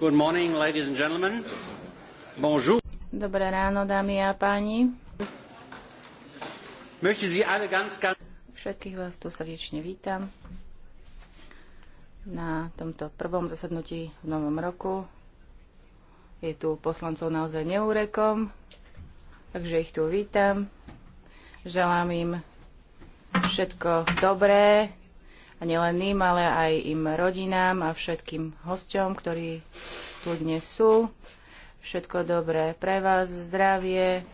Good morning, ladies and gentlemen. Bonjour. Dobré ráno, dámy a páni. Möchte Sie alle ganz, ganz... Všetkých vás tu srdečne vítam na tomto prvom zasadnutí v novom roku. Je tu poslancov naozaj neúrekom, takže ich tu vítam. Želám im všetko dobré, a nielen ním ale aj im rodinám a všetkým hosťom, ktorí tu dnes sú. Všetko dobré pre vás, zdravie,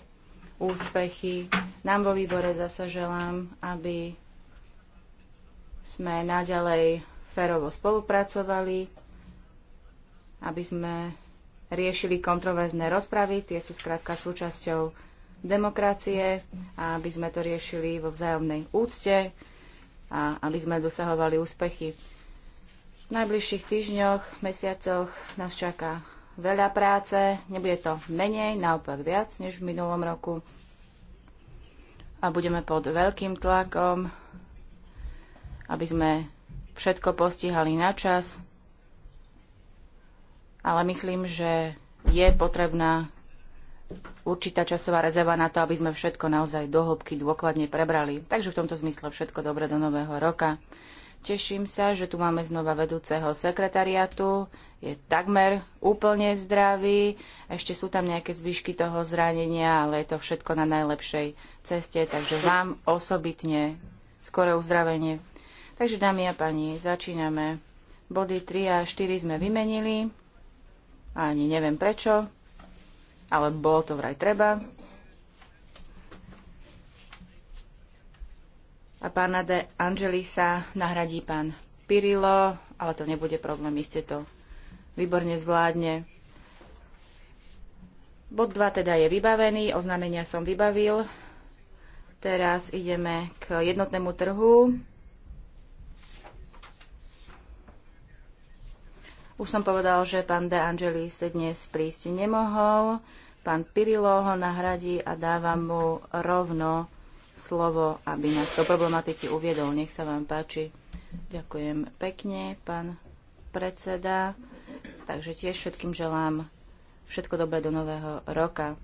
úspechy. Nám vo výbore zase želám, aby sme naďalej férovo spolupracovali, aby sme riešili kontroverzné rozpravy, tie sú skrátka súčasťou demokracie a aby sme to riešili vo vzájomnej úcte a aby sme dosahovali úspechy. V najbližších týždňoch, mesiacoch nás čaká veľa práce, nebude to menej, naopak viac než v minulom roku. A budeme pod veľkým tlakom, aby sme všetko postihali na čas. Ale myslím, že je potrebná určitá časová rezerva na to, aby sme všetko naozaj do hĺbky dôkladne prebrali. Takže v tomto zmysle všetko dobre do nového roka. Teším sa, že tu máme znova vedúceho sekretariatu. Je takmer úplne zdravý. Ešte sú tam nejaké zvyšky toho zranenia, ale je to všetko na najlepšej ceste. Takže vám osobitne skoré uzdravenie. Takže dámy a pani, začíname. Body 3 a 4 sme vymenili. Ani neviem prečo ale bolo to vraj treba. A pána de Angelisa nahradí pán Pirilo, ale to nebude problém, iste to výborne zvládne. Bod 2 teda je vybavený, oznámenia som vybavil. Teraz ideme k jednotnému trhu. Už som povedal, že pán De Angelis dnes prísť nemohol. Pán Pirilo ho nahradí a dávam mu rovno slovo, aby nás do problematiky uviedol. Nech sa vám páči. Ďakujem pekne, pán predseda. Takže tiež všetkým želám všetko dobré do nového roka.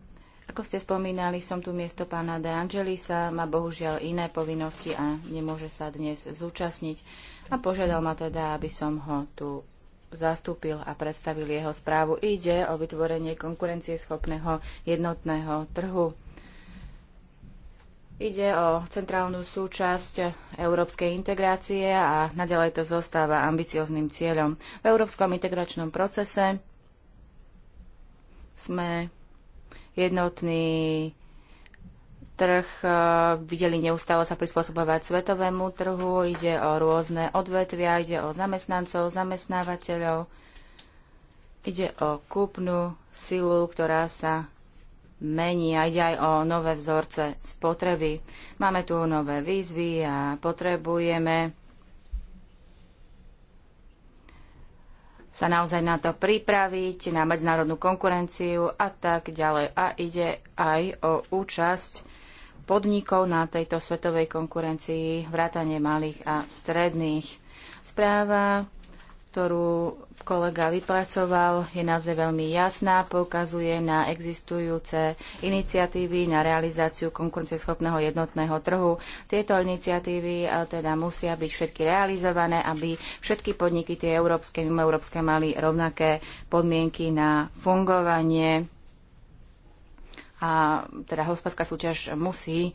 Ako ste spomínali, som tu miesto pána De Angelisa, má bohužiaľ iné povinnosti a nemôže sa dnes zúčastniť a požiadal ma teda, aby som ho tu zastúpil a predstavil jeho správu. Ide o vytvorenie konkurencieschopného jednotného trhu. Ide o centrálnu súčasť európskej integrácie a naďalej to zostáva ambiciozným cieľom. V európskom integračnom procese sme jednotný trh e, videli neustále sa prispôsobovať svetovému trhu, ide o rôzne odvetvia, ide o zamestnancov, zamestnávateľov, ide o kúpnu silu, ktorá sa mení a ide aj o nové vzorce spotreby. Máme tu nové výzvy a potrebujeme sa naozaj na to pripraviť, na medzinárodnú konkurenciu a tak ďalej. A ide aj o účasť podnikov na tejto svetovej konkurencii, vrátane malých a stredných. Správa, ktorú kolega vypracoval, je naozaj veľmi jasná, poukazuje na existujúce iniciatívy na realizáciu konkurenceschopného jednotného trhu. Tieto iniciatívy eh, teda musia byť všetky realizované, aby všetky podniky, tie európske, mimoeurópske, mali rovnaké podmienky na fungovanie a teda hospodárska súťaž musí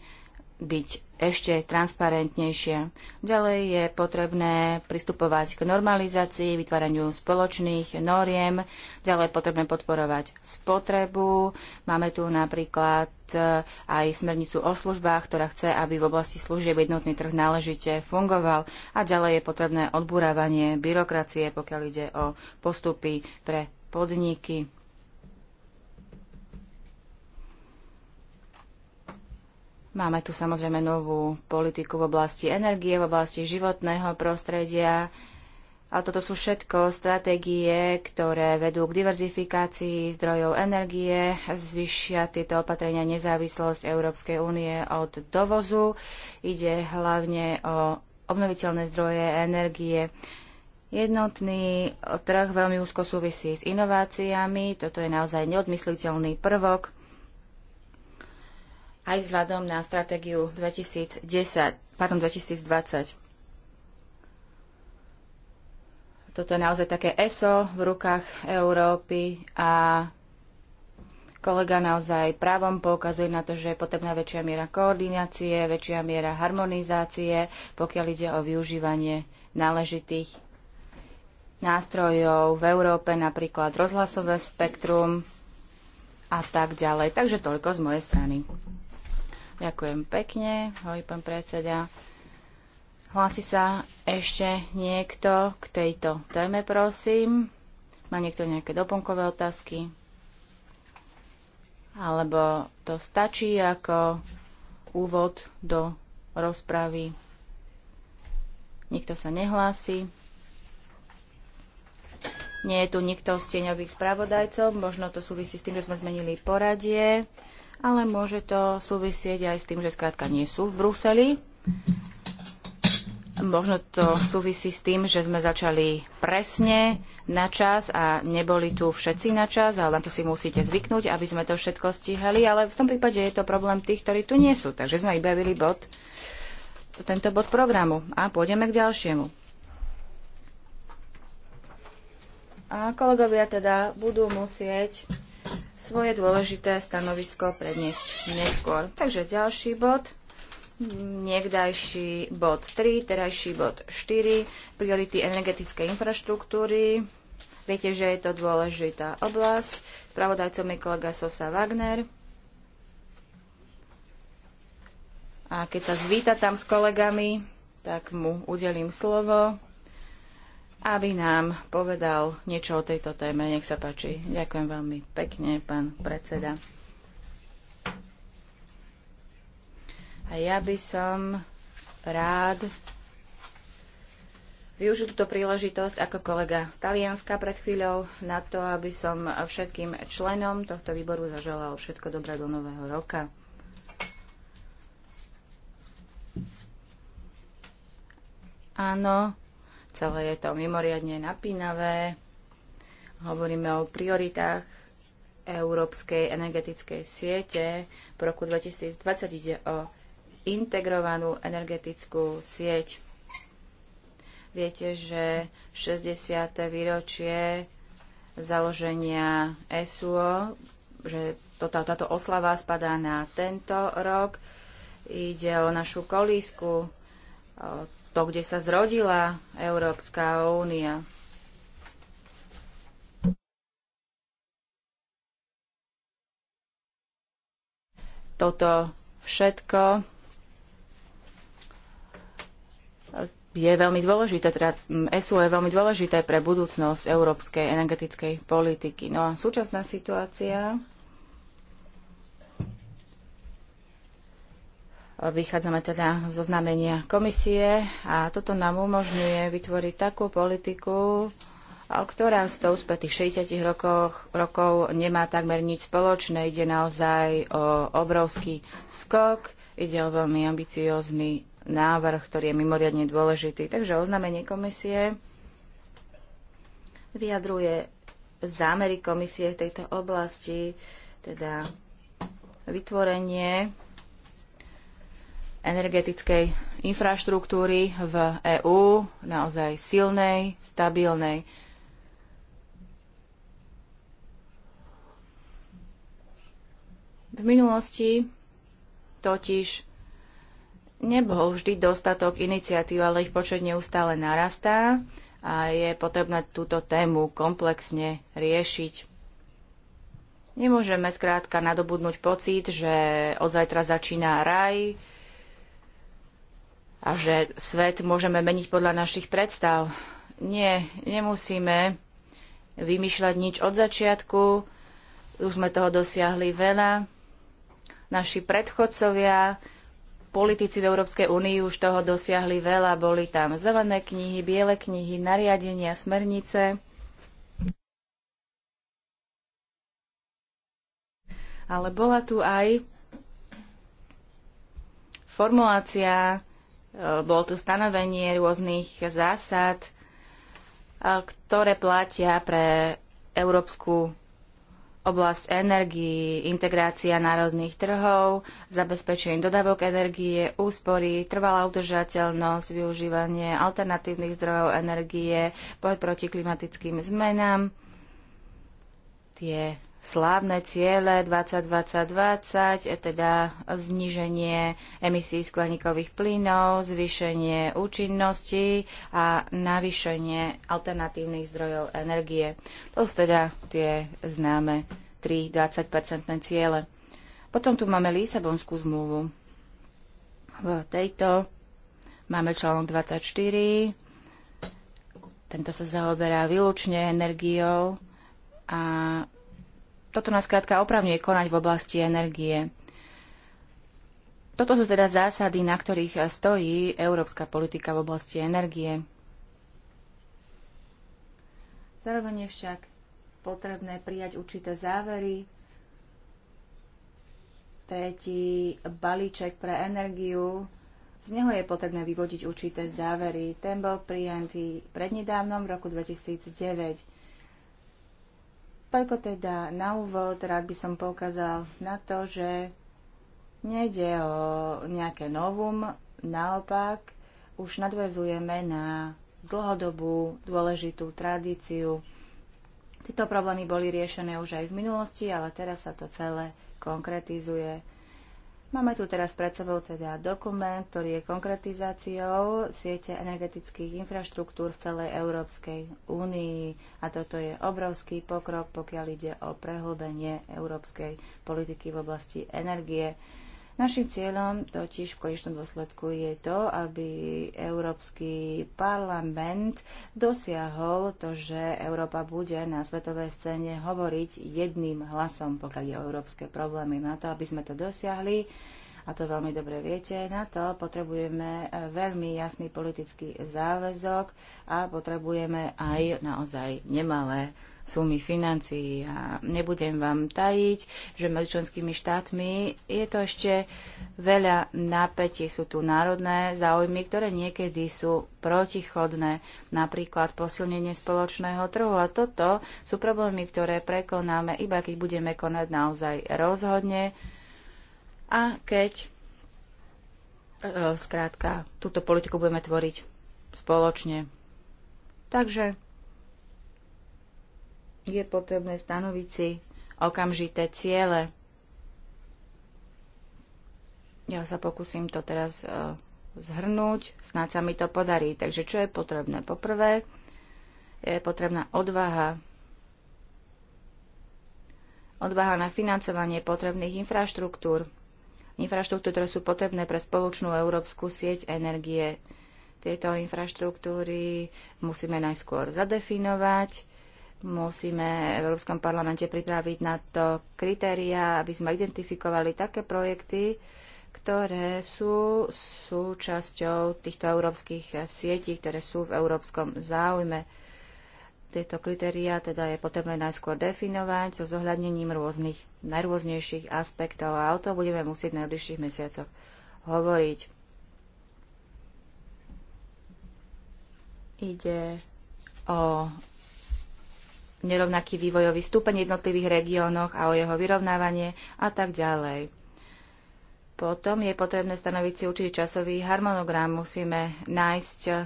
byť ešte transparentnejšia. Ďalej je potrebné pristupovať k normalizácii, vytváraniu spoločných noriem, ďalej je potrebné podporovať spotrebu. Máme tu napríklad e, aj smernicu o službách, ktorá chce, aby v oblasti služieb jednotný trh náležite fungoval a ďalej je potrebné odburávanie byrokracie, pokiaľ ide o postupy pre podniky. Máme tu samozrejme novú politiku v oblasti energie, v oblasti životného prostredia. A toto sú všetko stratégie, ktoré vedú k diverzifikácii zdrojov energie, zvyšia tieto opatrenia nezávislosť Európskej únie od dovozu. Ide hlavne o obnoviteľné zdroje energie. Jednotný trh veľmi úzko súvisí s inováciami. Toto je naozaj neodmysliteľný prvok aj vzhľadom na stratégiu 2010, pardon, 2020. Toto je naozaj také ESO v rukách Európy a kolega naozaj právom poukazuje na to, že je potrebná väčšia miera koordinácie, väčšia miera harmonizácie, pokiaľ ide o využívanie náležitých nástrojov v Európe, napríklad rozhlasové spektrum a tak ďalej. Takže toľko z mojej strany. Ďakujem pekne, hovorí pán predseda. Hlási sa ešte niekto k tejto téme, prosím. Má niekto nejaké doplnkové otázky? Alebo to stačí ako úvod do rozpravy? Nikto sa nehlási. Nie je tu nikto z tieňových spravodajcov. Možno to súvisí s tým, že sme zmenili poradie ale môže to súvisieť aj s tým, že skrátka nie sú v Bruseli. Možno to súvisí s tým, že sme začali presne na čas a neboli tu všetci na čas, ale na to si musíte zvyknúť, aby sme to všetko stíhali, ale v tom prípade je to problém tých, ktorí tu nie sú. Takže sme vybavili bod, tento bod programu a pôjdeme k ďalšiemu. A kolegovia teda budú musieť svoje dôležité stanovisko predniesť neskôr. Takže ďalší bod, niekdajší bod 3, terajší bod 4, priority energetickej infraštruktúry. Viete, že je to dôležitá oblasť. Spravodajcom je kolega Sosa Wagner. A keď sa zvíta tam s kolegami, tak mu udelím slovo aby nám povedal niečo o tejto téme. Nech sa páči. Ďakujem veľmi pekne, pán predseda. A ja by som rád využil túto príležitosť ako kolega z Talianska pred chvíľou na to, aby som všetkým členom tohto výboru zaželal všetko dobré do nového roka. Áno, Celé je to mimoriadne napínavé. Hovoríme o prioritách Európskej energetickej siete. V roku 2020 ide o integrovanú energetickú sieť. Viete, že 60. výročie založenia SUO, že tá, táto oslava spadá na tento rok. Ide o našu kolísku, o to, kde sa zrodila Európska únia. Toto všetko je veľmi dôležité, teda SU e je veľmi dôležité pre budúcnosť európskej energetickej politiky. No a súčasná situácia Vychádzame teda zo znamenia komisie a toto nám umožňuje vytvoriť takú politiku, ktorá z toho spätých 60 rokoch, rokov nemá takmer nič spoločné. Ide naozaj o obrovský skok, ide o veľmi ambiciózny návrh, ktorý je mimoriadne dôležitý. Takže oznámenie komisie vyjadruje zámery komisie v tejto oblasti, teda vytvorenie energetickej infraštruktúry v EÚ, naozaj silnej, stabilnej. V minulosti totiž nebol vždy dostatok iniciatív, ale ich počet neustále narastá a je potrebné túto tému komplexne riešiť. Nemôžeme skrátka nadobudnúť pocit, že od zajtra začína raj, a že svet môžeme meniť podľa našich predstav. Nie, nemusíme vymýšľať nič od začiatku, už sme toho dosiahli veľa. Naši predchodcovia, politici v Európskej únii už toho dosiahli veľa. Boli tam zelené knihy, biele knihy, nariadenia, smernice. Ale bola tu aj formulácia Eh, bolo tu stanovenie rôznych zásad, eh, ktoré platia pre európsku oblasť energií, integrácia národných trhov, zabezpečenie dodávok energie, úspory, trvalá udržateľnosť, využívanie alternatívnych zdrojov energie, boj proti klimatickým zmenám. Tie slávne ciele 2020-2020, e, teda zníženie emisí skleníkových plynov, zvýšenie účinnosti a navýšenie alternatívnych zdrojov energie. To sú teda tie známe 3 20-percentné ciele. Potom tu máme Lisabonskú zmluvu. V tejto máme článok 24. Tento sa zaoberá výlučne energiou a toto nás krátka opravňuje konať v oblasti energie. Toto sú teda zásady, na ktorých stojí európska politika v oblasti energie. Zároveň je však potrebné prijať určité závery. Tretí balíček pre energiu, z neho je potrebné vyvodiť určité závery. Ten bol prijatý prednedávnom v roku 2009. Toľko teda na úvod, rád by som poukázal na to, že nejde o nejaké novum, naopak už nadvezujeme na dlhodobú dôležitú tradíciu. Tieto problémy boli riešené už aj v minulosti, ale teraz sa to celé konkretizuje. Máme tu teraz pred sebou teda dokument, ktorý je konkretizáciou siete energetických infraštruktúr v celej Európskej únii a toto je obrovský pokrok, pokiaľ ide o prehlbenie európskej politiky v oblasti energie. Našim cieľom totiž v konečnom dôsledku je to, aby Európsky parlament dosiahol to, že Európa bude na svetovej scéne hovoriť jedným hlasom, pokiaľ je o európske problémy. Na to, aby sme to dosiahli, a to veľmi dobre viete, na to potrebujeme e, veľmi jasný politický záväzok a potrebujeme aj naozaj nemalé sumy financií. A nebudem vám tajiť, že medzi členskými štátmi je to ešte veľa napätí. Sú tu národné záujmy, ktoré niekedy sú protichodné, napríklad posilnenie spoločného trhu. A toto sú problémy, ktoré prekonáme iba keď budeme konať naozaj rozhodne a keď e, skrátka túto politiku budeme tvoriť spoločne. Takže je potrebné stanoviť si okamžité ciele. Ja sa pokúsim to teraz e, zhrnúť, snáď sa mi to podarí. Takže čo je potrebné? Poprvé je potrebná odvaha. Odvaha na financovanie potrebných infraštruktúr. Infraštruktúry ktoré sú potrebné pre spoločnú európsku sieť energie. Tieto infraštruktúry musíme najskôr zadefinovať, Musíme v Európskom parlamente pripraviť na to kritéria, aby sme identifikovali také projekty, ktoré sú súčasťou týchto európskych sietí, ktoré sú v európskom záujme. Tieto kritéria. teda je potrebné najskôr definovať so zohľadnením rôznych najrôznejších aspektov a o to budeme musieť v najbližších mesiacoch hovoriť. Ide o nerovnaký vývojový stupeň v jednotlivých regiónoch a o jeho vyrovnávanie a tak ďalej. Potom je potrebné stanoviť si určitý časový harmonogram. Musíme nájsť eh,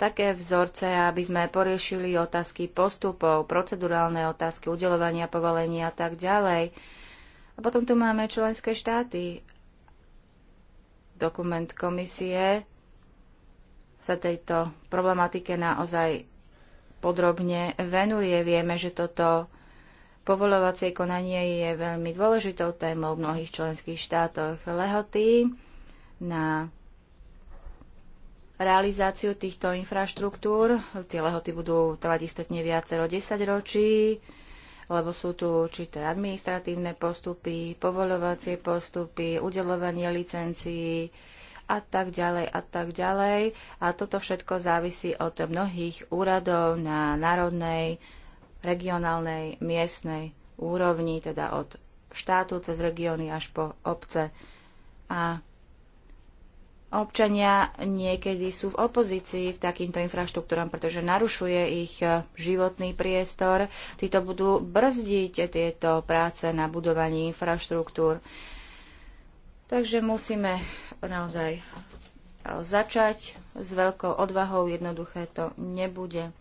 také vzorce, aby sme poriešili otázky postupov, procedurálne otázky, udelovania povolenia a tak ďalej. A potom tu máme členské štáty. Dokument komisie sa tejto problematike naozaj podrobne venuje. Vieme, že toto povolovacie konanie je veľmi dôležitou témou v mnohých členských štátoch. Lehoty na realizáciu týchto infraštruktúr. Tie lehoty budú trvať istotne viacero 10 ročí, lebo sú tu určité administratívne postupy, povolovacie postupy, udelovanie licencií, a tak ďalej a tak ďalej. A toto všetko závisí od mnohých úradov na národnej, regionálnej, miestnej úrovni, teda od štátu cez regióny až po obce. A občania niekedy sú v opozícii v takýmto infraštruktúram, pretože narušuje ich e, životný priestor. Títo budú brzdiť tieto práce na budovaní infraštruktúr. Takže musíme naozaj e, začať s veľkou odvahou, jednoduché to nebude.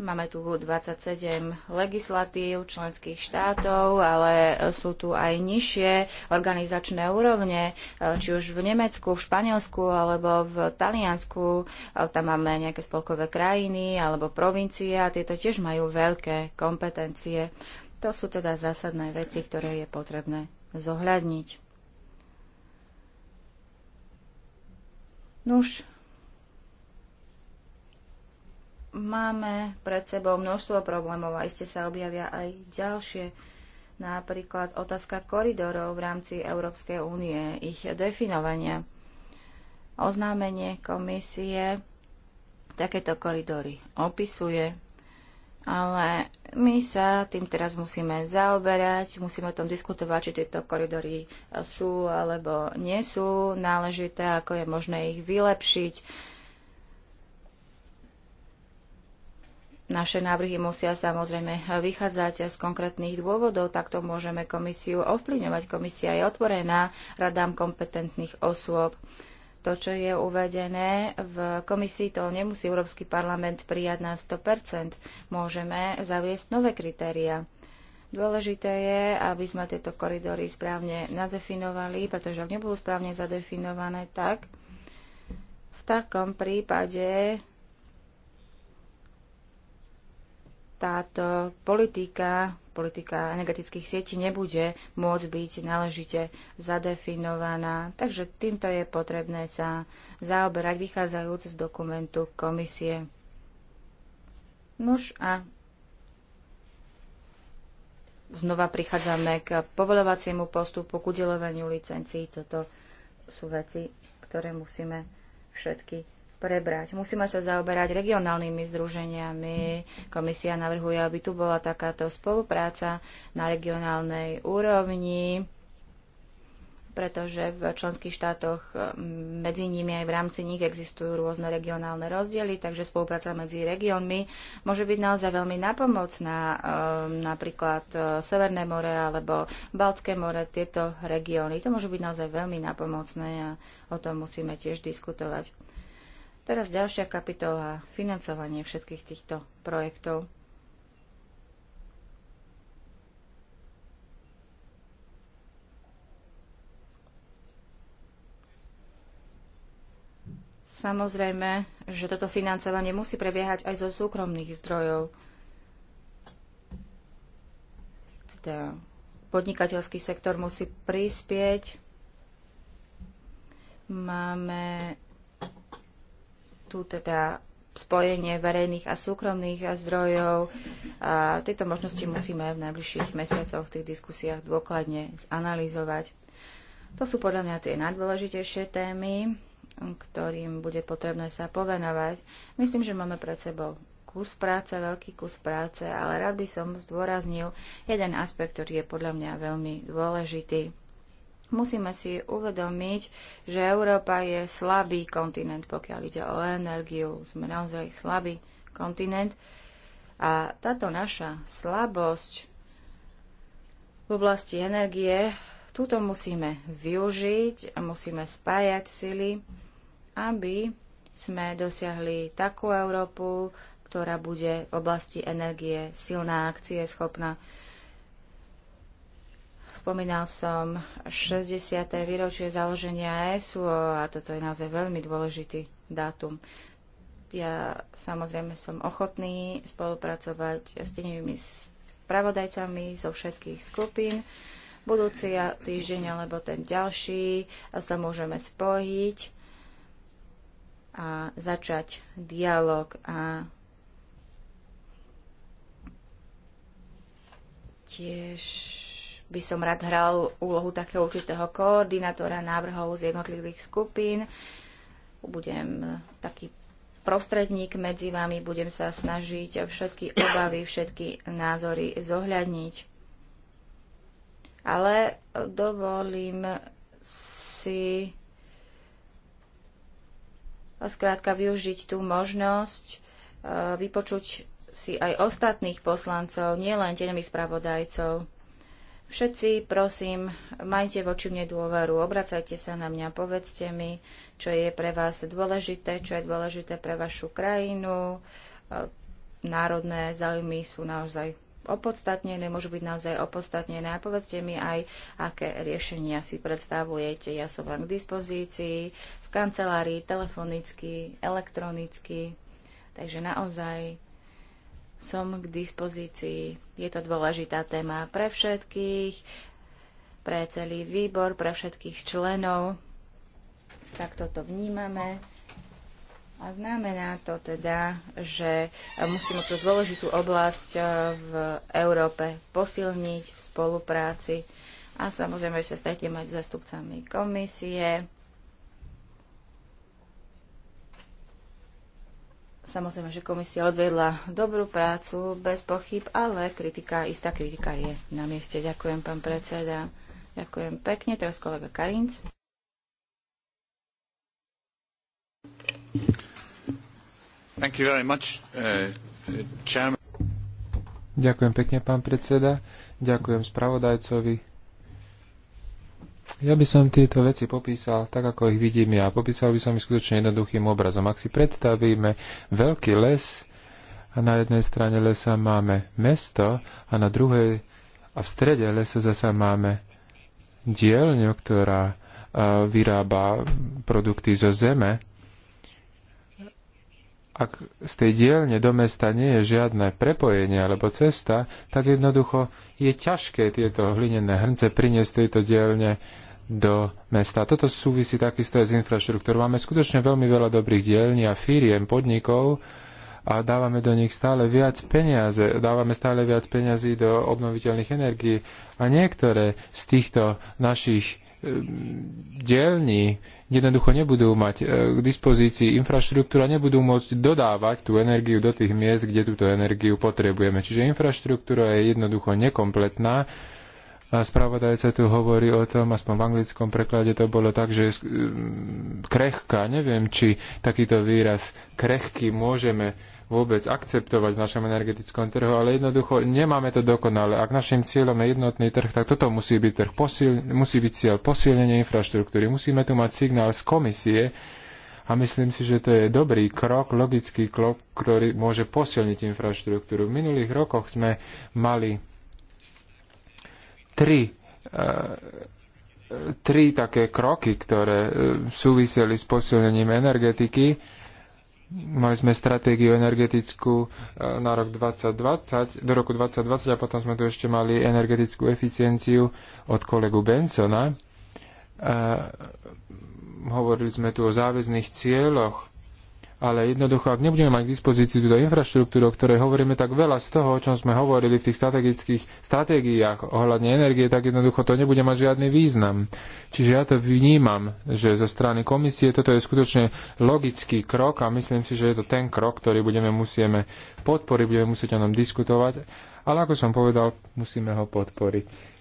Máme tu 27 legislatív členských štátov, ale sú tu aj nižšie organizačné úrovne, e, či už v Nemecku, v Španielsku alebo v Taliansku. E, tam máme nejaké spolkové krajiny alebo provincie a tieto tiež majú veľké kompetencie. To sú teda zásadné veci, ktoré je potrebné zohľadniť. Nuž, máme pred sebou množstvo problémov a iste sa objavia aj ďalšie. Napríklad otázka koridorov v rámci Európskej únie, ich definovania, oznámenie komisie takéto koridory opisuje, ale my sa tým teraz musíme zaoberať, musíme o tom diskutovať, či tieto koridory e, sú alebo nie sú náležité, ako je možné ich vylepšiť. Naše návrhy musia samozrejme vychádzať z konkrétnych dôvodov, takto môžeme komisiu ovplyvňovať. Komisia je otvorená radám kompetentných osôb. To, čo je uvedené v komisii, to nemusí Európsky parlament prijať na 100%. Môžeme zaviesť nové kritéria. Dôležité je, aby sme tieto koridory správne nadefinovali, pretože ak nebudú správne zadefinované, tak v takom prípade táto politika politika energetických sietí nebude môcť byť náležite zadefinovaná. Takže týmto je potrebné sa zaoberať vychádzajúc z dokumentu komisie. Nuž a znova prichádzame k povolovaciemu postupu, k udelovaniu licencií. Toto sú veci, ktoré musíme všetky prebrať. Musíme sa zaoberať regionálnymi združeniami. Komisia navrhuje, aby tu bola takáto spolupráca na regionálnej úrovni pretože v členských štátoch medzi nimi aj v rámci nich existujú rôzne regionálne rozdiely, takže spolupráca medzi regiónmi môže byť naozaj veľmi napomocná, e, napríklad e, Severné more alebo Baltské more, tieto regióny. To môže byť naozaj veľmi napomocné a o tom musíme tiež diskutovať. Teraz ďalšia kapitola, financovanie všetkých týchto projektov. Samozrejme, že toto financovanie musí prebiehať aj zo súkromných zdrojov. Teda podnikateľský sektor musí prispieť. Máme tu teda spojenie verejných a súkromných zdrojov. A tieto možnosti musíme v najbližších mesiacoch v tých diskusiách dôkladne zanalizovať. To sú podľa mňa tie najdôležitejšie témy, ktorým bude potrebné sa povenovať. Myslím, že máme pred sebou kus práce, veľký kus práce, ale rád by som zdôraznil jeden aspekt, ktorý je podľa mňa veľmi dôležitý. Musíme si uvedomiť, že Európa je slabý kontinent, pokiaľ ide o energiu. Sme naozaj slabý kontinent. A táto naša slabosť v oblasti energie, túto musíme využiť a musíme spájať sily, aby sme dosiahli takú Európu, ktorá bude v oblasti energie silná, akcie schopná Spomínal som 60. výročie založenia ESU a toto je naozaj veľmi dôležitý dátum. Ja samozrejme som ochotný spolupracovať s tými spravodajcami zo všetkých skupín. Budúci týždeň alebo ten ďalší sa môžeme spojiť a začať dialog a tiež by som rád hral úlohu takého určitého koordinátora návrhov z jednotlivých skupín. Budem taký prostredník medzi vami, budem sa snažiť všetky obavy, všetky názory zohľadniť. Ale dovolím si skrátka využiť tú možnosť e, vypočuť si aj ostatných poslancov, nielen tenemi spravodajcov. Všetci, prosím, majte voči mne dôveru, obracajte sa na mňa, povedzte mi, čo je pre vás dôležité, čo je dôležité pre vašu krajinu. E, národné záujmy sú naozaj opodstatnené, môžu byť naozaj opodstatnené. A povedzte mi aj, aké riešenia si predstavujete. Ja som vám k dispozícii v kancelárii, telefonicky, elektronicky. Takže naozaj som k dispozícii. Je to dôležitá téma pre všetkých, pre celý výbor, pre všetkých členov. Tak toto vnímame. A znamená to teda, že musíme tú dôležitú oblasť eh, v Európe posilniť v spolupráci a samozrejme, že sa stretieme aj s zastupcami komisie Samozrejme, že komisia odvedla dobrú prácu, bez pochyb, ale kritika, istá kritika je na mieste. Ďakujem, pán predseda. Ďakujem pekne. Teraz kolega Karinc. Thank you very much, uh, Ďakujem pekne, pán predseda. Ďakujem spravodajcovi ja by som tieto veci popísal tak, ako ich vidím ja. Popísal by som ich skutočne jednoduchým obrazom. Ak si predstavíme veľký les a na jednej strane lesa máme mesto a na druhej a v strede lesa zasa máme dielňu, ktorá vyrába produkty zo zeme, ak z tej dielne do mesta nie je žiadne prepojenie alebo cesta, tak jednoducho je ťažké tieto hlinené hrnce priniesť tejto dielne do mesta. Toto súvisí takisto aj s infraštruktúrou. Máme skutočne veľmi veľa dobrých dielní a firiem, podnikov a dávame do nich stále viac peniaze. Dávame stále viac peniazy do obnoviteľných energií a niektoré z týchto našich Eh, dielní jednoducho nebudú mať eh, k dispozícii infraštruktúra, nebudú môcť dodávať tú energiu do tých miest, kde túto energiu potrebujeme. Čiže infraštruktúra je jednoducho nekompletná. A spravodajca tu hovorí o tom, aspoň v anglickom preklade to bolo tak, že eh, krehká. Neviem, či takýto výraz krehký môžeme vôbec akceptovať v našom energetickom trhu, ale jednoducho nemáme to dokonale. Ak našim cieľom je jednotný trh, tak toto musí byť, trh posil, musí byť cieľ posilnenie infraštruktúry. Musíme tu mať signál z komisie, a myslím si, že to je dobrý krok, logický krok, ktorý môže posilniť infraštruktúru. V minulých rokoch sme mali tri, eh, tri také kroky, ktoré eh, súviseli s posilnením energetiky Mali sme stratégiu energetickú e, na rok 2020, do roku 2020 a potom sme tu ešte mali energetickú eficienciu od kolegu Bensona. E, hovorili sme tu o záväzných cieľoch ale jednoducho, ak nebudeme mať k dispozícii túto infraštruktúru, o ktorej hovoríme tak veľa z toho, o čom sme hovorili v tých strategických stratégiách ohľadne energie, tak jednoducho to nebude mať žiadny význam. Čiže ja to vnímam, že zo strany komisie toto je skutočne logický krok a myslím si, že je to ten krok, ktorý budeme musieme podporiť, budeme musieť o ňom diskutovať, ale ako som povedal, musíme ho podporiť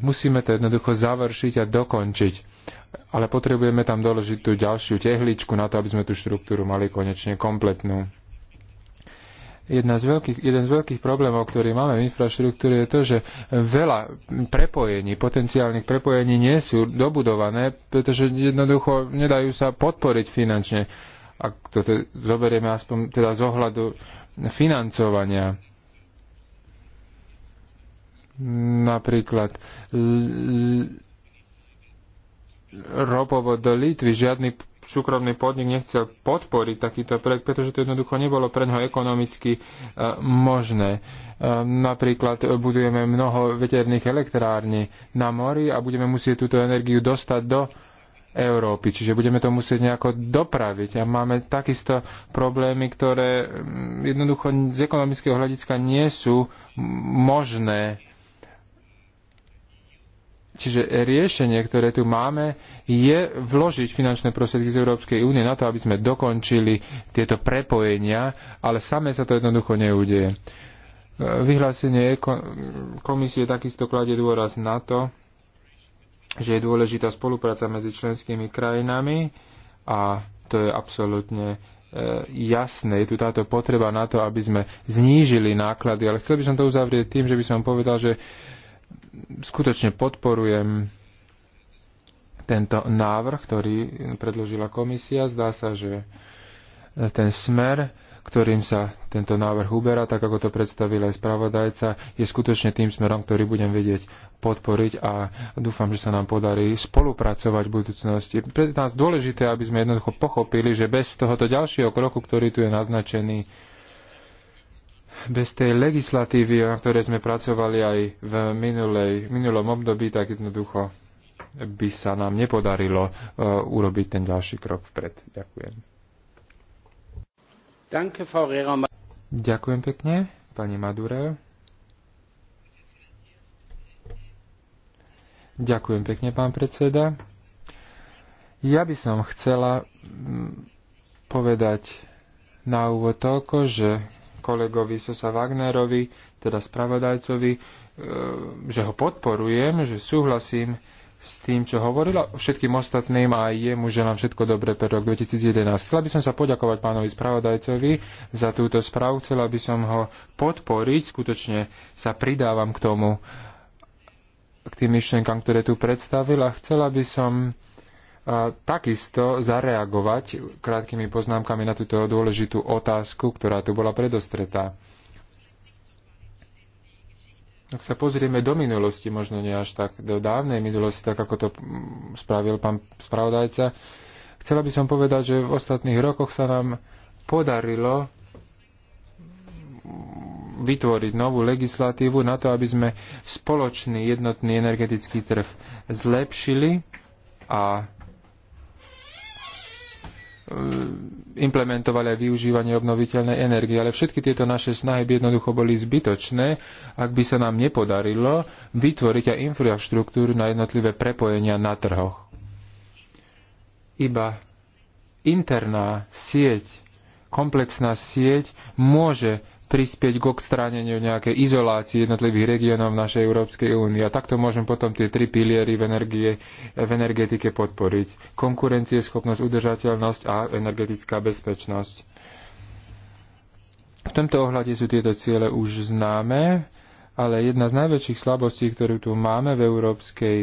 musíme to jednoducho završiť a dokončiť ale potrebujeme tam doložiť tú ďalšiu tehličku na to, aby sme tú štruktúru mali konečne kompletnú. Jedna z veľkých, jeden z veľkých problémov, ktorý máme v infraštruktúre, je to, že veľa prepojení, potenciálnych prepojení nie sú dobudované, pretože jednoducho nedajú sa podporiť finančne. Ak to te, zoberieme aspoň teda z ohľadu financovania, napríklad ropovo do Litvy. Žiadny súkromný podnik nechcel podporiť takýto projekt, pretože to jednoducho nebolo pre neho ekonomicky e, možné. E, napríklad budujeme mnoho veterných elektrární na mori a budeme musieť túto energiu dostať do Európy, čiže budeme to musieť nejako dopraviť a máme takisto problémy, ktoré mm, jednoducho z ekonomického hľadiska nie sú možné Čiže riešenie, ktoré tu máme, je vložiť finančné prostriedky z Európskej únie na to, aby sme dokončili tieto prepojenia, ale samé sa to jednoducho neudeje. Vyhlásenie komisie takisto kladie dôraz na to, že je dôležitá spolupráca medzi členskými krajinami a to je absolútne e, jasné, je tu táto potreba na to, aby sme znížili náklady, ale chcel by som to uzavrieť tým, že by som povedal, že skutočne podporujem tento návrh, ktorý predložila komisia. Zdá sa, že ten smer, ktorým sa tento návrh uberá, tak ako to predstavil aj spravodajca, je skutočne tým smerom, ktorý budem vedieť podporiť a dúfam, že sa nám podarí spolupracovať v budúcnosti. Pre nás dôležité, aby sme jednoducho pochopili, že bez tohoto ďalšieho kroku, ktorý tu je naznačený, bez tej legislatívy, na ktorej sme pracovali aj v minulej, minulom období, tak jednoducho by sa nám nepodarilo uh, urobiť ten ďalší krok vpred. Ďakujem. Ďakujem pekne, pani Madure. Ďakujem pekne, pán predseda. Ja by som chcela mm, povedať na úvod toľko, že kolegovi Sosa Wagnerovi, teda spravodajcovi, e, že ho podporujem, že súhlasím s tým, čo hovorila. Všetkým ostatným a aj jemu želám všetko dobré pre rok 2011. Chcela by som sa poďakovať pánovi spravodajcovi za túto správu. Chcela by som ho podporiť. Skutočne sa pridávam k tomu, k tým myšlenkám, ktoré tu predstavila. Chcela by som takisto zareagovať krátkými poznámkami na túto dôležitú otázku, ktorá tu bola predostretá. Ak sa pozrieme do minulosti, možno nie až tak do dávnej minulosti, tak ako to mm, spravil pán spravodajca, chcela by som povedať, že v ostatných rokoch sa nám podarilo vytvoriť novú legislatívu na to, aby sme spoločný jednotný energetický trh zlepšili a E, implementovali aj využívanie obnoviteľnej energie. Ale všetky tieto naše snahy by jednoducho boli zbytočné, ak by sa nám nepodarilo vytvoriť aj infraštruktúru na jednotlivé prepojenia na trhoch. Iba interná sieť, komplexná sieť môže prispieť k odstráneniu nejakej izolácie jednotlivých regiónov našej Európskej únie. A takto môžeme potom tie tri piliery v, energie, v energetike podporiť. Konkurencieschopnosť, udržateľnosť a energetická bezpečnosť. V tomto ohľade sú tieto ciele už známe, ale jedna z najväčších slabostí, ktorú tu máme v Európskej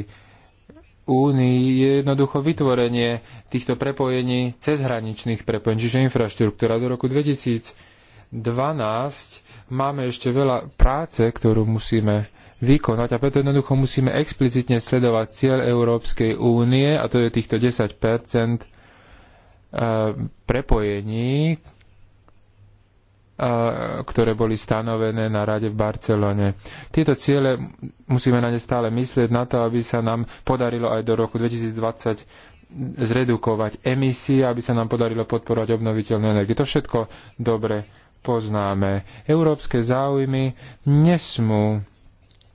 únii, je jednoducho vytvorenie týchto prepojení cezhraničných prepojení, čiže infraštruktúra. Do roku 2000 12 máme ešte veľa práce, ktorú musíme vykonať a preto jednoducho musíme explicitne sledovať cieľ Európskej únie a to je týchto 10 e, prepojení, e, ktoré boli stanovené na rade v Barcelone. Tieto ciele musíme na ne stále myslieť na to, aby sa nám podarilo aj do roku 2020 zredukovať emisie, aby sa nám podarilo podporovať obnoviteľnú energiu. To všetko dobre poznáme. Európske záujmy nesmú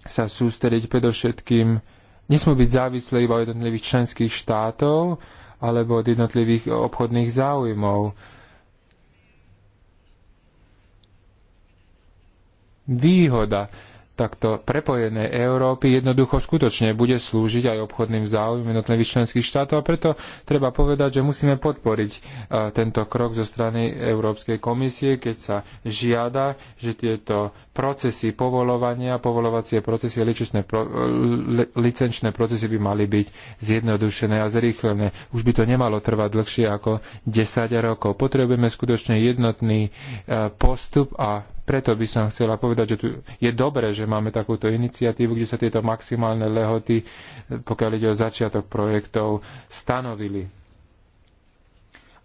sa sústrediť predovšetkým, nesmú byť závislé iba od jednotlivých členských štátov alebo od jednotlivých obchodných záujmov. Výhoda takto prepojenej Európy jednoducho skutočne bude slúžiť aj obchodným záujmom jednotlivých členských štátov a preto treba povedať, že musíme podporiť e, tento krok zo strany Európskej komisie, keď sa žiada, že tieto procesy povolovania, povolovacie procesy, licenčné, licenčné procesy by mali byť zjednodušené a zrýchlené. Už by to nemalo trvať dlhšie ako 10 rokov. Potrebujeme skutočne jednotný e, postup a preto by som chcela povedať, že tu je dobré, že máme takúto iniciatívu, kde sa tieto maximálne lehoty, pokiaľ ide o začiatok projektov, stanovili.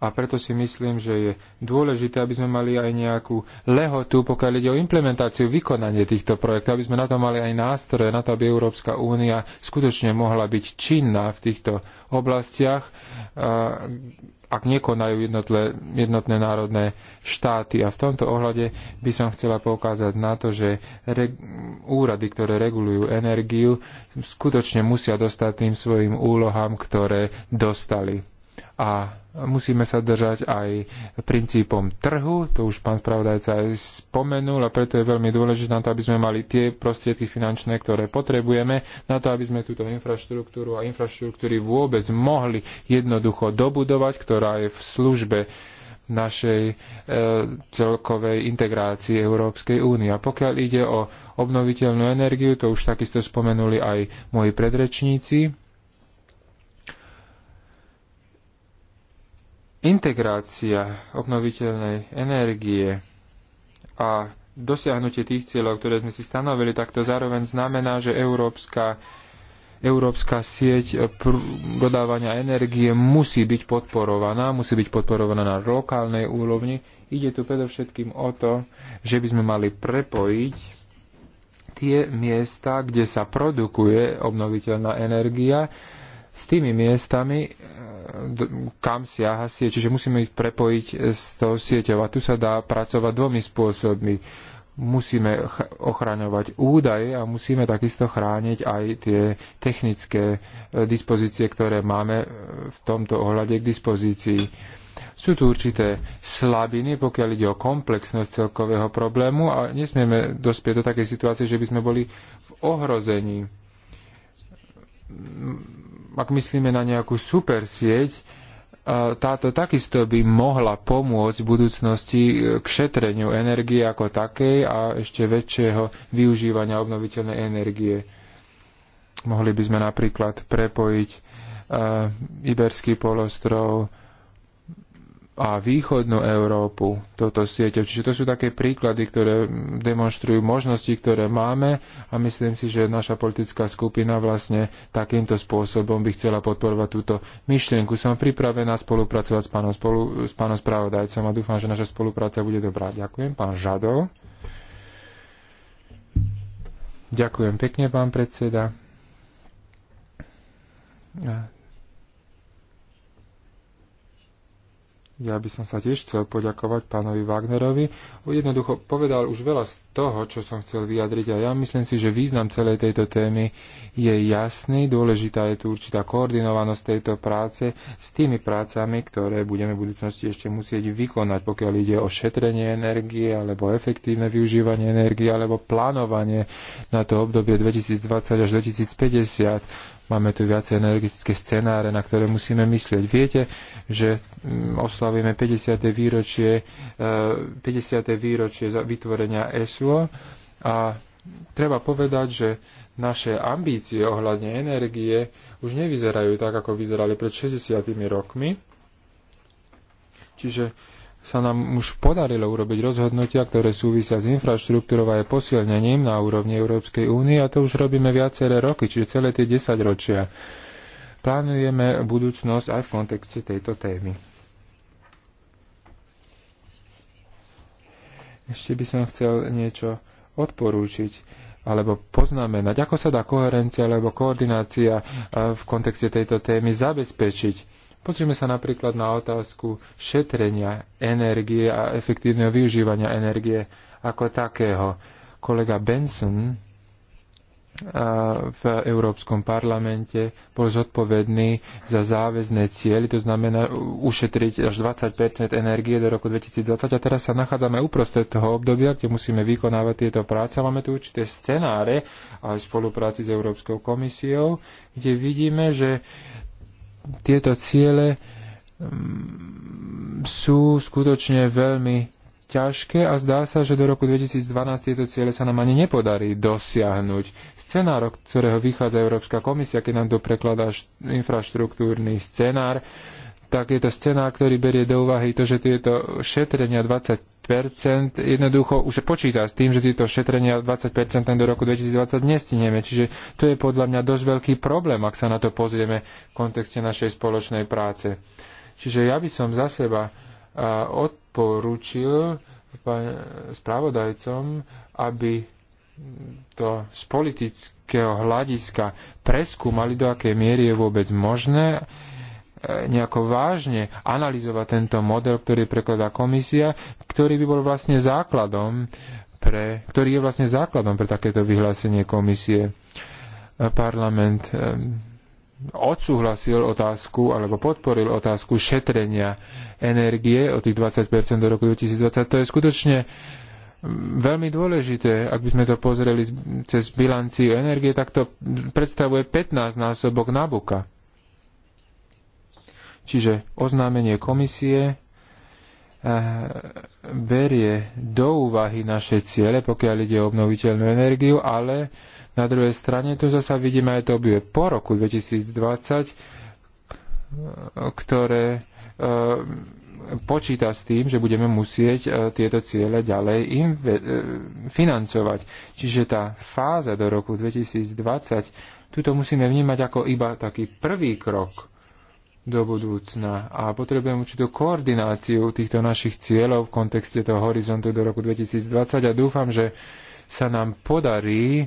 A preto si myslím, že je dôležité, aby sme mali aj nejakú lehotu, pokiaľ ide o implementáciu, vykonanie týchto projektov, aby sme na to mali aj nástroje, na to, aby Európska únia skutočne mohla byť činná v týchto oblastiach, ak nekonajú jednotle, jednotné národné štáty. A v tomto ohľade by som chcela poukázať na to, že re, úrady, ktoré regulujú energiu, skutočne musia dostať tým svojim úlohám, ktoré dostali. A musíme sa držať aj princípom trhu, to už pán spravodajca aj spomenul a preto je veľmi dôležité na to, aby sme mali tie prostriedky finančné, ktoré potrebujeme, na to, aby sme túto infraštruktúru a infraštruktúry vôbec mohli jednoducho dobudovať, ktorá je v službe našej e, celkovej integrácii Európskej únie. A pokiaľ ide o obnoviteľnú energiu, to už takisto spomenuli aj moji predrečníci, Integrácia obnoviteľnej energie a dosiahnutie tých cieľov, ktoré sme si stanovili, tak to zároveň znamená, že európska, európska sieť dodávania energie musí byť podporovaná, musí byť podporovaná na lokálnej úrovni. Ide tu predovšetkým o to, že by sme mali prepojiť tie miesta, kde sa produkuje obnoviteľná energia, s tými miestami, kam siaha sieť, čiže musíme ich prepojiť s tou sieťou. A tu sa dá pracovať dvomi spôsobmi. Musíme ochraňovať údaje a musíme takisto chrániť aj tie technické e, dispozície, ktoré máme e, v tomto ohľade k dispozícii. Sú tu určité slabiny, pokiaľ ide o komplexnosť celkového problému a nesmieme dospieť do takej situácie, že by sme boli v ohrození ak myslíme na nejakú super sieť, e, táto takisto by mohla pomôcť v budúcnosti e, k šetreniu energie ako takej a ešte väčšieho využívania obnoviteľnej energie. Mohli by sme napríklad prepojiť e, Iberský polostrov, a východnú Európu toto sieťou. Čiže to sú také príklady, ktoré demonstrujú možnosti, ktoré máme a myslím si, že naša politická skupina vlastne takýmto spôsobom by chcela podporovať túto myšlienku. Som pripravená spolupracovať s pánom, spolu, s pánom spravodajcom a dúfam, že naša spolupráca bude dobrá. Ďakujem, pán Žado. Ďakujem pekne, pán predseda. Ja by som sa tiež chcel poďakovať pánovi Wagnerovi. Jednoducho povedal už veľa z toho, čo som chcel vyjadriť a ja myslím si, že význam celej tejto témy je jasný. Dôležitá je tu určitá koordinovanosť tejto práce s tými prácami, ktoré budeme v budúcnosti ešte musieť vykonať, pokiaľ ide o šetrenie energie alebo efektívne využívanie energie alebo plánovanie na to obdobie 2020 až 2050 Máme tu viacej energetické scenáre, na ktoré musíme myslieť. Viete, že mm, oslavujeme 50. výročie, 50. Eh, výročie vytvorenia ESUO a treba povedať, že naše ambície ohľadne energie už nevyzerajú tak, ako vyzerali pred 60. rokmi. Čiže sa nám už podarilo urobiť rozhodnutia, ktoré súvisia s infraštruktúrou a je posilnením na úrovni Európskej únie a to už robíme viaceré roky, čiže celé tie 10 ročia. Plánujeme budúcnosť aj v kontexte tejto témy. Ešte by som chcel niečo odporúčiť alebo poznamenať, ako sa dá koherencia alebo koordinácia v kontexte tejto témy zabezpečiť Pozrime sa napríklad na otázku šetrenia energie a efektívneho využívania energie ako takého. Kolega Benson v Európskom parlamente bol zodpovedný za záväzné cieľy, to znamená ušetriť až 20 energie do roku 2020 a teraz sa nachádzame uprostred toho obdobia, kde musíme vykonávať tieto práce. Máme tu určité scenáre aj v spolupráci s Európskou komisiou, kde vidíme, že tieto ciele mm, sú skutočne veľmi ťažké a zdá sa, že do roku 2012 tieto ciele sa nám ani nepodarí dosiahnuť. Scenár, od ktorého vychádza Európska komisia, keď nám to prekladá infraštruktúrny scenár, tak je to scenár, ktorý berie do úvahy to, že tieto šetrenia 20% jednoducho už počíta s tým, že tieto šetrenia 20% do roku 2020 nestineme. Čiže to je podľa mňa dosť veľký problém, ak sa na to pozrieme v kontexte našej spoločnej práce. Čiže ja by som za seba odporúčil spravodajcom, aby to z politického hľadiska preskúmali, do akej miery je vôbec možné E, nejako vážne analyzovať tento model, ktorý prekladá komisia, ktorý by bol vlastne základom pre, ktorý je vlastne základom pre takéto vyhlásenie komisie. E, parlament e, odsúhlasil otázku alebo podporil otázku šetrenia energie o tých 20% do roku 2020. To je skutočne veľmi dôležité, ak by sme to pozreli cez bilanciu energie, tak to predstavuje 15 násobok Nabuka. Čiže oznámenie komisie eh, berie do úvahy naše ciele, pokiaľ ide o obnoviteľnú energiu, ale na druhej strane tu zasa vidíme aj to obdobie po roku 2020, ktoré eh, počíta s tým, že budeme musieť eh, tieto ciele ďalej financovať. Čiže tá fáza do roku 2020, tuto musíme vnímať ako iba taký prvý krok do budúcna. A potrebujeme určitú koordináciu týchto našich cieľov v kontexte toho horizontu do roku 2020 a dúfam, že sa nám podarí eh,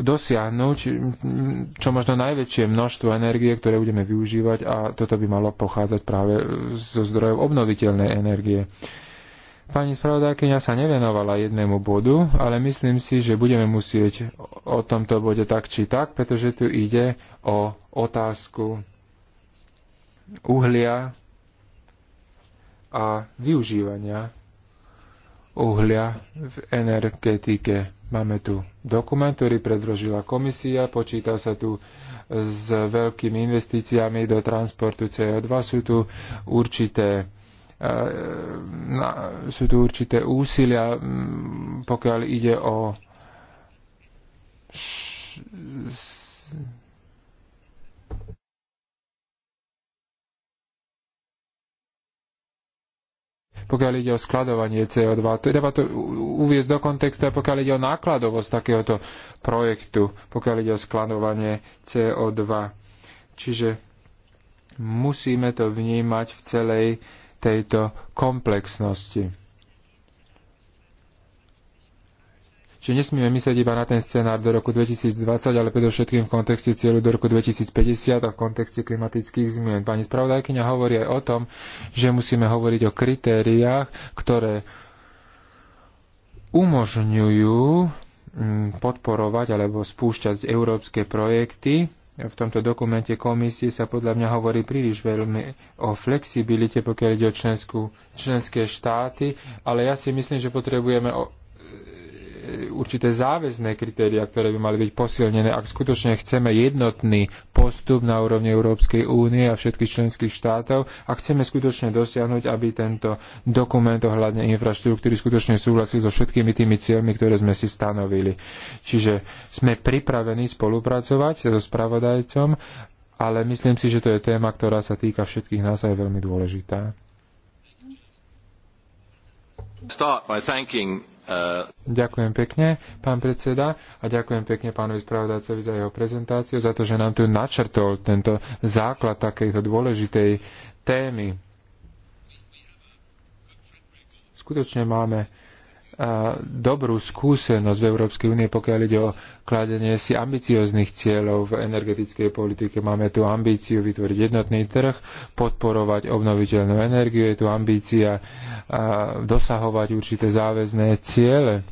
dosiahnuť čo možno najväčšie množstvo energie, ktoré budeme využívať a toto by malo pochádzať práve zo zdrojov obnoviteľnej energie. Pani spravodajkyňa sa nevenovala jednému bodu, ale myslím si, že budeme musieť o tomto bode tak či tak, pretože tu ide o otázku uhlia a využívania uhlia v energetike. Máme tu dokument, ktorý predložila komisia, počíta sa tu s veľkými investíciami do transportu CO2. Sú tu určité e, sú tu určité úsilia, pokiaľ ide o pokiaľ ide o skladovanie CO2. Treba to uviezť do kontextu pokiaľ ide o nákladovosť takéhoto projektu, pokiaľ ide o skladovanie CO2. Čiže musíme to vnímať v celej tejto komplexnosti. Čiže nesmieme myslieť iba na ten scenár do roku 2020, ale predovšetkým v kontexte cieľu do roku 2050 a v kontexte klimatických zmien. Pani spravodajkyňa hovorí aj o tom, že musíme hovoriť o kritériách, ktoré umožňujú mm, podporovať alebo spúšťať európske projekty v tomto dokumente komisie sa podľa mňa hovorí príliš veľmi o flexibilite, pokiaľ ide o členskú, členské štáty, ale ja si myslím, že potrebujeme o, E, určité záväzné kritéria, ktoré by mali byť posilnené, ak skutočne chceme jednotný postup na úrovni Európskej únie a všetkých členských štátov a chceme skutočne dosiahnuť, aby tento dokument ohľadne infraštruktúry skutočne súhlasil so všetkými tými cieľmi, ktoré sme si stanovili. Čiže sme pripravení spolupracovať so spravodajcom, ale myslím si, že to je téma, ktorá sa týka všetkých nás a je veľmi dôležitá. Start by thanking Uh, ďakujem pekne, pán predseda, a ďakujem pekne pánovi spravodajcovi za jeho prezentáciu, za to, že nám tu načrtol tento základ takejto dôležitej témy. Skutočne máme dobrú skúsenosť v Európskej únie, pokiaľ ide o kladenie si ambicióznych cieľov v energetickej politike. Máme tu ambíciu vytvoriť jednotný trh, podporovať obnoviteľnú energiu, je tu ambícia dosahovať určité záväzné ciele.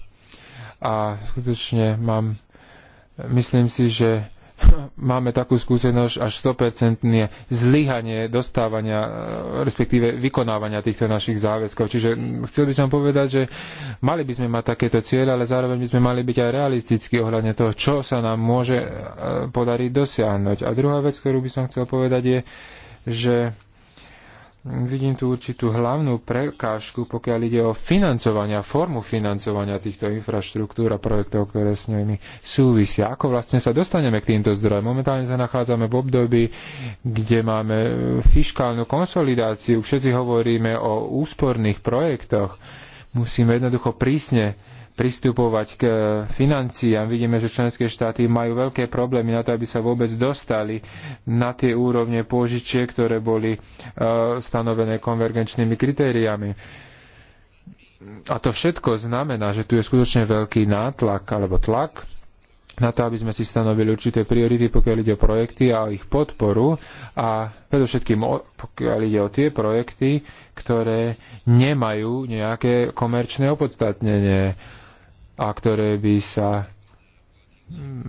A skutočne mám, myslím si, že máme takú skúsenosť až 100% zlyhanie dostávania, e, respektíve vykonávania týchto našich záväzkov. Čiže chcel by som povedať, že mali by sme mať takéto cieľe, ale zároveň by sme mali byť aj realistickí ohľadne toho, čo sa nám môže e, podariť dosiahnuť. A druhá vec, ktorú by som chcel povedať je, že Vidím tu určitú hlavnú prekážku, pokiaľ ide o financovania, formu financovania týchto infraštruktúr a projektov, ktoré s nimi súvisia. Ako vlastne sa dostaneme k týmto zdrojom? Momentálne sa nachádzame v období, kde máme fiskálnu konsolidáciu, všetci hovoríme o úsporných projektoch. Musíme jednoducho prísne pristupovať k eh, financiám. Vidíme, že členské štáty majú veľké problémy na to, aby sa vôbec dostali na tie úrovne pôžičiek, ktoré boli eh, stanovené konvergenčnými kritériami. A to všetko znamená, že tu je skutočne veľký nátlak alebo tlak na to, aby sme si stanovili určité priority, pokiaľ ide o projekty a o ich podporu a predovšetkým pokiaľ ide o tie projekty, ktoré nemajú nejaké komerčné opodstatnenie a ktoré by sa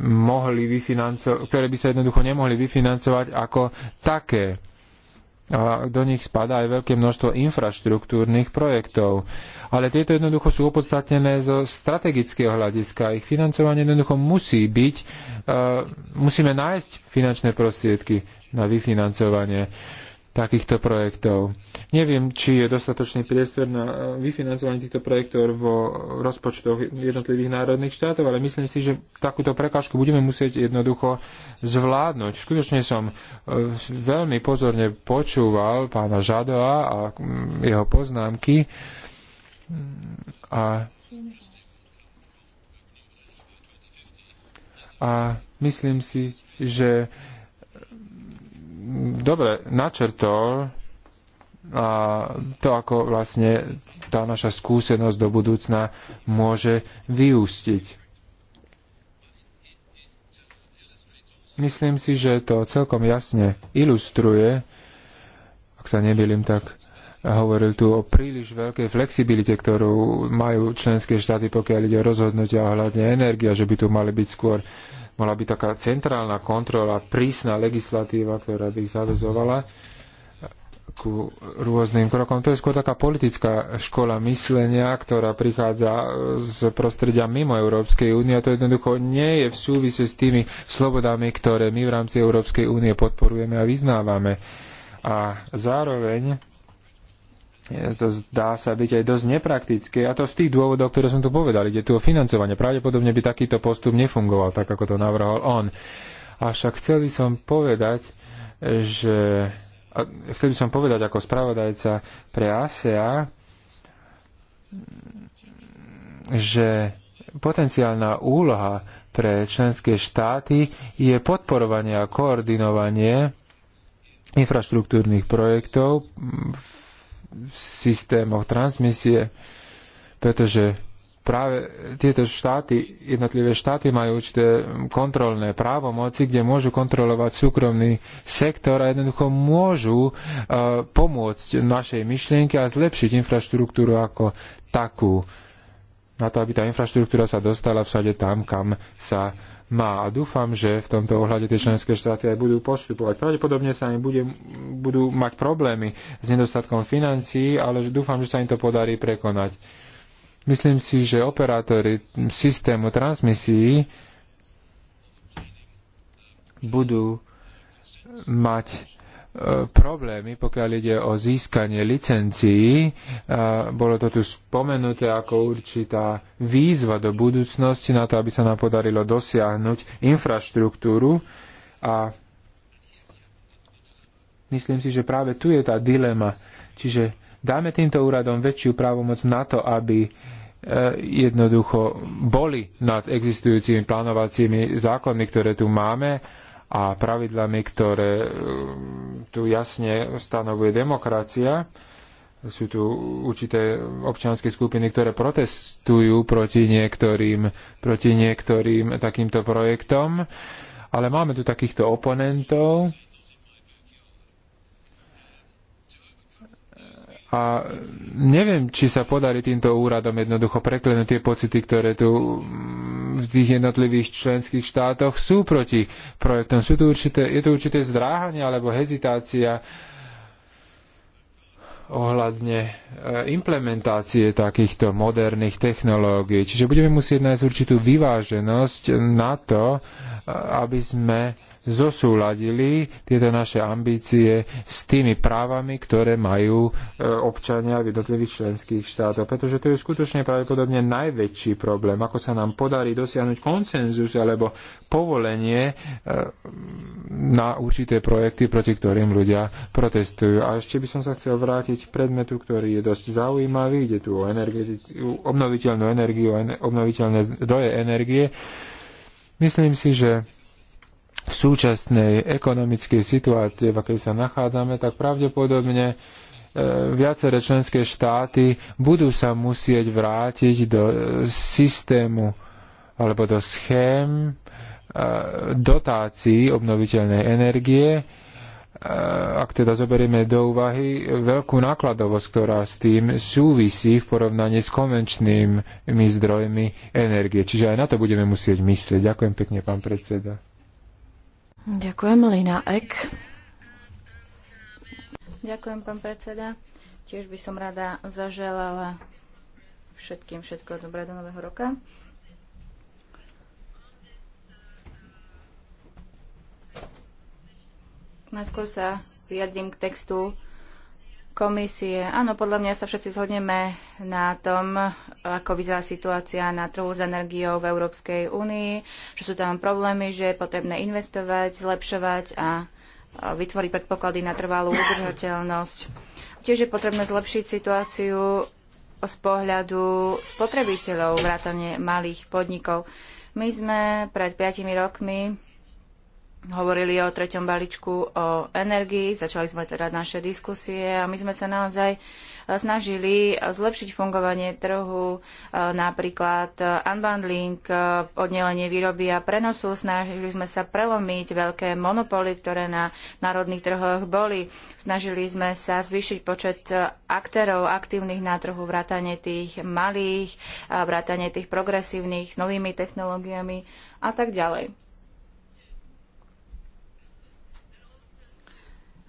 mohli vyfinancovať, ktoré by sa jednoducho nemohli vyfinancovať ako také. A do nich spadá aj veľké množstvo infraštruktúrnych projektov. Ale tieto jednoducho sú opodstatnené zo strategického hľadiska. Ich financovanie jednoducho musí byť, uh, musíme nájsť finančné prostriedky na vyfinancovanie. Uh, takýchto projektov. Neviem, či je dostatočný priestor na eh, vyfinancovanie týchto projektov vo rozpočtoch jednotlivých národných štátov, ale myslím si, že takúto prekážku budeme musieť jednoducho zvládnuť. Skutočne som eh, veľmi pozorne počúval pána Žadoa a mm, jeho poznámky a a myslím si, že dobre načrtol a to, ako vlastne tá naša skúsenosť do budúcna môže vyústiť. Myslím si, že to celkom jasne ilustruje, ak sa nebylim, tak hovoril tu o príliš veľkej flexibilite, ktorú majú členské štáty, pokiaľ ide o rozhodnutia ohľadne energia, že by tu mali byť skôr uh, Mala by taká centrálna kontrola, prísna legislatíva, ktorá by ich zavezovala ku rôznym krokom. To je skôr taká politická škola myslenia, ktorá prichádza z prostredia mimo Európskej únie a to jednoducho nie je v súvise s tými slobodami, ktoré my v rámci Európskej únie podporujeme a vyznávame. A zároveň to zdá sa byť aj dosť nepraktické. A to z tých dôvodov, ktoré som tu povedal. Ide tu o financovanie. Pravdepodobne by takýto postup nefungoval, tak ako to navrhol on. Avšak chcel by som povedať, že... Chcel by som povedať ako spravodajca pre ASEA, e že potenciálna úloha pre členské štáty je podporovanie a koordinovanie infraštruktúrnych projektov v systémoch transmisie, pretože práve tieto štáty, jednotlivé štáty majú určité kontrolné právomoci, kde môžu kontrolovať súkromný sektor a jednoducho môžu uh, pomôcť našej myšlienke a zlepšiť infraštruktúru ako takú na to, aby tá infraštruktúra sa dostala všade tam, kam sa má. A dúfam, že v tomto ohľade tie členské štáty aj budú postupovať. Pravdepodobne sa im bude, budú mať problémy s nedostatkom financií, ale dúfam, že sa im to podarí prekonať. Myslím si, že operátori systému transmisií budú mať problémy, pokiaľ ide o získanie licencií. Bolo to tu spomenuté ako určitá výzva do budúcnosti na to, aby sa nám podarilo dosiahnuť infraštruktúru a myslím si, že práve tu je tá dilema. Čiže dáme týmto úradom väčšiu právomoc na to, aby e, jednoducho boli nad existujúcimi plánovacími zákonmi, ktoré tu máme a pravidlami, ktoré e, tu jasne stanovuje demokracia. Sú tu určité občianske skupiny, ktoré protestujú proti niektorým, proti niektorým takýmto projektom. Ale máme tu takýchto oponentov, A neviem, či sa podarí týmto úradom jednoducho preklenúť tie pocity, ktoré tu v tých jednotlivých členských štátoch sú proti projektom. Sú tu určité, je tu určité zdráhanie alebo hezitácia ohľadne e, implementácie takýchto moderných technológií. Čiže budeme musieť nájsť určitú vyváženosť na to, e, aby sme zosúladili tieto naše ambície s tými právami, ktoré majú e, občania v jednotlivých členských štátoch. Pretože to je skutočne pravdepodobne najväčší problém, ako sa nám podarí dosiahnuť konsenzus alebo povolenie e, na určité projekty, proti ktorým ľudia protestujú. A ešte by som sa chcel vrátiť k predmetu, ktorý je dosť zaujímavý. Ide tu o obnoviteľnú energiu, obnoviteľné zdroje energie. Myslím si, že v súčasnej ekonomickej situácie, v akej sa nachádzame, tak pravdepodobne e, viaceré členské štáty budú sa musieť vrátiť do e, systému alebo do schém e, dotácií obnoviteľnej energie, ak teda zoberieme do úvahy veľkú nákladovosť, ktorá s tým súvisí v porovnaní s konvenčnými zdrojmi energie. Čiže aj na to budeme musieť myslieť. Ďakujem pekne, pán predseda. Ďakujem, Lina Ek. Ďakujem, pán predseda. Tiež by som rada zaželala všetkým všetko dobré do nového roka. Najskôr sa vyjadrím k textu komisie. Áno, podľa mňa sa všetci zhodneme na tom, ako vyzerá situácia na trhu s energiou v Európskej únii, že sú tam problémy, že je potrebné investovať, zlepšovať a vytvoriť predpoklady na trvalú udržateľnosť. Tiež je potrebné zlepšiť situáciu z pohľadu spotrebiteľov, vrátane malých podnikov. My sme pred 5 rokmi hovorili o treťom balíčku o energii, začali sme teda naše diskusie a my sme sa naozaj e, snažili zlepšiť fungovanie trhu, e, napríklad e, unbundling, oddelenie výroby a prenosu. Snažili sme sa prelomiť veľké monopoly, ktoré na národných trhoch boli. Snažili sme sa zvýšiť počet aktérov aktívnych na trhu, vrátane tých malých, vrátane tých progresívnych, novými technológiami a tak ďalej.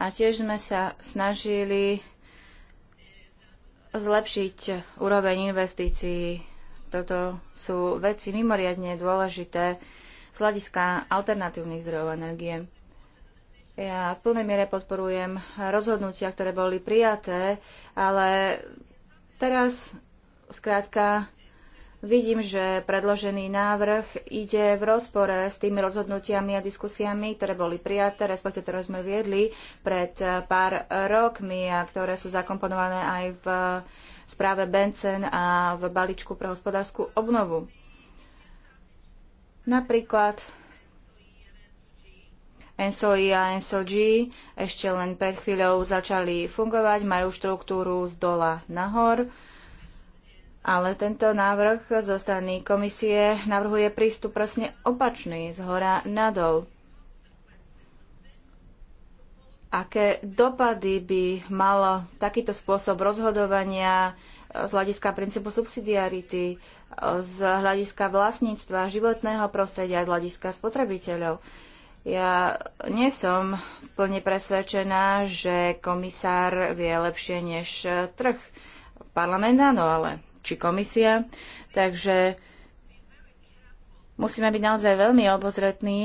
a tiež sme sa snažili zlepšiť úroveň investícií. Toto sú veci mimoriadne dôležité z hľadiska alternatívnych zdrojov energie. Ja v plnej miere podporujem rozhodnutia, ktoré boli prijaté, ale teraz skrátka Vidím, že predložený návrh ide v rozpore s tými rozhodnutiami a diskusiami, ktoré boli prijaté, respektive ktoré sme viedli pred eh, pár rokmi a ktoré sú zakomponované aj v eh, správe Bencen a v balíčku pre hospodárskú obnovu. Napríklad NSOI a NSOG ešte len pred chvíľou začali fungovať, majú štruktúru z dola nahor. hor ale tento návrh zo strany komisie navrhuje prístup presne opačný, z hora nadol. Aké dopady by mal takýto spôsob rozhodovania e, z hľadiska princípu subsidiarity, e, z hľadiska vlastníctva, životného prostredia, z hľadiska spotrebiteľov? Ja nie som plne presvedčená, že komisár vie lepšie než trh. Parlament áno, ale či komisia. Takže musíme byť naozaj veľmi obozretní,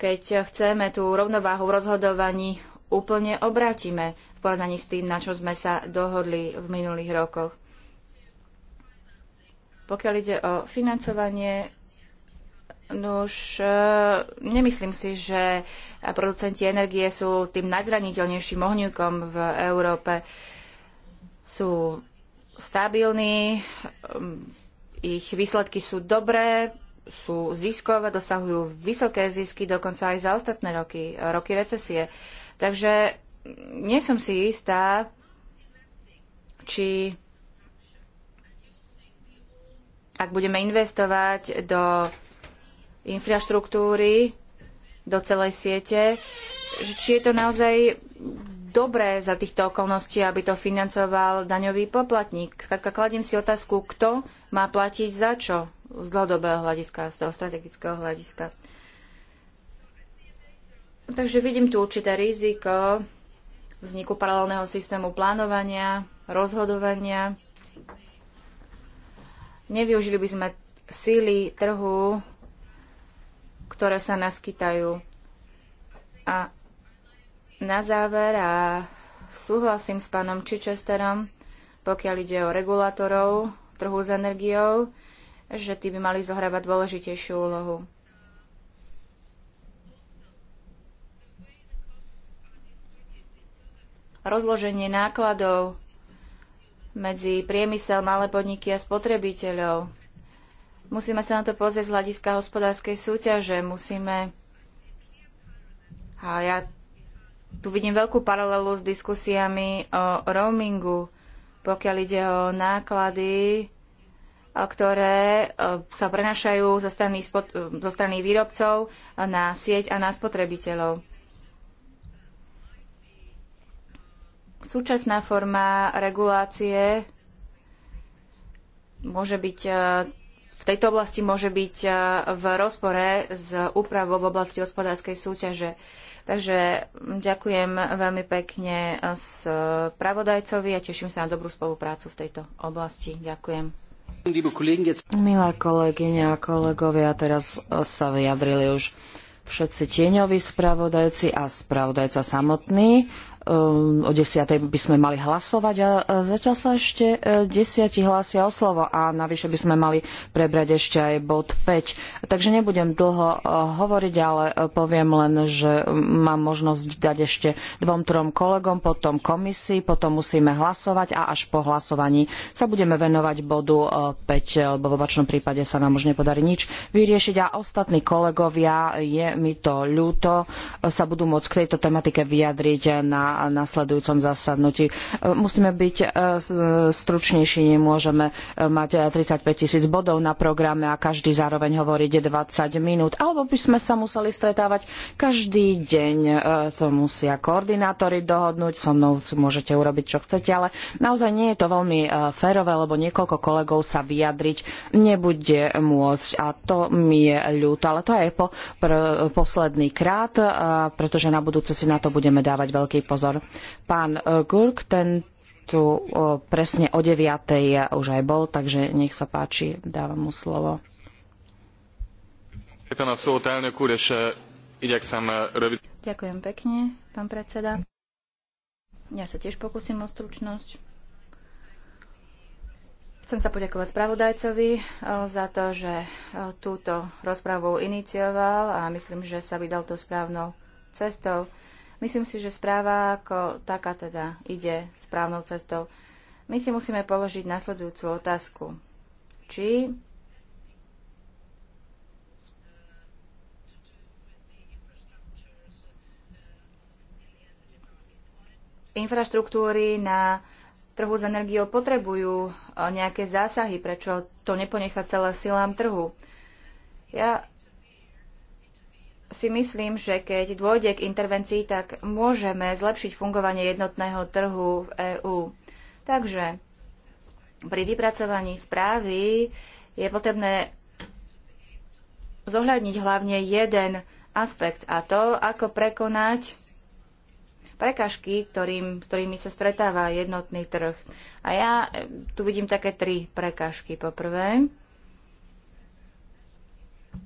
keď chceme tú rovnováhu v rozhodovaní úplne obratíme v porovnaní s tým, na čo sme sa dohodli v minulých rokoch. Pokiaľ ide o financovanie, no už e, nemyslím si, že producenti energie sú tým najzraniteľnejším ohňukom v Európe. Uh, sú stabilní, um, ich výsledky sú dobré, sú ziskové, dosahujú vysoké zisky dokonca aj za ostatné roky, roky recesie. Takže nie som si istá, či ak budeme investovať do infraštruktúry, do celej siete, či je to naozaj dobré za týchto okolností, aby to financoval daňový poplatník. Skladka, kladím si otázku, kto má platiť za čo z dlhodobého hľadiska, z toho strategického hľadiska. Takže vidím tu určité riziko vzniku paralelného systému plánovania, rozhodovania. Nevyužili by sme síly trhu, ktoré sa naskytajú. A na záver a súhlasím s pánom Čičesterom, pokiaľ ide o regulátorov trhu s energiou, že tí by mali zohrávať dôležitejšiu úlohu. Rozloženie nákladov medzi priemysel, malé podniky a spotrebiteľov. Musíme sa na to pozrieť z hľadiska hospodárskej súťaže. Musíme a ja tu vidím veľkú paralelu s diskusiami o roamingu, pokiaľ ide o náklady, ktoré e, sa prenašajú zo strany, spot, e, zo strany výrobcov na sieť a na spotrebiteľov. Súčasná forma regulácie môže byť e, tejto oblasti môže byť e, v rozpore s úpravou v oblasti hospodárskej súťaže. Takže ďakujem veľmi pekne s pravodajcovi a teším sa na dobrú spoluprácu v tejto oblasti. Ďakujem. Milé kolegyne a kolegovia, teraz sa vyjadrili už všetci tieňoví spravodajci a spravodajca samotný. Ehm, o 10. by sme mali hlasovať a zatiaľ sa ešte e, desiati hlásia o slovo a navyše by sme mali prebrať ešte aj bod 5. Takže nebudem dlho e, hovoriť, ale e, poviem len, že mám možnosť dať ešte dvom, trom kolegom, potom komisii, potom musíme hlasovať a až po hlasovaní sa budeme venovať bodu 5, lebo v obačnom prípade sa nám už nepodarí nič vyriešiť a ostatní kolegovia, je mi to ľúto, sa budú môcť k tejto tematike vyjadriť na nasledujúcom zasadnutí. E, musíme byť e, stručnejší, nemôžeme e, mať 35 tisíc bodov na programe a každý zároveň hovoriť 20 minút. Alebo by sme sa museli stretávať každý deň. To musia koordinátori dohodnúť, so mnou môžete urobiť čo chcete, ale naozaj nie je to veľmi férové, lebo niekoľko kolegov sa vyjadriť nebude môcť a to mi je ľúto, ale to je po posledný krát, pretože na budúce si na to budeme dávať veľký pozor názor. Pán e, Gurk, ten tu e, presne o 9. už aj bol, takže nech sa páči, dávam mu slovo. E, Ďakujem pekne, pán predseda. Ja sa tiež pokúsim o stručnosť. Chcem sa poďakovať spravodajcovi za to, že túto rozpravu inicioval a myslím, že sa vydal to správnou cestou. Myslím si, že správa ako taká teda ide správnou cestou. My si musíme položiť nasledujúcu otázku. Či infraštruktúry na trhu s energiou potrebujú eh, nejaké zásahy, prečo to neponecha celé silám trhu. Ja si myslím, že keď dôjde k intervencii, tak môžeme zlepšiť fungovanie jednotného trhu v EÚ. Takže pri vypracovaní správy je potrebné zohľadniť hlavne jeden aspekt a to, ako prekonať prekažky, ktorým, s ktorými sa stretáva jednotný trh. A ja e, tu vidím také tri prekažky. Poprvé,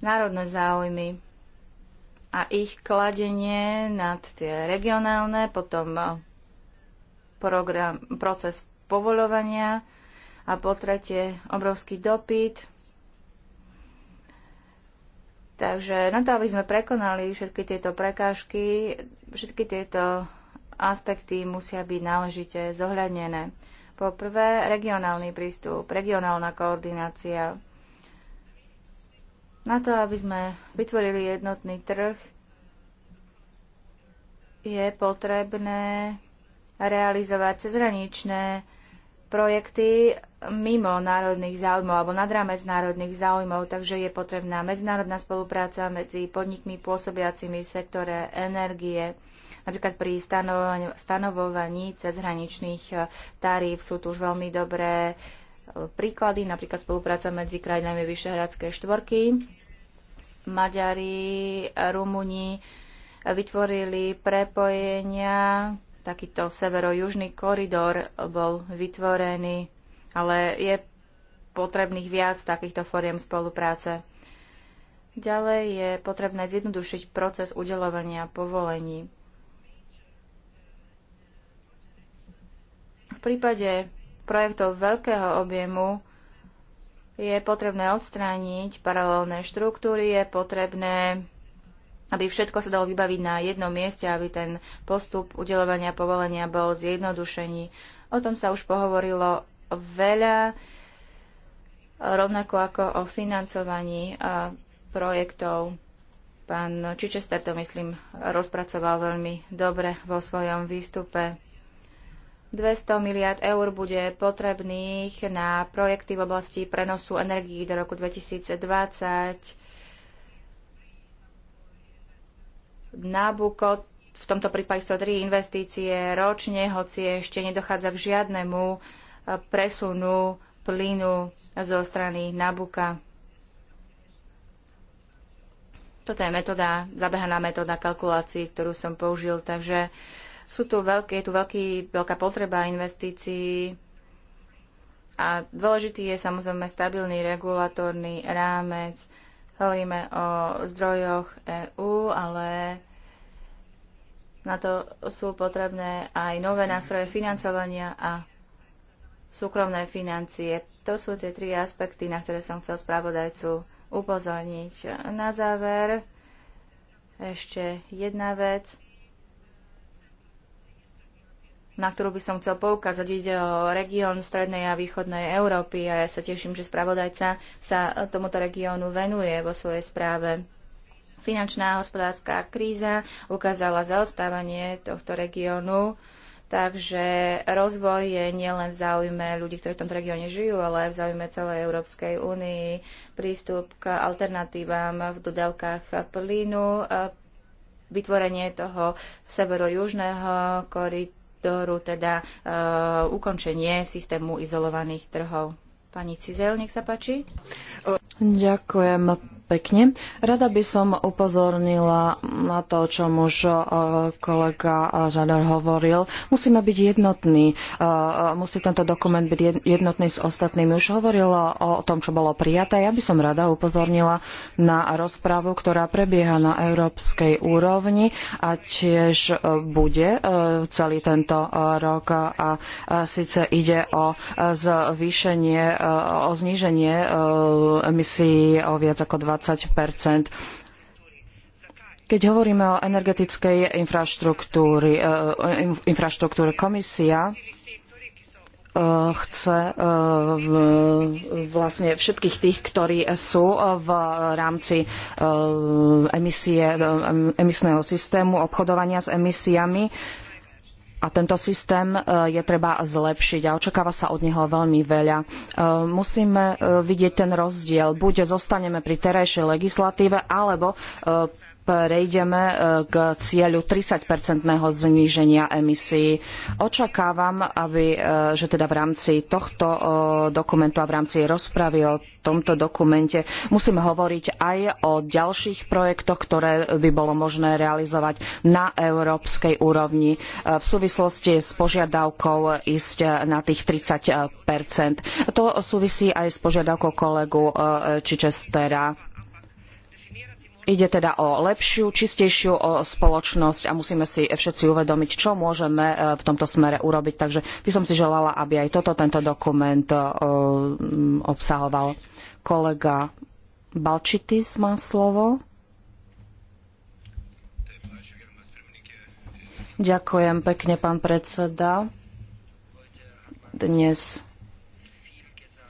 národné záujmy a ich kladenie nad tie regionálne, potom eh, program, proces povolovania a po tretie obrovský dopyt. Takže na to, aby sme prekonali všetky tieto prekážky, všetky tieto aspekty musia byť náležite zohľadnené. Po prvé, regionálny prístup, regionálna koordinácia. Na to, aby sme vytvorili jednotný trh, je potrebné realizovať cezhraničné projekty mimo národných záujmov alebo nad rámec národných záujmov, takže je potrebná medzinárodná spolupráca medzi podnikmi pôsobiacimi v sektore energie. Napríklad pri stanovovaní cezhraničných eh, tarív sú tu už veľmi dobré príklady, napríklad spolupráca medzi krajinami Vyšehradskej štvorky. Maďari, Rumúni vytvorili prepojenia, takýto severo-južný koridor bol vytvorený, ale je potrebných viac takýchto fóriem spolupráce. Ďalej je potrebné zjednodušiť proces udelovania povolení. V prípade projektov veľkého objemu je potrebné odstrániť paralelné štruktúry, je potrebné aby všetko sa dalo vybaviť na jednom mieste, aby ten postup udelovania povolenia bol zjednodušený. O tom sa už pohovorilo veľa, rovnako ako o financovaní projektov. Pán Čičester to, myslím, rozpracoval veľmi dobre vo svojom výstupe. 200 miliard eur bude potrebných na projekty v oblasti prenosu energií do roku 2020. Nabuko, v tomto prípade tri investície ročne, hoci ešte nedochádza k žiadnemu eh, presunu plynu zo strany Nabuka. Toto je metóda, zabehaná metóda kalkulácií, ktorú som použil, takže uh, sú tu veľké, je tu veľký, veľká potreba investícií a dôležitý je samozrejme stabilný regulatórny rámec. Hovoríme o zdrojoch EÚ, ale na to sú potrebné aj nové nástroje financovania a súkromné financie. To sú tie tri aspekty, na ktoré som chcel spravodajcu upozorniť. Na záver ešte jedna vec na ktorú by som chcel poukázať. Ide o región strednej a východnej Európy a ja sa teším, že spravodajca sa tomuto regiónu venuje vo svojej správe. Finančná a hospodárska kríza ukázala zaostávanie tohto regiónu, takže rozvoj je nielen v záujme ľudí, ktorí v tomto regióne žijú, ale aj v záujme celej Európskej únii. Prístup k alternatívam v dodávkach plynu, vytvorenie toho severo-južného koryta, ktorú teda e, ukončenie systému izolovaných trhov. Pani Cizel, nech sa páči. Ďakujem pekne. Rada by som upozornila na to, o čom už e, kolega Žadar hovoril. Musíme byť jednotní. E, e, musí tento dokument byť jednotný s ostatnými. Už hovorila o tom, čo bolo prijaté. Ja by som rada upozornila na rozpravu, ktorá prebieha na európskej úrovni a tiež bude celý tento rok. A síce ide o zvýšenie, o zníženie emisí o viac ako 20 twenty keď hovoríme o energetickej infraštruktúre, e, infraštruktúre komisia e, chce e, vlastne všetkých tých, ktorí sú v rámci emisie, emisného systému obchodovania s emisiami, a tento systém e, je treba zlepšiť a očakáva sa od neho veľmi veľa. E, musíme e, vidieť ten rozdiel. Buď zostaneme pri terajšej legislatíve, alebo prejdeme e, k cieľu 30-percentného zníženia emisí. Očakávam, aby, e, že teda v rámci tohto e, dokumentu a v rámci rozpravy o tomto dokumente musíme hovoriť aj o ďalších projektoch, ktoré by bolo možné realizovať na európskej úrovni v súvislosti s požiadavkou ísť na tých 30 To súvisí aj s požiadavkou kolegu Čičestera Ide teda o lepšiu, čistejšiu spoločnosť a musíme si všetci uvedomiť, čo môžeme e, v tomto smere urobiť. Takže by som si želala, aby aj toto tento dokument e, obsahoval. Kolega Balčitis má slovo. Ďakujem pekne, pán predseda. Dnes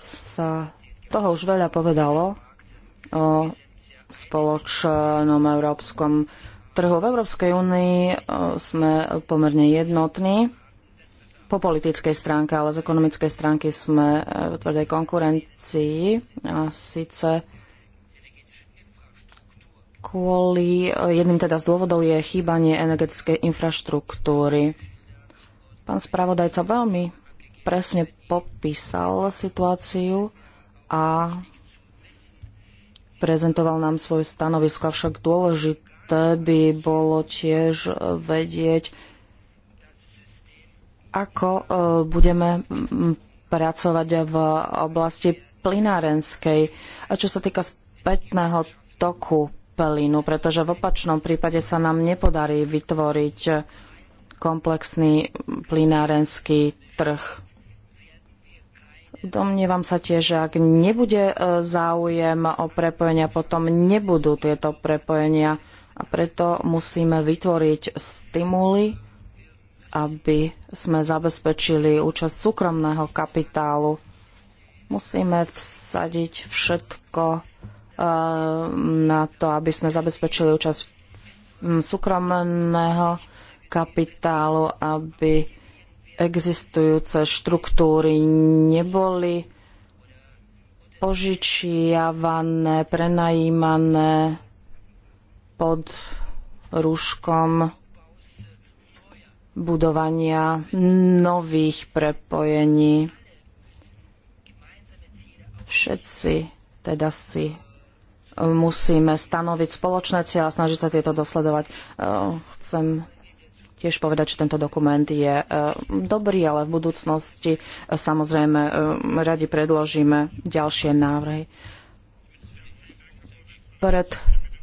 sa toho už veľa povedalo o spoločnom európskom trhu. V Európskej únii e, sme pomerne jednotní po politickej stránke, ale z ekonomickej stránky sme e, v tvrdej konkurencii. A síce kvôli, e, jedným teda z dôvodov je chýbanie energetickej infraštruktúry. Pán spravodajca veľmi presne popísal situáciu a prezentoval nám svoje stanovisko, avšak dôležité by bolo tiež e, vedieť, ako e, budeme pracovať v oblasti plynárenskej. A čo sa týka spätného toku plynu, pretože v opačnom prípade sa nám nepodarí vytvoriť komplexný plynárenský trh. Domnievam sa tiež, že ak nebude e, záujem o prepojenia, potom nebudú tieto prepojenia a preto musíme vytvoriť stimuly, aby sme zabezpečili účasť súkromného kapitálu. Musíme vsadiť všetko e, na to, aby sme zabezpečili účasť súkromného kapitálu, aby existujúce štruktúry neboli požičiavané, prenajímané pod rúškom budovania nových prepojení. Všetci teda si e, musíme stanoviť spoločné cieľa a snažiť sa tieto dosledovať. E, chcem tiež povedať, že tento dokument je e, dobrý, ale v budúcnosti e, samozrejme e, radi predložíme ďalšie návrhy. Pred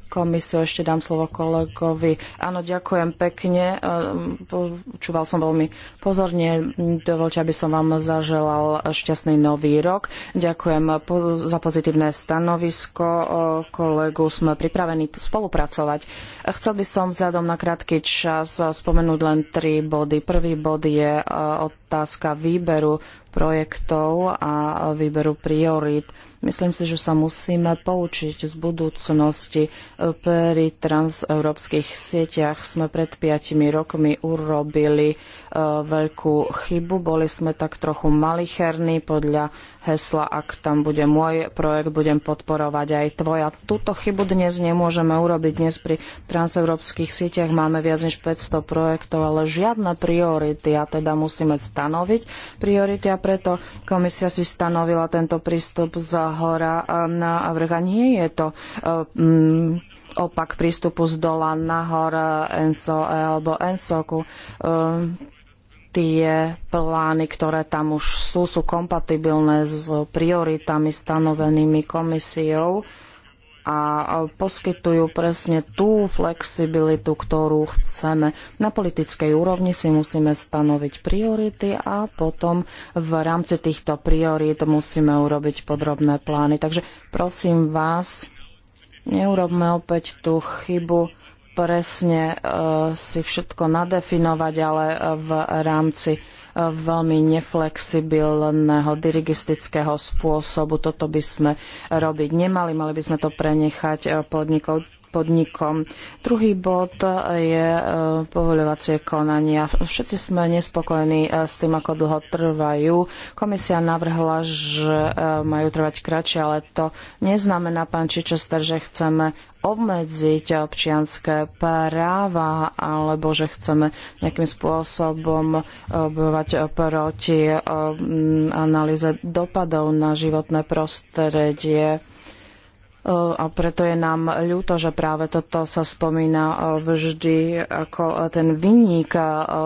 komisiu. Ešte dám slovo kolegovi. Áno, ďakujem pekne. Ehm, počúval som veľmi pozorne. Dovolte, aby som vám zaželal šťastný nový rok. Ďakujem za pozitívne stanovisko. Kolegu sme pripravení spolupracovať. Chcel by som vzhľadom na krátky čas spomenúť len tri body. Prvý bod je e, otázka výberu projektov a výberu priorít. Myslím si, že sa musíme poučiť z budúcnosti. Pri transeurópskych sieťach sme pred piatimi rokmi urobili e, veľkú chybu. Boli sme tak trochu malicherní podľa hesla, ak tam bude môj projekt, budem podporovať aj tvoja. Túto chybu dnes nemôžeme urobiť. Dnes pri transeurópskych sieťach máme viac než 500 projektov, ale žiadne priority a teda musíme stanoviť priority a preto komisia si stanovila tento prístup za hora eh, na vrch. A nie je to eh, mm, opak prístupu z dola hora, eh, ENSO alebo ENSOKu tie plány, ktoré tam už sú, sú kompatibilné s prioritami stanovenými komisiou a poskytujú presne tú flexibilitu, ktorú chceme. Na politickej úrovni si musíme stanoviť priority a potom v rámci týchto priorít musíme urobiť podrobné plány. Takže prosím vás, neurobme opäť tú chybu presne e, si všetko nadefinovať, ale e, v rámci e, veľmi neflexibilného dirigistického spôsobu. Toto by sme robiť nemali, mali by sme to prenechať podnikov podnikom. Druhý bod je e, povoľovacie konania. Všetci sme nespokojní e, s tým, ako dlho trvajú. Komisia navrhla, že e, majú trvať kratšie, ale to neznamená, pán Čičester, že chceme obmedziť občianské práva alebo že chceme nejakým spôsobom bojovať proti analýze dopadov na životné prostredie a preto je nám ľúto, že práve toto sa spomína vždy ako ten vinník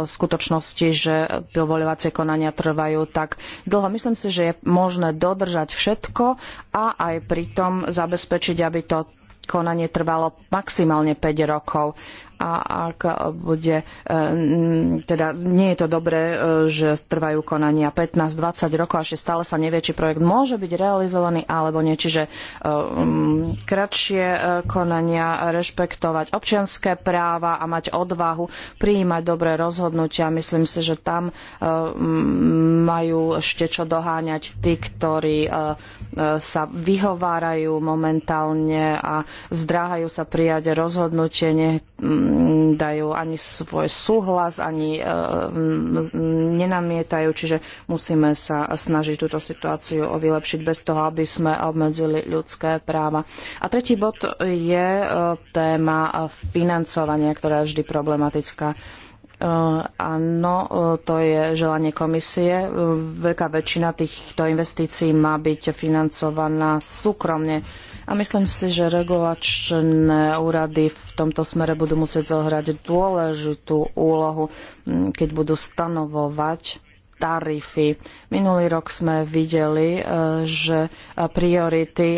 skutočnosti, že povoľovacie konania trvajú tak dlho. Myslím si, že je možné dodržať všetko a aj pritom zabezpečiť, aby to konanie trvalo maximálne 5 rokov a ak bude, e, teda nie je to dobré, e, že trvajú konania 15-20 rokov a ešte stále sa nevie, či projekt môže byť realizovaný alebo nie. Čiže um, kratšie konania, rešpektovať občianské práva a mať odvahu prijímať dobré rozhodnutia. Myslím si, že tam um, majú ešte čo doháňať tí, ktorí um, sa vyhovárajú momentálne a zdráhajú sa prijať rozhodnutie, nedajú mm, ani svoj súhlas, ani e, mm, nenamietajú, čiže musíme sa snažiť túto situáciu vylepšiť bez toho, aby sme obmedzili ľudské práva. A tretí bod je e, téma financovania, ktorá je vždy problematická. Eh, áno, eh, to je želanie komisie. Eh, veľká väčšina týchto investícií má byť financovaná súkromne. A myslím si, že regulačné úrady v tomto smere budú musieť zohrať dôležitú úlohu, hm, keď budú stanovovať tarify. Minulý rok sme videli, že priority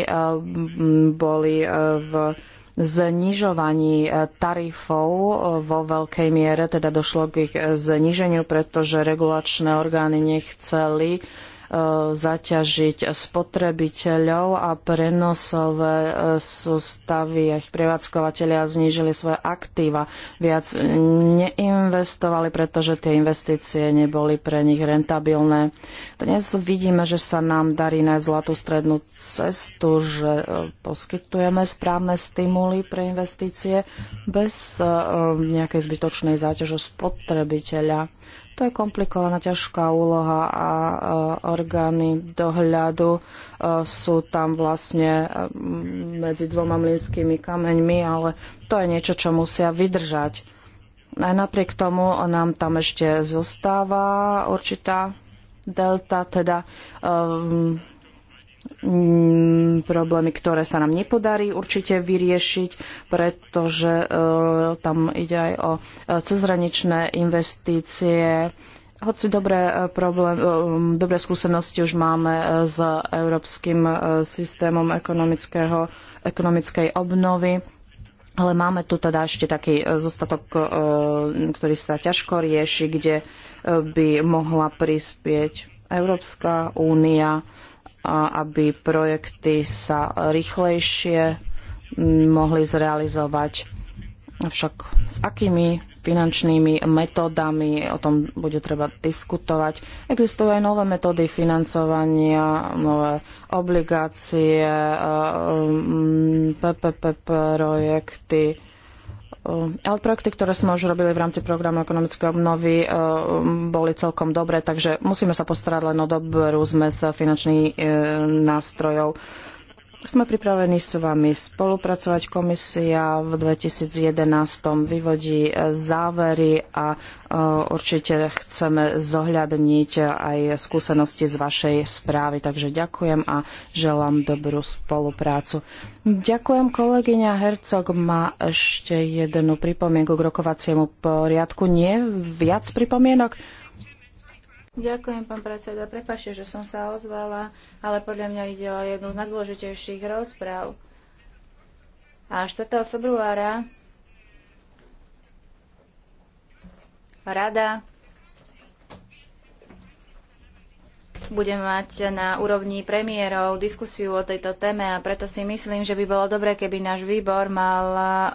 boli v znižovaní e, tarifov e, vo veľkej miere, teda došlo k ich e, zniženiu, pretože regulačné orgány nechceli zaťažiť spotrebiteľov a prenosové e, sústavy a ich prevádzkovateľia znížili svoje aktíva, viac neinvestovali, pretože tie investície neboli pre nich rentabilné. Dnes vidíme, že sa nám darí nájsť zlatú strednú cestu, že e, poskytujeme správne stimuly pre investície bez e, nejakej zbytočnej záťaže spotrebiteľa. To je komplikovaná, ťažká úloha a e, orgány dohľadu e, sú tam vlastne e, medzi dvoma mlinskými kameňmi, ale to je niečo, čo musia vydržať. Aj napriek tomu nám tam ešte zostáva určitá delta, teda um, Mm, problémy, ktoré sa nám nepodarí určite vyriešiť, pretože e, tam ide aj o e, cezhraničné investície. Hoci dobré, e, problém, dobré skúsenosti už máme s európskym systémom ekonomickej obnovy, ale máme tu teda ešte taký zostatok, ktorý sa ťažko rieši, kde by mohla prispieť Európska únia aby projekty sa rýchlejšie mohli zrealizovať. Však s akými finančnými metódami, o tom bude treba diskutovať. Existujú aj nové metódy financovania, nové obligácie, PPP projekty, Ehm, ale projekty, ktoré sme už robili v rámci programu ekonomickej obnovy, ehm, boli celkom dobré, takže musíme sa postarať len o dobrú zmes finančných ehm, nástrojov. Sme pripravení s vami spolupracovať. Komisia v 2011 vyvodí e, závery a e, určite chceme zohľadniť aj skúsenosti z vašej správy. Takže ďakujem a želám dobrú spoluprácu. Ďakujem kolegyňa Hercog. Má ešte jednu pripomienku k rokovaciemu poriadku. Nie viac pripomienok? Ďakujem, pán predseda. Prepašte, že som sa ozvala, ale podľa mňa ide o jednu z najdôležitejších rozpráv. A 4. februára Rada budem mať na úrovni premiérov diskusiu o tejto téme a preto si myslím, že by bolo dobré, keby náš výbor mal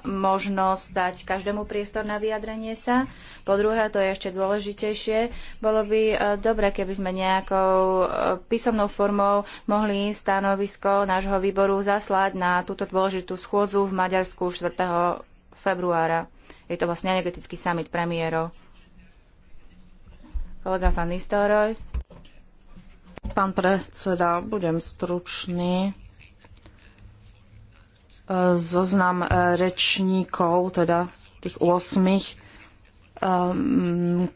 možnosť dať každému priestor na vyjadrenie sa. Po druhé, to je ešte dôležitejšie, bolo by e, dobré, keby sme nejakou e, písomnou formou mohli stanovisko nášho výboru zaslať na túto dôležitú schôdzu v Maďarsku 4. februára. Je to vlastne energetický summit premiérov. Kolega Van Nistelrooy. Pán predseda, budem stručný. Zoznam eh, rečníkov, teda tých 8, ehm,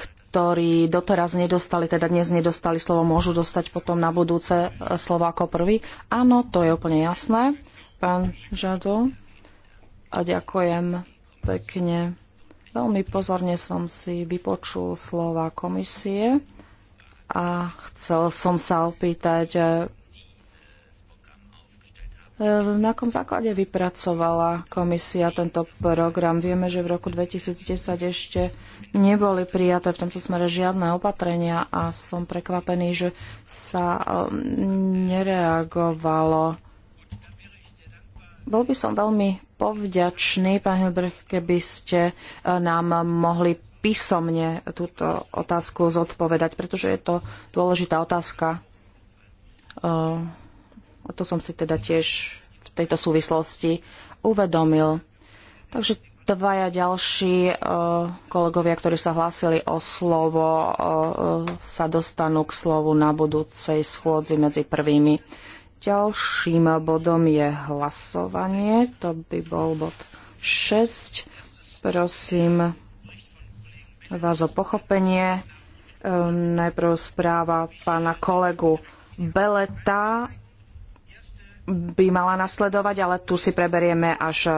ktorí doteraz nedostali, teda dnes nedostali slovo, môžu dostať potom na budúce eh, slovo ako prvý. Áno, to je úplne jasné, pán Žado. A ďakujem pekne. Veľmi pozorne som si vypočul slova komisie a chcel som sa opýtať, e, e, na akom základe vypracovala komisia tento program? Vieme, že v roku 2010 ešte neboli prijaté v tomto smere žiadne opatrenia a som prekvapený, že sa e, nereagovalo. Bol by som veľmi povďačný, pán Hilbrecht, keby ste nám mohli písomne túto otázku zodpovedať, pretože je to dôležitá otázka. Eh, o to som si teda tiež v tejto súvislosti uvedomil. Takže dvaja ďalší eh, kolegovia, ktorí sa hlásili o slovo, eh, sa dostanú k slovu na budúcej schôdzi medzi prvými. Ďalším bodom je hlasovanie. To by bol bod 6. Prosím, vás o pochopenie. Ehm, najprv správa pána kolegu Beleta by mala nasledovať, ale tu si preberieme až e,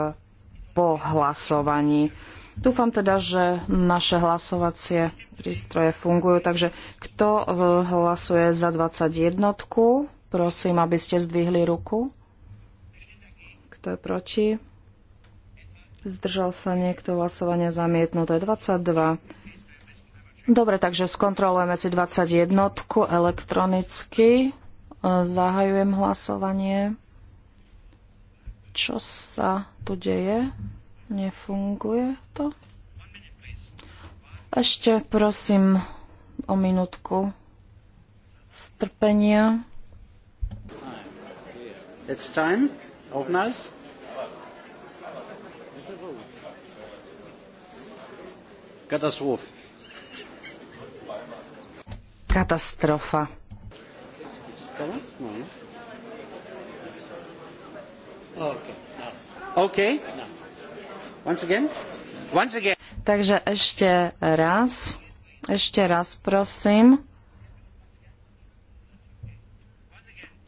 po hlasovaní. Dúfam teda, že naše hlasovacie prístroje fungujú, takže kto e, hlasuje za 21, prosím, aby ste zdvihli ruku. Kto je proti? Zdržal sa niekto hlasovania zamietnuté 22. Dobre, takže skontrolujeme si 21 elektronicky. Zahajujem hlasovanie. Čo sa tu deje? Nefunguje to? Ešte prosím o minútku strpenia. It's time. Organize. Katastrofe katastrofa. Okay. Once again. Once again. Takže ešte raz, ešte raz prosím.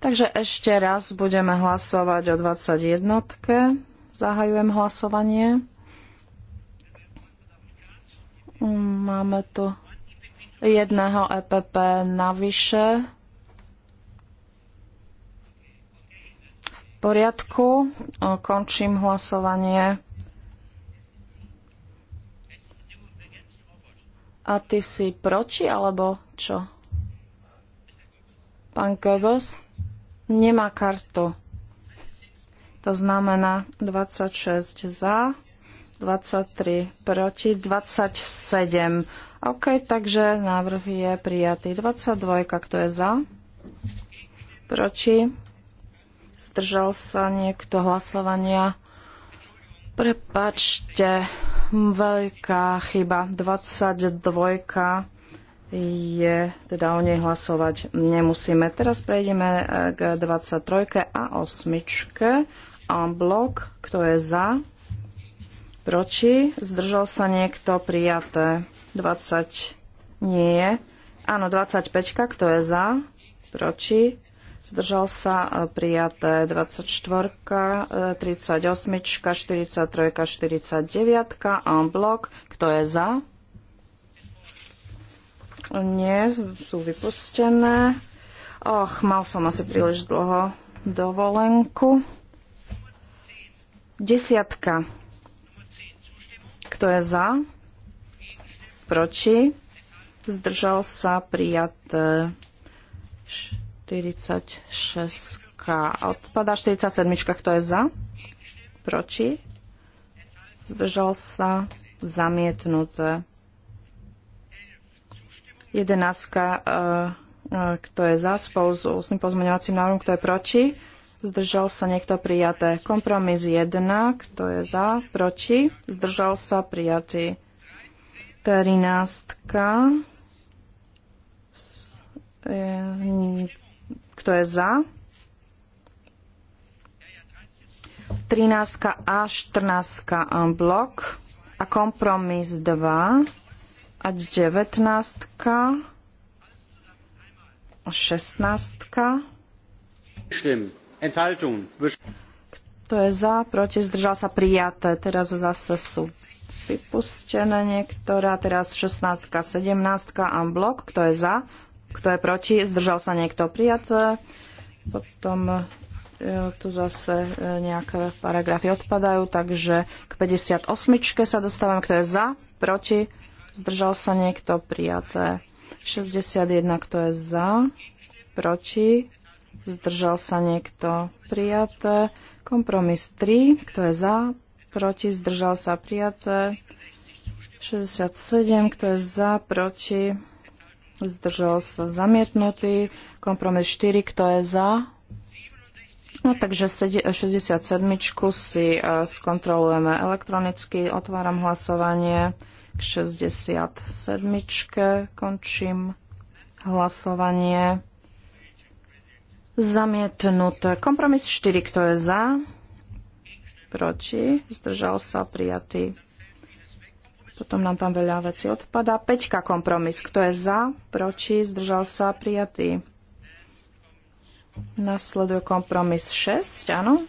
Takže ešte raz budeme hlasovať o 21. Zahajujem hlasovanie. Máme tu jedného EPP navyše. V poriadku, končím hlasovanie. A ty si proti, alebo čo? Pán Goebbels nemá kartu. To znamená 26 za, 23 proti, 27 OK, takže návrh je prijatý. 22, kto je za? Proti? Zdržal sa niekto hlasovania? Prepačte, veľká chyba. 22 je, teda o nej hlasovať nemusíme. Teraz prejdeme eh, k 23 a 8 a blok, kto je za? Proti? Zdržal sa niekto? Prijaté. 20. Nie. Áno, 25. Kto je za? Proti? Zdržal sa? E, prijaté. 24. 38. 43. 49. En blok. Kto je za? Nie, sú vypustené. Och, mal som asi príliš dlho dovolenku. Desiatka. Kto je za? Proti? Zdržal sa prijat 46. Odpada 47. Kto je za? Proti? Zdržal sa zamietnuté. 11. E, e, kto je za spolu s 8 pozmeňovacím návrhom? Kto je proti? zdržal sa niekto prijaté. Kompromis 1, kto je za, proti, zdržal sa prijatý. 13, e, kto je za, 13 a 14 en blok a kompromis 2 a 19 a 16. Kto je za, proti, zdržal sa prijaté. Teraz zase sú vypustené niektorá, teraz 16, 17 a blok. Kto je za, kto je proti, zdržal sa niekto prijaté. Potom e, tu zase e, nejaké paragrafy odpadajú, takže k 58 sa dostávame, kto je za, proti, zdržal sa niekto prijaté. 61, kto je za, proti, zdržal sa niekto prijaté. Kompromis 3, kto je za, proti, zdržal sa prijaté. 67, kto je za, proti, zdržal sa zamietnutý. Kompromis 4, kto je za. No takže 67 si e, skontrolujeme elektronicky. Otváram hlasovanie k 67. Končím hlasovanie. Zamietnuté. Kompromis 4. Kto je za? Proti? Zdržal sa prijatý. Potom nám tam veľa vecí odpadá. 5. Kompromis. Kto je za? Proti? Zdržal sa prijatý. Nasleduje kompromis 6. Áno.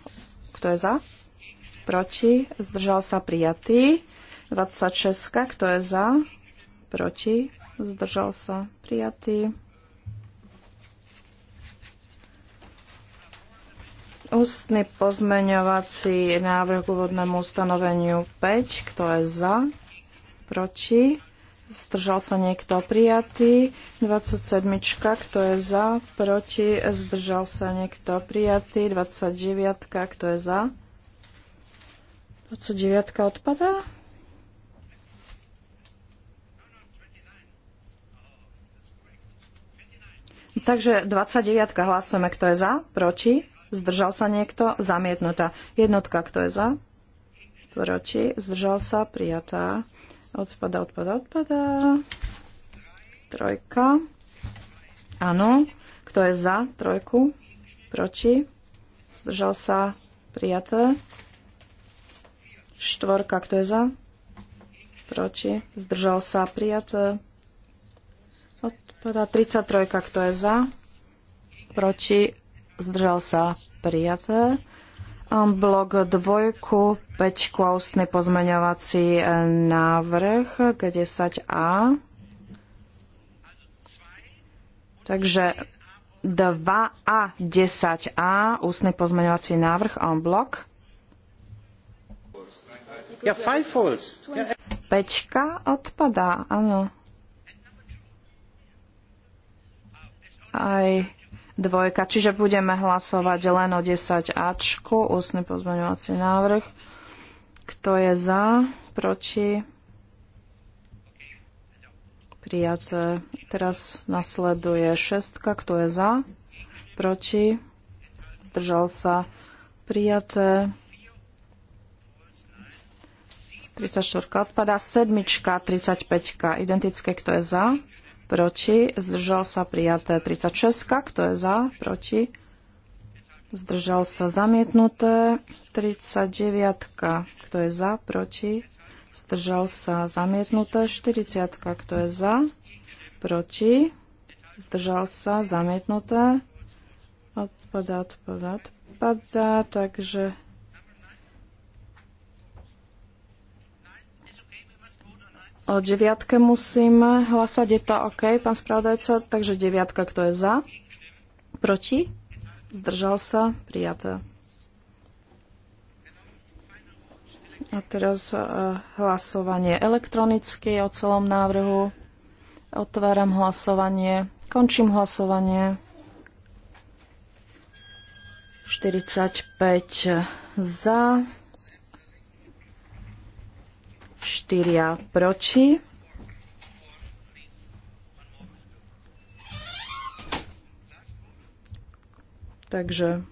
Kto je za? Proti? Zdržal sa prijatý. 26. Kto je za? Proti? Zdržal sa prijatý. Ústny pozmeňovací návrh k úvodnému ustanoveniu 5. Kto je za? Proti? Zdržal sa niekto prijatý. 27. Kto je za? Proti? Zdržal sa niekto prijatý. 29. Kto je za? 29. odpadá? Takže 29. hlasujeme, kto je za, proti, zdržal sa niekto, zamietnutá. Jednotka, kto je za, proti, zdržal sa, prijatá. Odpada, odpada, odpada. Trojka. Áno. Kto je za trojku? Proti? Zdržal sa, prijaté. Štvorka, kto je za? Proti? Zdržal sa, prijaté. Odpada 33, kto je za? Proti? zdržal sa, prijaté. Ehm, blok dvojku, 5 kvôstny pozmeňovací e, návrh k 10a. Takže 2a 10a ústny pozmeňovací návrh en blok. Ja, Peťka odpadá, áno. Aj dvojka. Čiže budeme hlasovať len o 10 Ačku, ústny pozmeňovací návrh. Kto je za? Proti? Prijaté. Teraz nasleduje šestka. Kto je za? Proti? Zdržal sa. Prijaté. 34 odpadá. Sedmička, 35. Identické. Kto je za? proti, zdržal sa prijaté 36, kto je za, proti, zdržal sa zamietnuté 39, kto je za, proti, zdržal sa zamietnuté 40, kto je za, proti, zdržal sa zamietnuté, odpadá, odpadá, odpadá, takže O deviatke musím hlasovať. Je to OK, pán spravodajca? Takže deviatka, kto je za? Proti? Zdržal sa? Prijaté. A teraz e, hlasovanie elektronicky o celom návrhu. Otváram hlasovanie. Končím hlasovanie. 45 za, štyria proti. Takže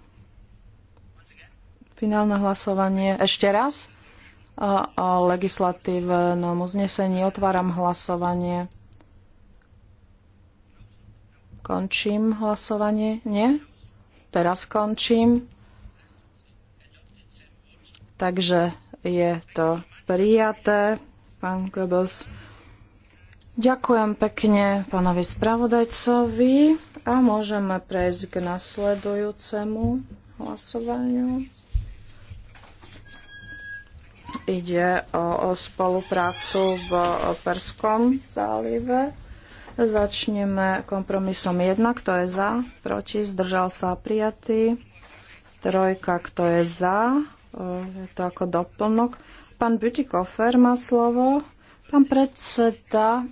finálne hlasovanie ešte raz o legislatívnom uznesení. Otváram hlasovanie. Končím hlasovanie. Nie? Teraz končím. Takže je to prijaté. Pán Goebbels. Ďakujem pekne pánovi spravodajcovi a môžeme prejsť k nasledujúcemu hlasovaniu. Ide o, o spoluprácu v Perskom zálive. Začneme kompromisom 1, kto je za, proti, zdržal sa prijatý. Trojka, kto je za, e, je to ako doplnok Pán Bütikofer má slovo. Pán predseda,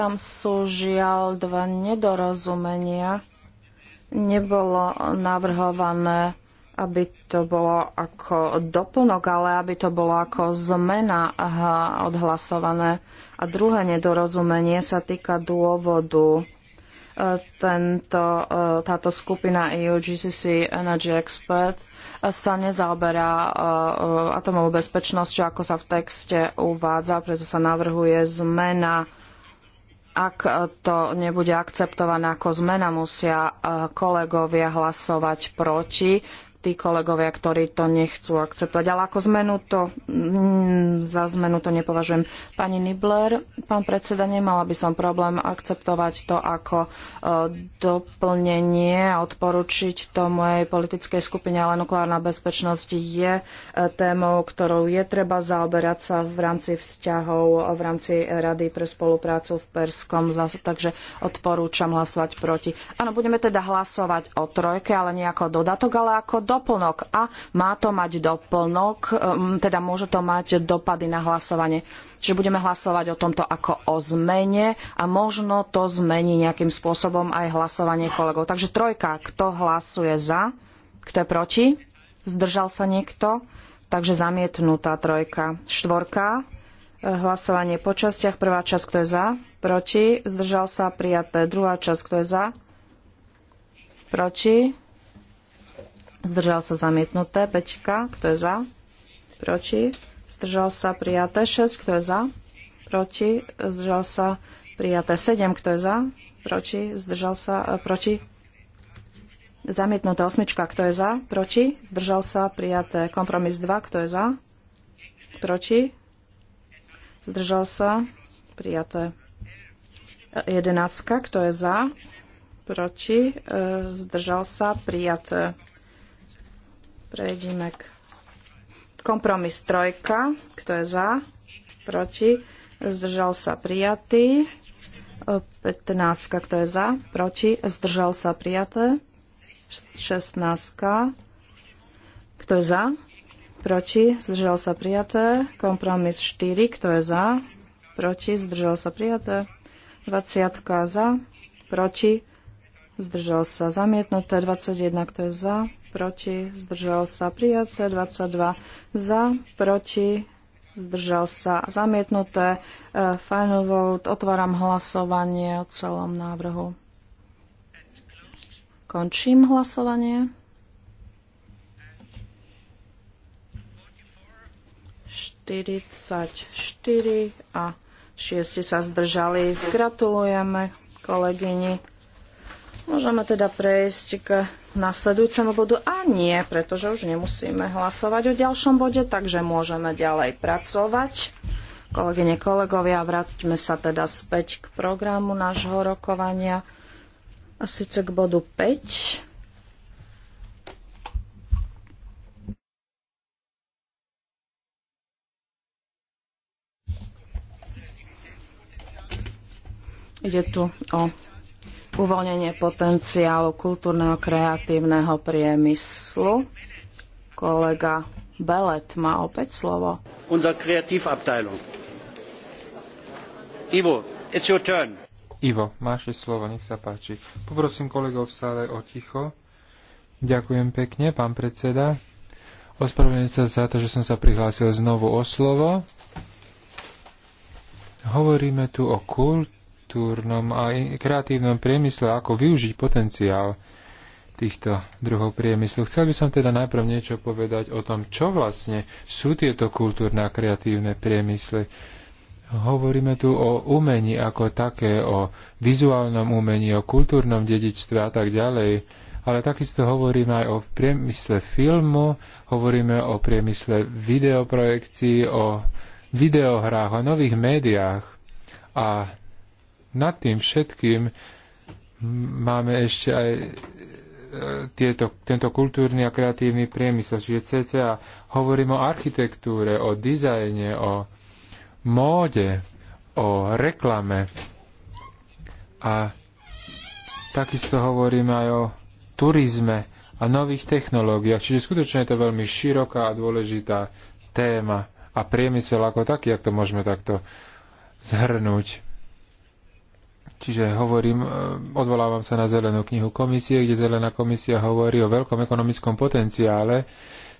tam sú žiaľ dva nedorozumenia. Nebolo navrhované, aby to bolo ako doplnok, ale aby to bolo ako zmena aha, odhlasované. A druhé nedorozumenie sa týka dôvodu e, tento, e, táto skupina EUGCC Energy Expert sa nezaoberá e, e, atomovou bezpečnosťou, ako sa v texte uvádza, preto sa navrhuje zmena ak e, to nebude akceptované ako zmena, musia kolegovia hlasovať proti tí kolegovia, ktorí to nechcú akceptovať. Ale ako zmenu to, mm, za zmenu to nepovažujem. Pani Nibler, pán predseda, nemala by som problém akceptovať to ako e, doplnenie a odporučiť to mojej politickej skupine, ale nukleárna bezpečnosť je e, témou, ktorou je treba zaoberať sa v rámci vzťahov, v rámci Rady pre spoluprácu v Perskom zase, takže odporúčam hlasovať proti. Áno, budeme teda hlasovať o trojke, ale nie ako dodatok, ale ako do doplnok a má to mať doplnok, um, teda môže to mať dopady na hlasovanie. Čiže budeme hlasovať o tomto ako o zmene a možno to zmení nejakým spôsobom aj hlasovanie kolegov. Takže trojka, kto hlasuje za, kto je proti, zdržal sa niekto, takže zamietnutá trojka. Štvorka, eh, hlasovanie po častiach, prvá časť, kto je za, proti, zdržal sa, prijaté, druhá časť, kto je za, proti, Zdržal sa zamietnuté. Pečka, kto je za? Proti. Zdržal sa prijaté. 6, kto je za? Proti. Zdržal sa prijaté. 7, kto je za? Proti. Zdržal sa e, proti. Zamietnutá osmička, kto je za? Proti. Zdržal sa prijaté. Kompromis 2, kto je za? Proti. Zdržal sa prijaté. 11, kto je za? Proti. E, zdržal sa prijaté k kompromis trojka. Kto je za? Proti? Zdržal sa prijatý. 15. Kto je za? Proti? Zdržal sa prijaté. 16. Kto je za? Proti? Zdržal sa prijaté. Kompromis 4. Kto je za? Proti? Zdržal sa prijaté. 20. za? Proti? Zdržal sa zamietnuté. 21. Kto je za? proti, zdržal sa prijaté, 22 za, proti, zdržal sa zamietnuté. E, final vote, otváram hlasovanie o celom návrhu. Končím hlasovanie. 44 a 6 sa zdržali. Gratulujeme kolegyni. Môžeme teda prejsť k nasledujúcemu bodu? A nie, pretože už nemusíme hlasovať o ďalšom bode, takže môžeme ďalej pracovať. Kolegyne, kolegovia, vráťme sa teda späť k programu nášho rokovania a síce k bodu 5. Ide tu o uvoľnenie potenciálu kultúrneho kreatívneho priemyslu. Kolega Belet má opäť slovo. Unser Kreativabteilung. Ivo, it's your turn. Ivo, máš slovo, nech sa páči. Poprosím kolegov v sále o ticho. Ďakujem pekne, pán predseda. Ospravedlňujem sa za to, že som sa prihlásil znovu o slovo. Hovoríme tu o kult kultúrnom a kreatívnom priemysle, ako využiť potenciál týchto druhov priemyslu. Chcel by som teda najprv niečo povedať o tom, čo vlastne sú tieto kultúrne a kreatívne priemysly. Hovoríme tu o umení ako také, o vizuálnom umení, o kultúrnom dedičstve a tak ďalej. Ale takisto hovoríme aj o priemysle filmu, hovoríme o priemysle videoprojekcií, o videohrách, o nových médiách. A nad tým všetkým máme ešte aj e, tieto, tento kultúrny a kreatívny priemysel, čiže CCA. Hovorím o architektúre, o dizajne, o móde, o reklame a takisto hovoríme aj o turizme a nových technológiách. Čiže skutočne je to veľmi široká a dôležitá téma a priemysel ako taký, ak to môžeme takto zhrnúť. Čiže hovorím, e, odvolávam sa na zelenú knihu komisie, kde zelená komisia hovorí o veľkom ekonomickom potenciále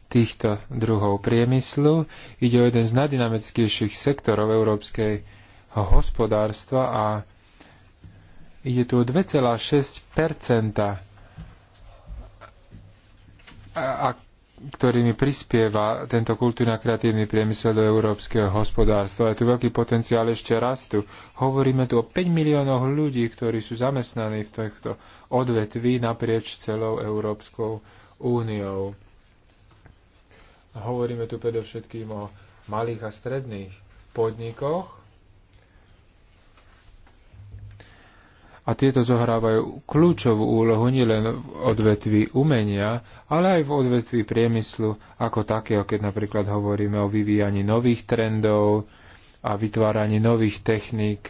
týchto druhov priemyslu. Ide o jeden z najdynamickejších sektorov európskej hospodárstva a ide tu o 2,6 a ktorými prispieva tento kultúrne kreatívny priemysel do európskeho hospodárstva. Je tu veľký potenciál ešte rastu. Hovoríme tu o 5 miliónoch ľudí, ktorí sú zamestnaní v tohto odvetví naprieč celou Európskou úniou. Hovoríme tu predovšetkým o malých a stredných podnikoch, A tieto zohrávajú kľúčovú úlohu nielen v odvetví umenia, ale aj v odvetví priemyslu ako takého, keď napríklad hovoríme o vyvíjaní nových trendov a vytváraní nových techník.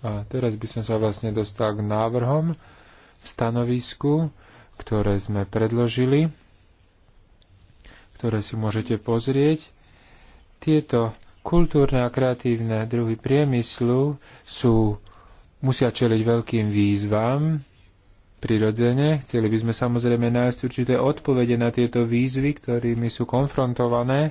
A teraz by som sa vlastne dostal k návrhom v stanovisku, ktoré sme predložili, ktoré si môžete pozrieť. Tieto Kultúrne a kreatívne druhy priemyslu sú, musia čeliť veľkým výzvam, prirodzene. Chceli by sme samozrejme nájsť určité odpovede na tieto výzvy, ktorými sú konfrontované,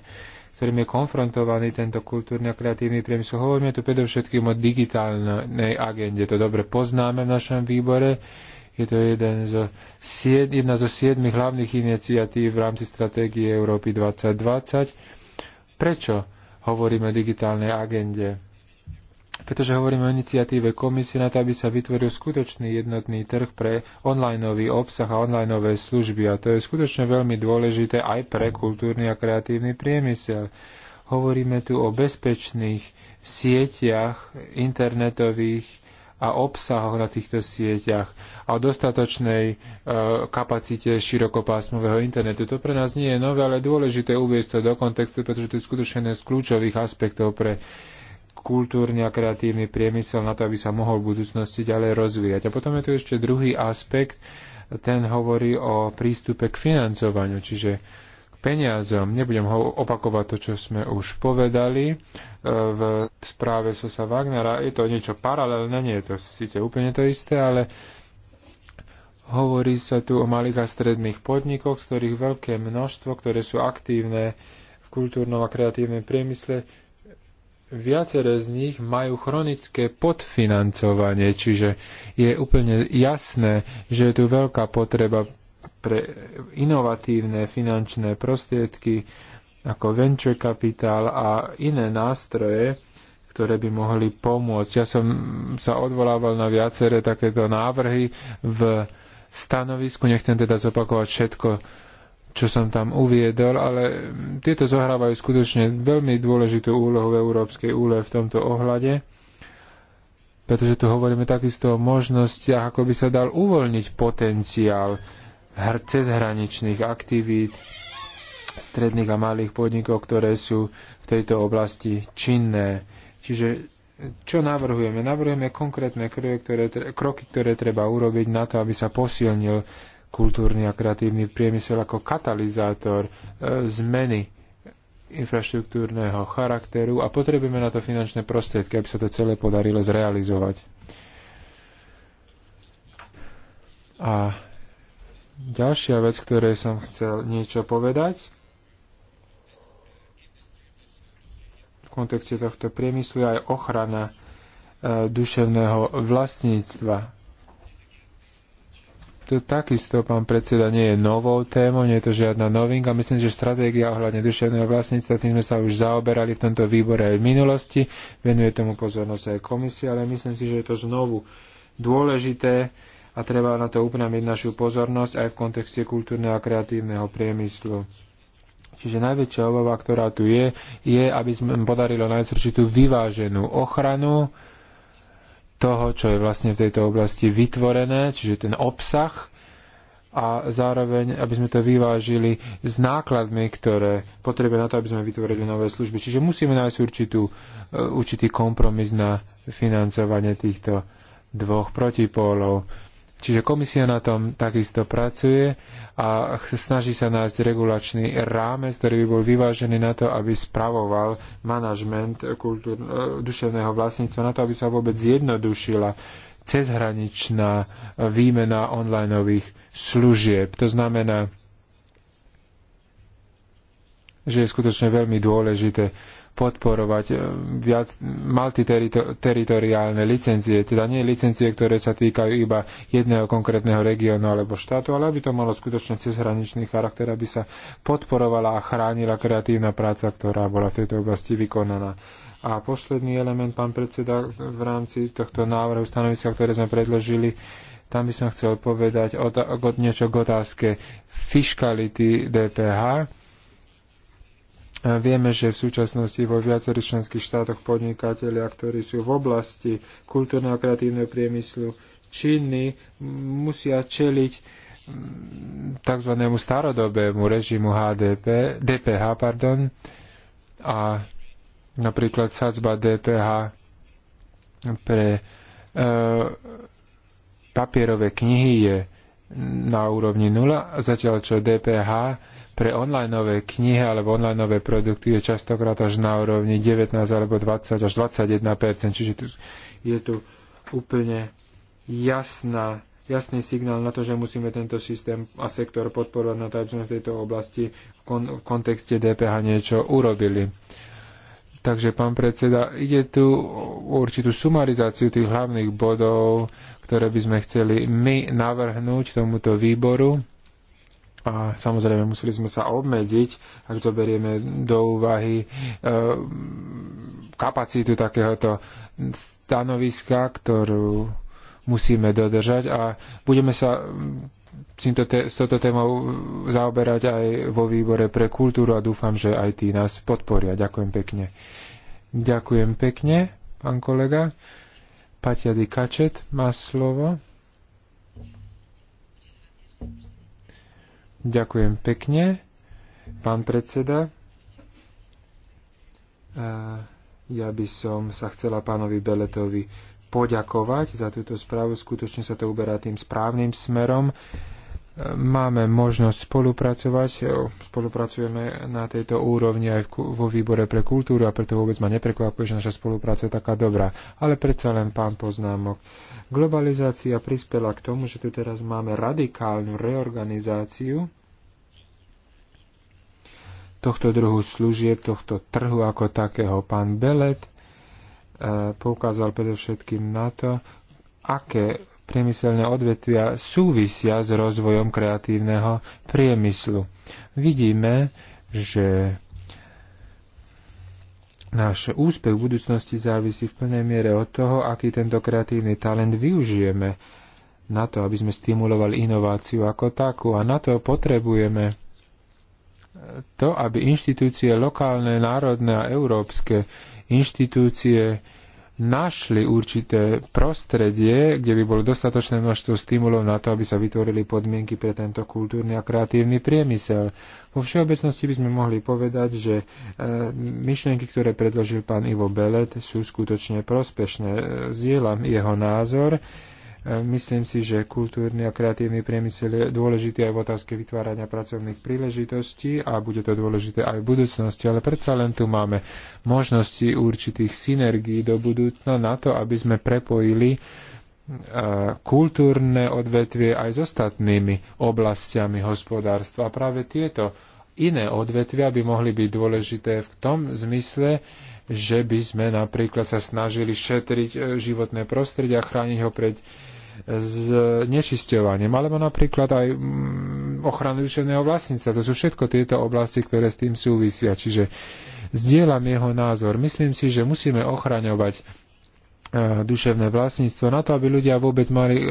ktorým je konfrontovaný tento kultúrny a kreatívny priemysel. Hovoríme tu predovšetkým o digitálnej agende. To dobre poznáme v našom výbore. Je to jeden zo jedna zo siedmých hlavných iniciatív v rámci stratégie Európy 2020. Prečo? hovoríme o digitálnej agende. Pretože hovoríme o iniciatíve komisie na to, aby sa vytvoril skutočný jednotný trh pre onlineový obsah a online služby. A to je skutočne veľmi dôležité aj pre kultúrny a kreatívny priemysel. Hovoríme tu o bezpečných sieťach internetových, a obsahoch na týchto sieťach a o dostatočnej e, kapacite širokopásmového internetu. To pre nás nie je nové, ale dôležité uvieť to do kontextu, pretože to je skutočne jeden z kľúčových aspektov pre kultúrny a kreatívny priemysel na to, aby sa mohol v budúcnosti ďalej rozvíjať. A potom je tu ešte druhý aspekt, ten hovorí o prístupe k financovaniu, čiže peniazom. Nebudem ho opakovať to, čo sme už povedali e, v správe Sosa Wagnera. Je to niečo paralelné, nie je to síce úplne to isté, ale hovorí sa tu o malých a stredných podnikoch, z ktorých veľké množstvo, ktoré sú aktívne v kultúrnom a kreatívnom priemysle, viaceré z nich majú chronické podfinancovanie, čiže je úplne jasné, že je tu veľká potreba pre inovatívne finančné prostriedky ako venture capital a iné nástroje, ktoré by mohli pomôcť. Ja som sa odvolával na viaceré takéto návrhy v stanovisku, nechcem teda zopakovať všetko, čo som tam uviedol, ale tieto zohrávajú skutočne veľmi dôležitú úlohu v Európskej úle v tomto ohľade, pretože tu hovoríme takisto o možnostiach, ako by sa dal uvoľniť potenciál cezhraničných aktivít stredných a malých podnikov, ktoré sú v tejto oblasti činné. Čiže čo navrhujeme? Navrhujeme konkrétne kroky, ktoré, kroky, ktoré treba urobiť na to, aby sa posilnil kultúrny a kreatívny priemysel ako katalizátor e, zmeny infraštruktúrneho charakteru a potrebujeme na to finančné prostriedky, aby sa to celé podarilo zrealizovať. A Ďalšia vec, ktorej som chcel niečo povedať v kontexte tohto priemyslu je aj ochrana e, duševného vlastníctva. To takisto, pán predseda, nie je novou témou, nie je to žiadna novinka. Myslím, že stratégia ohľadne duševného vlastníctva, tým sme sa už zaoberali v tomto výbore aj v minulosti. Venuje tomu pozornosť aj komisia, ale myslím si, že je to znovu dôležité a treba na to upriamiť našu pozornosť aj v kontexte kultúrneho a kreatívneho priemyslu. Čiže najväčšia obava, ktorá tu je, je, aby sme podarilo nájsť určitú vyváženú ochranu toho, čo je vlastne v tejto oblasti vytvorené, čiže ten obsah a zároveň, aby sme to vyvážili s nákladmi, ktoré potrebujeme na to, aby sme vytvorili nové služby. Čiže musíme nájsť určitú, e, určitý kompromis na financovanie týchto dvoch protipólov. Čiže komisia na tom takisto pracuje a snaží sa nájsť regulačný rámec, ktorý by bol vyvážený na to, aby spravoval manažment kultúr, e, duševného vlastníctva, na to, aby sa vôbec zjednodušila cezhraničná výmena onlineových služieb. To znamená, že je skutočne veľmi dôležité podporovať e, viac multiteritoriálne licencie, teda nie licencie, ktoré sa týkajú iba jedného konkrétneho regiónu alebo štátu, ale aby to malo skutočne cezhraničný charakter, aby sa podporovala a chránila kreatívna práca, ktorá bola v tejto oblasti vykonaná. A posledný element, pán predseda, v rámci tohto návrhu stanoviska, ktoré sme predložili, tam by som chcel povedať niečo k otázke fiskality DPH Vieme, že v súčasnosti vo viacerých členských štátoch podnikatelia, ktorí sú v oblasti kultúrneho a kreatívneho priemyslu činní, musia čeliť mm, tzv. starodobému režimu HDP, DPH pardon, a napríklad sadzba DPH pre e, papierové knihy je na úrovni 0, zatiaľ čo DPH pre onlineové knihy alebo onlineové produkty je častokrát až na úrovni 19 alebo 20 až 21 čiže tu je tu úplne jasná, jasný signál na to, že musíme tento systém a sektor podporovať na to, aby sme v tejto oblasti v, kon- v kontexte DPH niečo urobili. Takže, pán predseda, ide tu o určitú sumarizáciu tých hlavných bodov, ktoré by sme chceli my navrhnúť tomuto výboru. A samozrejme, museli sme sa obmedziť, ak zoberieme do úvahy, e, kapacitu takéhoto stanoviska, ktorú musíme dodržať a budeme sa s touto témou uh, zaoberať aj vo výbore pre kultúru a dúfam, že aj tí nás podporia. Ďakujem pekne. Ďakujem pekne, pán kolega. Patia Kačet má slovo. Ďakujem pekne, pán predseda. Ja by som sa chcela pánovi Beletovi poďakovať za túto správu. Skutočne sa to uberá tým správnym smerom. Máme možnosť spolupracovať, spolupracujeme na tejto úrovni aj vo výbore pre kultúru a preto vôbec ma neprekvapuje, že naša spolupráca je taká dobrá. Ale predsa len pán poznámok. Globalizácia prispela k tomu, že tu teraz máme radikálnu reorganizáciu tohto druhu služieb, tohto trhu ako takého. Pán Belet poukázal predovšetkým na to, aké priemyselné odvetvia súvisia s rozvojom kreatívneho priemyslu. Vidíme, že náš úspech v budúcnosti závisí v plnej miere od toho, aký tento kreatívny talent využijeme na to, aby sme stimulovali inováciu ako takú. A na to potrebujeme to, aby inštitúcie lokálne, národné a európske inštitúcie našli určité prostredie, kde by bolo dostatočné množstvo stimulov na to, aby sa vytvorili podmienky pre tento kultúrny a kreatívny priemysel. Vo všeobecnosti by sme mohli povedať, že e, myšlienky, ktoré predložil pán Ivo Belet, sú skutočne prospešné. E, zdieľam jeho názor. E, E, myslím si, že kultúrny a kreatívny priemysel je dôležitý aj v otázke vytvárania pracovných príležitostí a bude to dôležité aj v budúcnosti, ale predsa len tu máme možnosti určitých synergií do budúcna na to, aby sme prepojili e, kultúrne odvetvie aj s ostatnými oblastiami hospodárstva. A práve tieto iné odvetvia by mohli byť dôležité v tom zmysle, že by sme napríklad sa snažili šetriť e, životné prostredie a chrániť ho pred uh, s nečisťovaním, alebo napríklad aj mm, ochranu duševného vlastníca. To sú všetko tieto oblasti, ktoré s tým súvisia. Čiže zdieľam jeho názor. Myslím si, že musíme ochraňovať e, duševné vlastníctvo na to, aby ľudia vôbec mali e,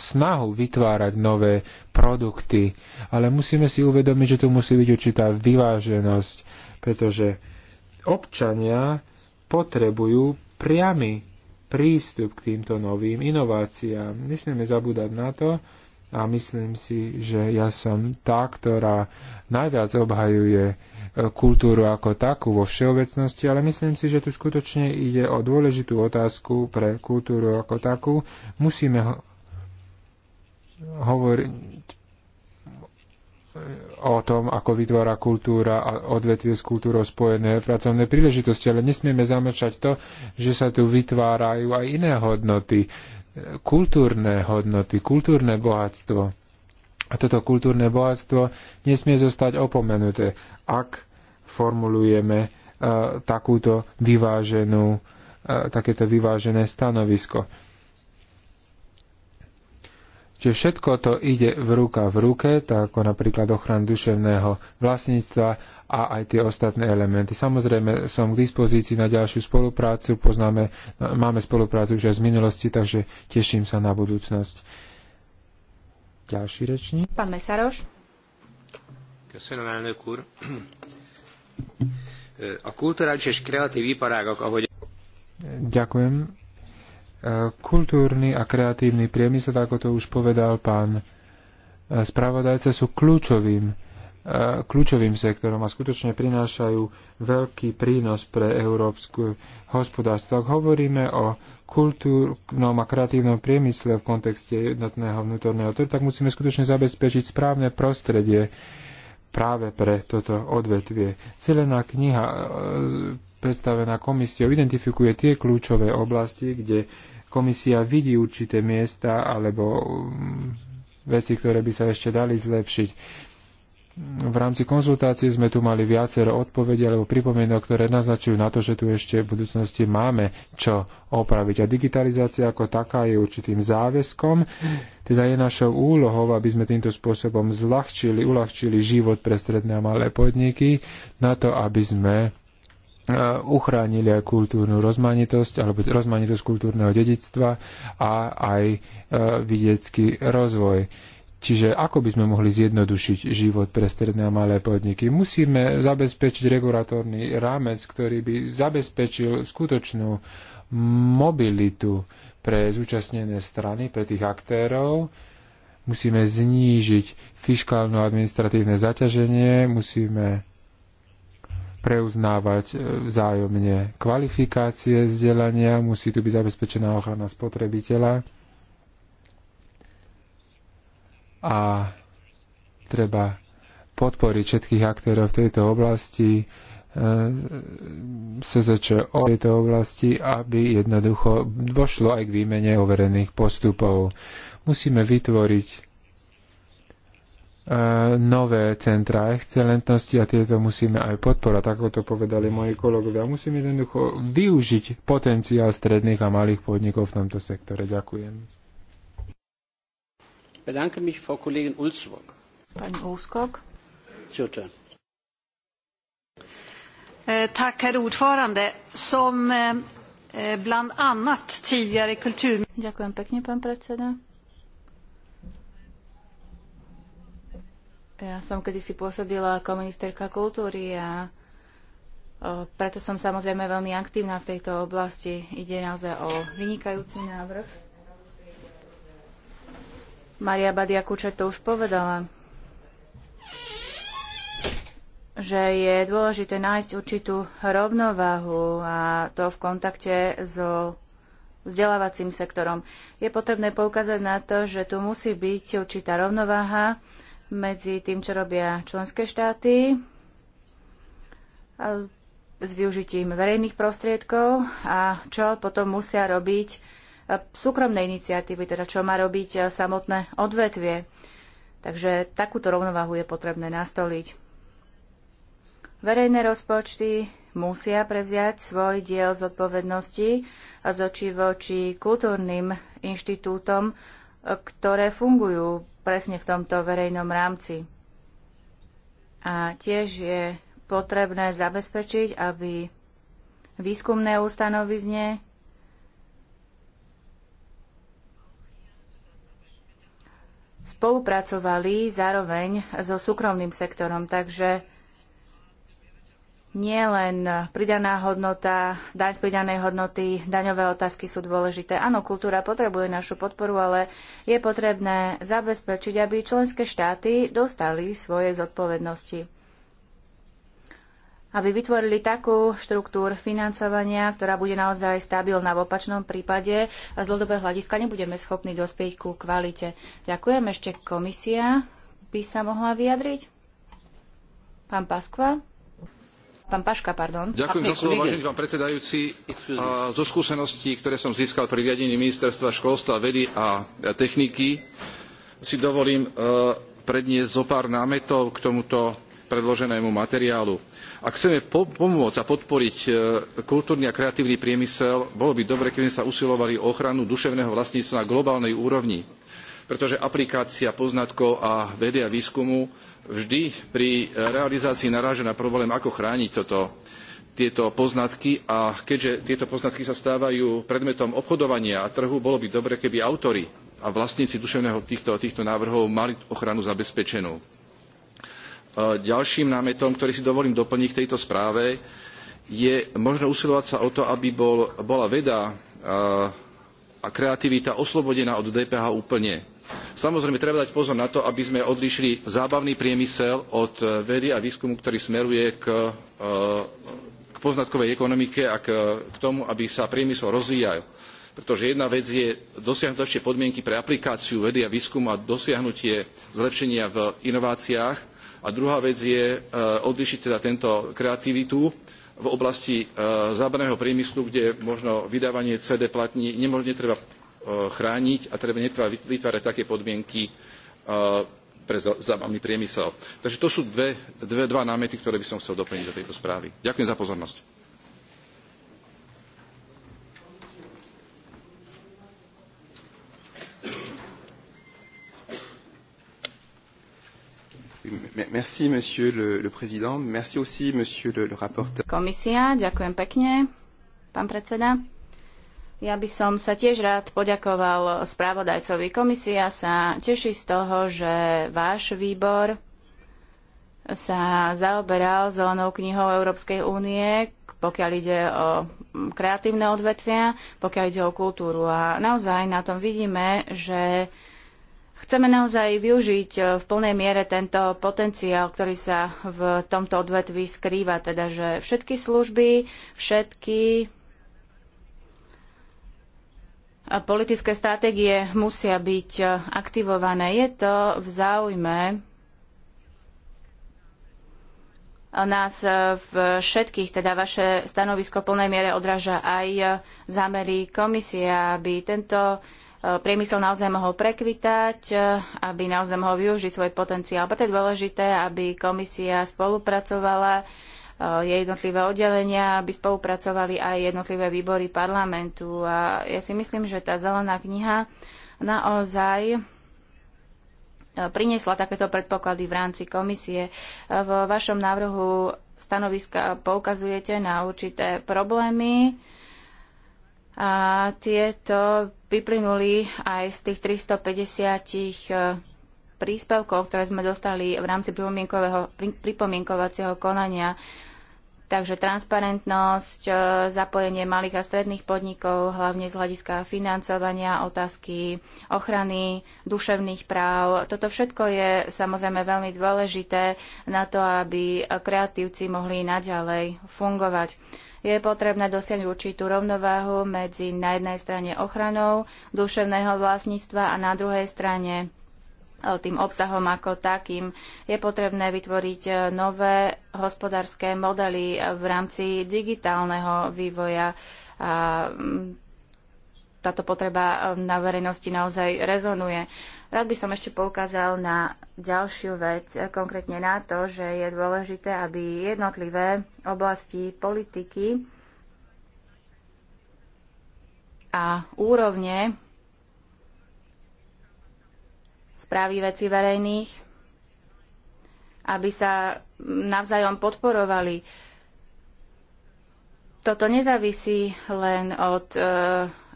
snahu vytvárať nové produkty. Ale musíme si uvedomiť, že tu musí byť určitá vyváženosť, pretože občania potrebujú priamy prístup k týmto novým inováciám. Nesmieme zabúdať na to, a myslím si, že ja som tá, ktorá najviac obhajuje e, kultúru ako takú vo všeobecnosti, ale myslím si, že tu skutočne ide o dôležitú otázku pre kultúru ako takú. Musíme ho- hovoriť o tom, ako vytvára kultúra a odvetvie s kultúrou spojené pracovné príležitosti, ale nesmieme zamlčať to, že sa tu vytvárajú aj iné hodnoty, kultúrne hodnoty, kultúrne bohatstvo. A toto kultúrne bohatstvo nesmie zostať opomenuté, ak formulujeme uh, takúto vyváženú, uh, takéto vyvážené stanovisko že všetko to ide v ruka v ruke, tak ako napríklad ochran duševného vlastníctva a aj tie ostatné elementy. Samozrejme, som k dispozícii na ďalšiu spoluprácu, poznáme, máme spoluprácu už aj z minulosti, takže teším sa na budúcnosť. Ďalší rečník. Pán Mesaroš. A kreatív Ďakujem kultúrny a kreatívny priemysel, ako to už povedal pán e, spravodajca, sú kľúčovým, e, kľúčovým sektorom a skutočne prinášajú veľký prínos pre európsku hospodárstvo. Ak hovoríme o kultúrnom a kreatívnom priemysle v kontexte jednotného vnútorného trhu, tak musíme skutočne zabezpečiť správne prostredie práve pre toto odvetvie. Celená kniha e, predstavená komisiou identifikuje tie kľúčové oblasti, kde komisia vidí určité miesta alebo mm, veci, ktoré by sa ešte dali zlepšiť. V rámci konzultácie sme tu mali viacero odpovedí alebo pripomienok, ktoré naznačujú na to, že tu ešte v budúcnosti máme čo opraviť. A digitalizácia ako taká je určitým záväzkom, teda je našou úlohou, aby sme týmto spôsobom zľahčili, uľahčili život pre stredné a malé podniky na to, aby sme uchránili aj kultúrnu rozmanitosť alebo rozmanitosť kultúrneho dedictva a aj e, vidiecký rozvoj. Čiže ako by sme mohli zjednodušiť život pre stredné a malé podniky? Musíme zabezpečiť regulatórny rámec, ktorý by zabezpečil skutočnú mobilitu pre zúčastnené strany, pre tých aktérov. Musíme znížiť fiskálno-administratívne zaťaženie, musíme preuznávať e, vzájomne kvalifikácie vzdelania, musí tu byť zabezpečená ochrana spotrebiteľa a treba podporiť všetkých aktérov v tejto oblasti, e, SZČO v tejto oblasti, aby jednoducho došlo aj k výmene overených postupov. Musíme vytvoriť uh, nové centra excelentnosti a tieto musíme aj podporať, ako to povedali moji kolegovia. Musíme jednoducho využiť potenciál stredných a malých podnikov v tomto sektore. Ďakujem. Bedanke mich, Frau Kollegin Ulzburg. Pani Ulskog. Your eh, Tack, herr ordförande. Som eh, eh, bland annat tidigare kultur... Ďakujem pekne, pán predseda. Ja som kedysi pôsobila ako ministerka kultúry a preto som samozrejme veľmi aktívna v tejto oblasti. Ide naozaj o vynikajúci návrh. Maria Badia Kučet to už povedala, že je dôležité nájsť určitú rovnováhu a to v kontakte so vzdelávacím sektorom. Je potrebné poukázať na to, že tu musí byť určitá rovnováha medzi tým, čo robia členské štáty s využitím verejných prostriedkov a čo potom musia robiť e, súkromné iniciatívy, teda čo má robiť e, samotné odvetvie. Takže takúto rovnovahu je potrebné nastoliť. Verejné rozpočty musia prevziať svoj diel zodpovednosti a zoči voči kultúrnym inštitútom ktoré fungujú presne v tomto verejnom rámci. A tiež je potrebné zabezpečiť, aby výskumné ustanovizne spolupracovali zároveň so súkromným sektorom. Takže nie len pridaná hodnota, daň z pridanej hodnoty, daňové otázky sú dôležité. Áno, kultúra potrebuje našu podporu, ale je potrebné zabezpečiť, aby členské štáty dostali svoje zodpovednosti. Aby vytvorili takú štruktúru financovania, ktorá bude naozaj stabilná. V opačnom prípade a z dlhodobého hľadiska nebudeme schopní dospieť ku kvalite. Ďakujem. Ešte komisia by sa mohla vyjadriť. Pán Paskva. Pán Paška, pardon. Ďakujem za slovo, vážený pán predsedajúci. A zo skúseností, ktoré som získal pri riadení ministerstva školstva, vedy a techniky, si dovolím e, predniesť zo pár námetov k tomuto predloženému materiálu. Ak chceme pomôcť a podporiť e, kultúrny a kreatívny priemysel, bolo by dobre, keby sme sa usilovali o ochranu duševného vlastníctva na globálnej úrovni, pretože aplikácia poznatkov a vedy a výskumu vždy pri realizácii naráža na problém, ako chrániť toto, tieto poznatky a keďže tieto poznatky sa stávajú predmetom obchodovania a trhu, bolo by dobre, keby autori a vlastníci duševného týchto, týchto návrhov mali ochranu zabezpečenú. E, ďalším námetom, ktorý si dovolím doplniť v tejto správe, je možno usilovať sa o to, aby bol, bola veda e, a kreativita oslobodená od DPH úplne Samozrejme, treba dať pozor na to, aby sme odlíšili zábavný priemysel od e, vedy a výskumu, ktorý smeruje k, e, k poznatkovej ekonomike a k, k tomu, aby sa priemysel rozvíjal. Pretože jedna vec je dosiahnuť lepšie podmienky pre aplikáciu vedy a výskumu a dosiahnutie zlepšenia v inováciách. A druhá vec je e, odlišiť teda tento kreativitu v oblasti zábraného priemyslu, kde možno vydávanie CD platní nemožne treba chrániť a treba vytvárať také podmienky e, pre zábavný priemysel. Takže to sú dve, dve, dva námety, ktoré by som chcel doplniť do tejto správy. Ďakujem za pozornosť. Merci, monsieur le, le président. Merci aussi, monsieur le, le rapporteur. Komisia, ďakujem pekne, pán predseda. Ja by som sa tiež rád poďakoval správodajcovi. Komisia sa teší z toho, že váš výbor sa zaoberal zelenou knihou Európskej únie, pokiaľ ide o kreatívne odvetvia, pokiaľ ide o kultúru. A naozaj na tom vidíme, že chceme naozaj využiť v plnej miere tento potenciál, ktorý sa v tomto odvetví skrýva, teda že všetky služby, všetky politické stratégie musia byť e, aktivované. Je to v záujme nás e, v všetkých, teda vaše stanovisko v plnej miere odráža aj e, zámery komisie, aby tento priemysel naozaj mohol prekvitať, aby naozaj mohol využiť svoj potenciál. Preto je dôležité, aby komisia spolupracovala Eh, jej jednotlivé oddelenia, aby spolupracovali aj jednotlivé výbory parlamentu. A ja si myslím, že tá zelená kniha naozaj eh, priniesla takéto predpoklady v rámci komisie. Eh, v vašom návrhu stanoviska poukazujete na určité problémy a tieto vyplynuli aj z tých 350 príspevkov, ktoré sme dostali v rámci pripomienkovacieho konania. Takže transparentnosť, e, zapojenie malých a stredných podnikov, hlavne z hľadiska financovania, otázky ochrany duševných práv. Toto všetko je samozrejme veľmi dôležité na to, aby kreatívci mohli naďalej fungovať. Je potrebné dosiahnuť určitú rovnováhu medzi na jednej strane ochranou duševného vlastníctva a na druhej strane E, tým obsahom ako takým. Je potrebné vytvoriť e, nové hospodárske modely e, v rámci digitálneho vývoja. A mm, táto potreba na verejnosti naozaj rezonuje. Rád by som ešte poukázal na ďalšiu vec, konkrétne na to, že je dôležité, aby jednotlivé oblasti politiky a úrovne správy veci verejných, aby sa navzájom podporovali. Toto nezávisí len od e,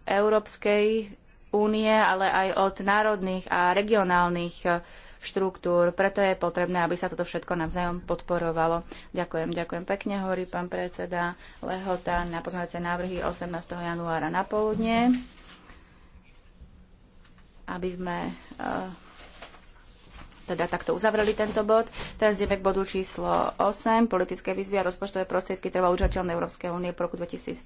Európskej únie, ale aj od národných a regionálnych e, štruktúr. Preto je potrebné, aby sa toto všetko navzájom podporovalo. Ďakujem, ďakujem pekne, hovorí pán predseda Lehota na pozmeňujúce návrhy 18. januára na poludne, aby sme e, teda takto uzavreli tento bod. Teraz ideme k bodu číslo 8, politické výzvy a rozpočtové prostriedky trvalúčateľnej Európskej únie po roku 2013.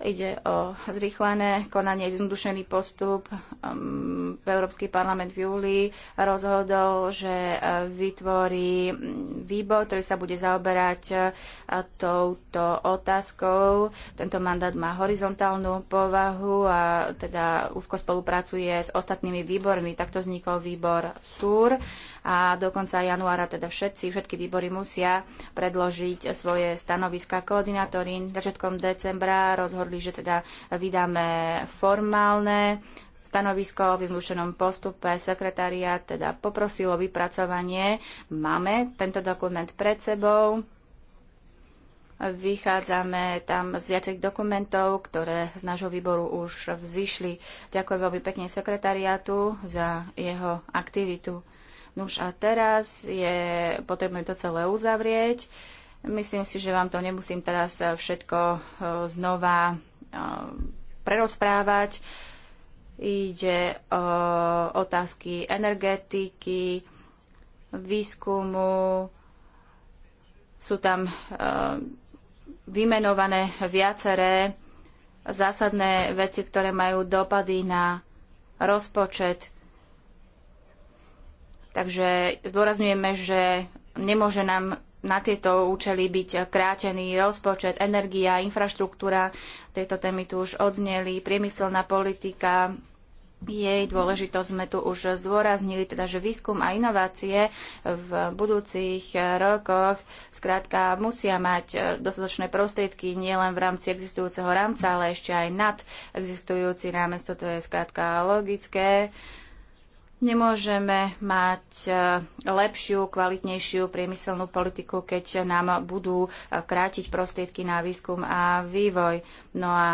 Ide o zrýchlené konanie, zjednodušený postup. Um, Európsky parlament v júli rozhodol, že uh, vytvorí mm, výbor, ktorý sa bude zaoberať uh, touto otázkou. Tento mandát má horizontálnu povahu a teda úzko spolupracuje s ostatnými výbormi. Takto vznikol výbor SUR a do konca januára teda všetci, všetky výbory musia predložiť svoje stanoviska. Koordinátori začiatkom decembra rozhodli, že teda vydáme formálne stanovisko v vyzlušenom postupe sekretariat teda poprosil o vypracovanie. Máme tento dokument pred sebou. Vychádzame tam z viacerých dokumentov, ktoré z nášho výboru už vzýšli. Ďakujem veľmi pekne sekretariátu za jeho aktivitu. No už a teraz je potrebné to celé uzavrieť. Myslím si, že vám to nemusím teraz eh, všetko eh, znova eh, prerozprávať. Ide o otázky energetiky, výskumu. Sú tam vymenované viaceré zásadné veci, ktoré majú dopady na rozpočet Takže zdôrazňujeme, že nemôže nám na tieto účely byť krátený rozpočet, energia, infraštruktúra. Tieto témy tu už odzneli, priemyselná politika, jej dôležitosť sme tu už zdôraznili, teda že výskum a inovácie v budúcich rokoch skrátka musia mať e, dostatočné prostriedky nielen v rámci existujúceho rámca, ale ešte aj nad existujúci rámec. Toto je skrátka logické. Nemôžeme mať e, lepšiu, kvalitnejšiu priemyselnú politiku, keď nám budú e, krátiť prostriedky na výskum a vývoj. No a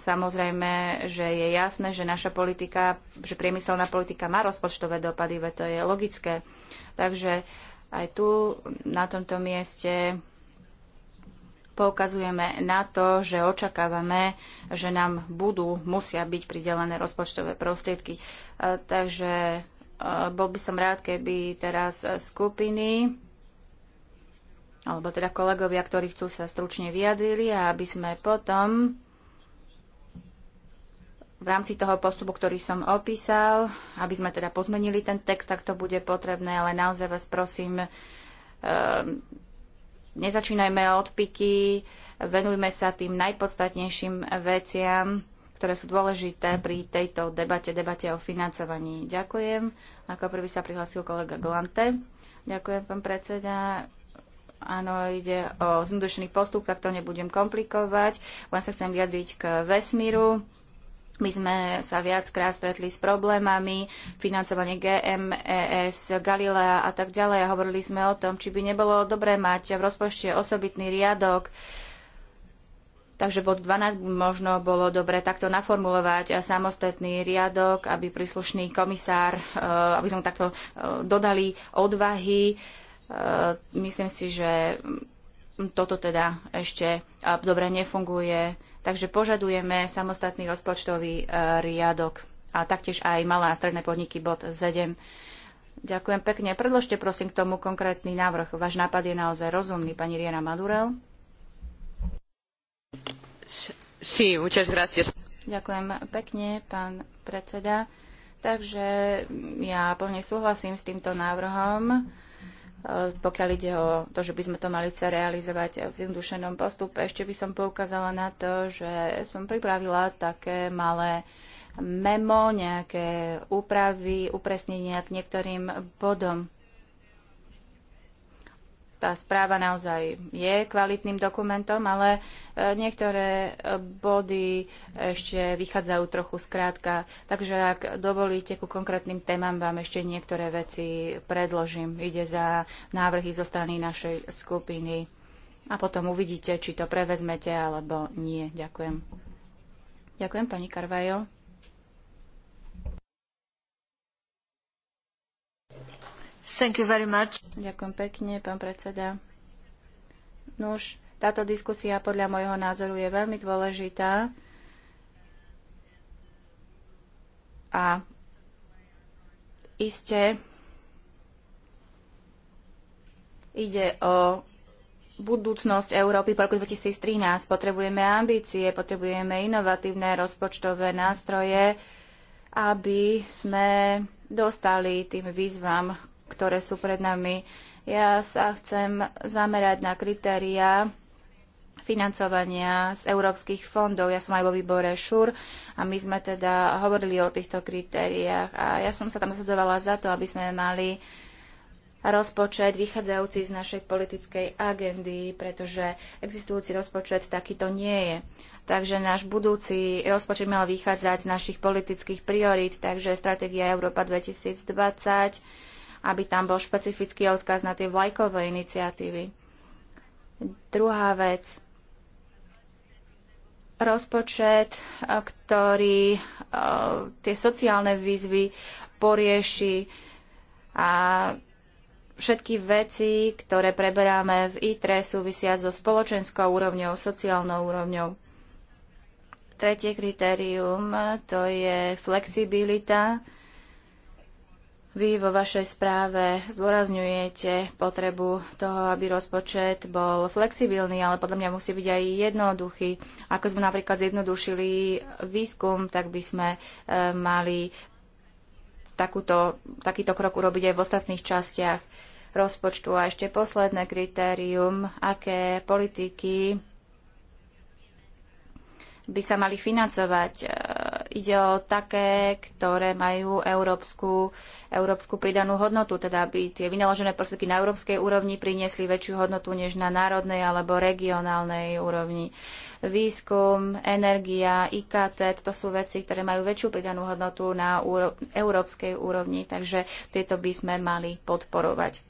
samozrejme, že je jasné, že naša politika, že priemyselná politika má rozpočtové dopady, veď to je logické. Takže aj tu na tomto mieste poukazujeme na to, že očakávame, že nám budú, musia byť pridelené rozpočtové prostriedky. E, takže e, bol by som rád, keby teraz e, skupiny alebo teda kolegovia, ktorí chcú sa stručne vyjadrili a aby sme potom v rámci toho postupu, ktorý som opísal, aby sme teda pozmenili ten text, tak to bude potrebné, ale naozaj vás prosím, nezačínajme od piky, venujme sa tým najpodstatnejším veciam, ktoré sú dôležité pri tejto debate, debate o financovaní. Ďakujem. Ako prvý sa prihlásil kolega Glante. Ďakujem, pán predseda. Áno, ide o zjednodušený postup, tak to nebudem komplikovať. Len sa chcem vyjadriť k vesmíru. My sme sa viackrát stretli s problémami, financovanie GMES, Galilea a tak ďalej a hovorili sme o tom, či by nebolo dobré mať v rozpočte osobitný riadok, Takže bod 12 by možno bolo dobre takto naformulovať samostatný riadok, aby príslušný komisár, e, aby sme takto e, dodali odvahy. E, myslím si, že toto teda ešte dobre nefunguje Takže požadujeme samostatný rozpočtový e, riadok a taktiež aj malé a stredné podniky bod 7. Ďakujem pekne. Predložte prosím k tomu konkrétny návrh. Váš nápad je naozaj rozumný, pani Riera Madurel. Sí, muchas gracias. Ďakujem pekne, pán predseda. Takže ja plne súhlasím s týmto návrhom E, pokiaľ ide o to, že by sme to mali sa realizovať v zjednodušenom postupe. Ešte by som poukázala na to, že som pripravila také malé memo, nejaké úpravy, upresnenia k niektorým bodom. Tá správa naozaj je kvalitným dokumentom, ale e, niektoré e, body ešte vychádzajú trochu skrátka. Takže ak dovolíte, ku konkrétnym témam vám ešte niektoré veci predložím. Ide za návrhy zo strany našej skupiny. A potom uvidíte, či to prevezmete alebo nie. Ďakujem. Ďakujem, pani Karvajo. Thank you very much. Ďakujem pekne, pán predseda. Nuž, táto diskusia podľa môjho názoru je veľmi dôležitá a iste ide o budúcnosť Európy po roku 2013. Potrebujeme ambície, potrebujeme inovatívne rozpočtové nástroje, aby sme dostali tým výzvam, ktoré sú pred nami. Ja sa chcem zamerať na kritériá financovania z európskych fondov. Ja som aj vo výbore ŠUR a my sme teda hovorili o týchto kritériách a ja som sa tam zasadzovala za to, aby sme mali rozpočet vychádzajúci z našej politickej agendy, pretože existujúci rozpočet takýto nie je. Takže náš budúci rozpočet mal vychádzať z našich politických priorít, takže stratégia Európa 2020 aby tam bol špecifický odkaz na tie vlajkové iniciatívy. Druhá vec, rozpočet, ktorý eh, tie sociálne výzvy porieši a všetky veci, ktoré preberáme v ITRE, súvisia so spoločenskou úrovňou, sociálnou úrovňou. Tretie kritérium to je flexibilita vy vo vašej správe zdôrazňujete potrebu toho, aby rozpočet bol flexibilný, ale podľa mňa musí byť aj jednoduchý. Ako sme napríklad zjednodušili výskum, tak by sme e, mali takúto, takýto krok urobiť aj v ostatných častiach rozpočtu. A ešte posledné kritérium, aké politiky by sa mali financovať e, ide o také, ktoré majú európsku, európsku pridanú hodnotu, teda aby tie vynaložené prostriedky na európskej úrovni priniesli väčšiu hodnotu než na národnej alebo regionálnej úrovni. Výskum, energia, IKT, to sú veci, ktoré majú väčšiu pridanú hodnotu na úro- európskej úrovni, takže tieto by sme mali podporovať.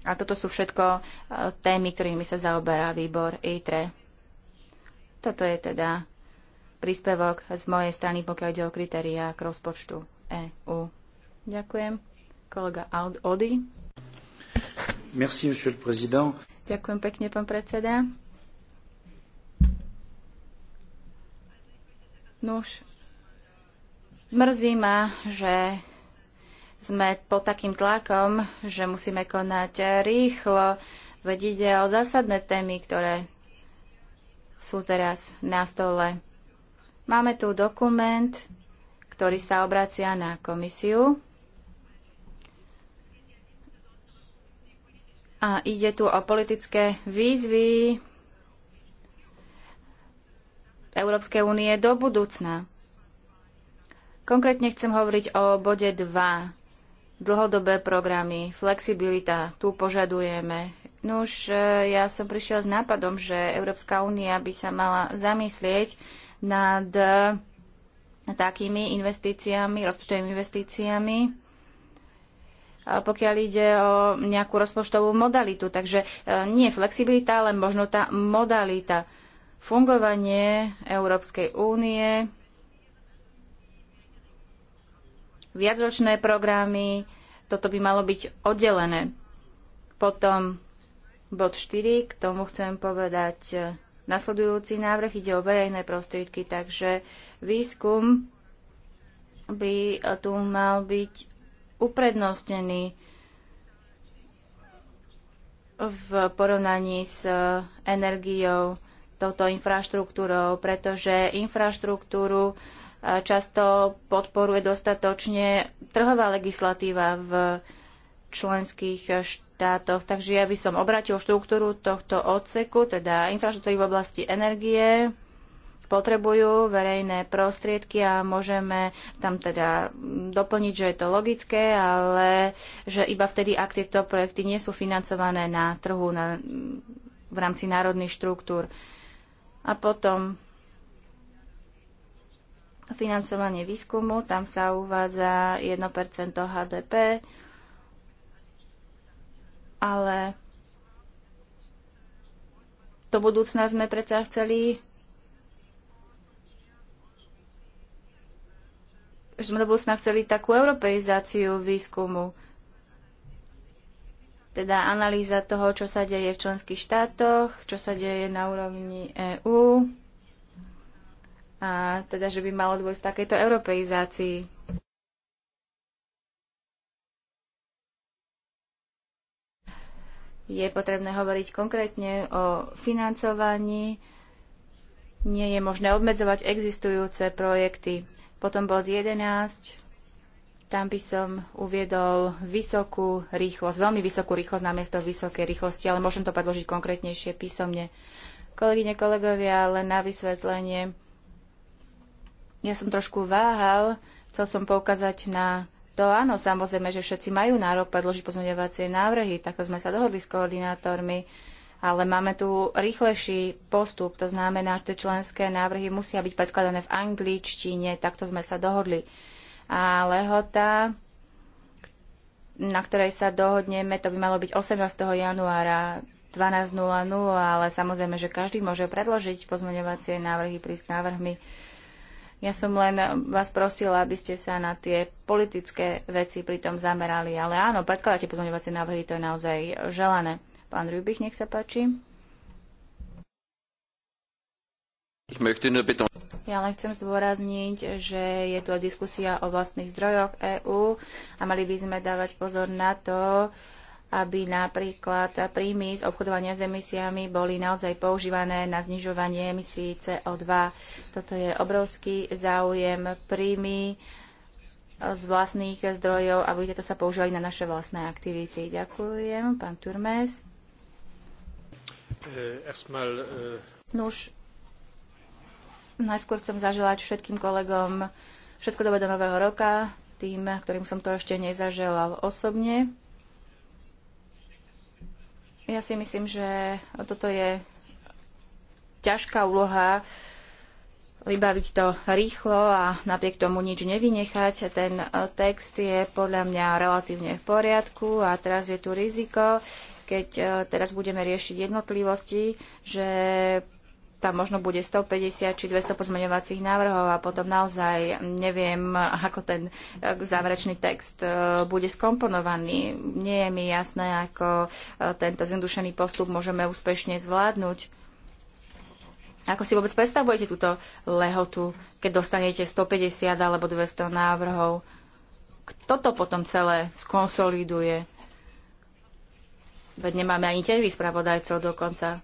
A toto sú všetko e, témy, ktorými sa zaoberá výbor ITRE. Toto je teda príspevok z mojej strany, pokiaľ ide o kritériá k rozpočtu EÚ. Ďakujem. Kolega Audi. Merci, monsieur le président. Ďakujem pekne, pán predseda. Nuž, mrzí ma, že sme pod takým tlakom, že musíme konať rýchlo, veď ide o zásadné témy, ktoré sú teraz na stole. Máme tu dokument, ktorý sa obracia na komisiu. A ide tu o politické výzvy Európskej únie do budúcna. Konkrétne chcem hovoriť o bode 2. Dlhodobé programy, flexibilita, tu požadujeme. Nuž, ja som prišiel s nápadom, že Európska únia by sa mala zamyslieť nad eh, takými investíciami, rozpočtovými investíciami, pokiaľ ide o nejakú rozpočtovú modalitu. Takže eh, nie flexibilita, ale možno tá modalita. Fungovanie Európskej únie, viacročné programy, toto by malo byť oddelené. Potom bod 4, k tomu chcem povedať eh, Nasledujúci návrh ide o verejné prostriedky, takže výskum by tu mal byť uprednostnený v porovnaní s e, energiou, touto infraštruktúrou, pretože infraštruktúru e, často podporuje dostatočne trhová legislatíva v členských štátoch. Takže ja by som obratil štruktúru tohto odseku, teda infraštruktúry v oblasti energie, potrebujú verejné prostriedky a môžeme tam teda doplniť, že je to logické, ale že iba vtedy, ak tieto projekty nie sú financované na trhu na, v rámci národných štruktúr. A potom financovanie výskumu, tam sa uvádza 1% HDP ale do budúcna sme predsa chceli že sme do budúcna chceli takú europeizáciu výskumu. Teda analýza toho, čo sa deje v členských štátoch, čo sa deje na úrovni EÚ. A teda, že by malo dôjsť takejto europeizácii. je potrebné hovoriť konkrétne o financovaní, nie je možné obmedzovať existujúce projekty. Potom bod 11, tam by som uviedol vysokú rýchlosť, veľmi vysokú rýchlosť na miesto vysokej rýchlosti, ale môžem to predložiť konkrétnejšie písomne. Kolegyne, kolegovia, len na vysvetlenie. Ja som trošku váhal, chcel som poukázať na to áno, samozrejme, že všetci majú nárok predložiť pozmeňovacie návrhy, tak sme sa dohodli s koordinátormi, ale máme tu rýchlejší postup, to znamená, že tie členské návrhy musia byť predkladané v angličtine, takto sme sa dohodli. A lehota, na ktorej sa dohodneme, to by malo byť 18. januára 12.00, ale samozrejme, že každý môže predložiť pozmeňovacie návrhy, prísť návrhmi. Ja som len vás prosila, aby ste sa na tie politické veci pritom zamerali. Ale áno, predkladáte pozorňovacie návrhy, to je naozaj želané. Pán Rubich, nech sa páči. Ja len chcem zdôrazniť, že je tu diskusia o vlastných zdrojoch EÚ a mali by sme dávať pozor na to, aby napríklad príjmy z obchodovania s emisiami boli naozaj používané na znižovanie emisí CO2. Toto je obrovský záujem príjmy z vlastných zdrojov, aby tieto sa používali na naše vlastné aktivity. Ďakujem, pán Turmes. Eh, eh, Nuž, najskôr chcem zaželať všetkým kolegom všetko dobe do nového roka, tým, ktorým som to ešte nezaželal osobne. Ja si myslím, že toto je ťažká úloha vybaviť to rýchlo a napriek tomu nič nevynechať. Ten e, text je podľa mňa relatívne v poriadku a teraz je tu riziko, keď e, teraz budeme riešiť jednotlivosti, že tam možno bude 150 či 200 pozmeňovacích návrhov a potom naozaj neviem, ako ten eh, záverečný text eh, bude skomponovaný. Nie je mi jasné, ako eh, tento zjednodušený postup môžeme úspešne zvládnuť. Ako si vôbec predstavujete túto lehotu, keď dostanete 150 alebo 200 návrhov? Kto to potom celé skonsoliduje? Veď nemáme ani tiež spravodajcov dokonca.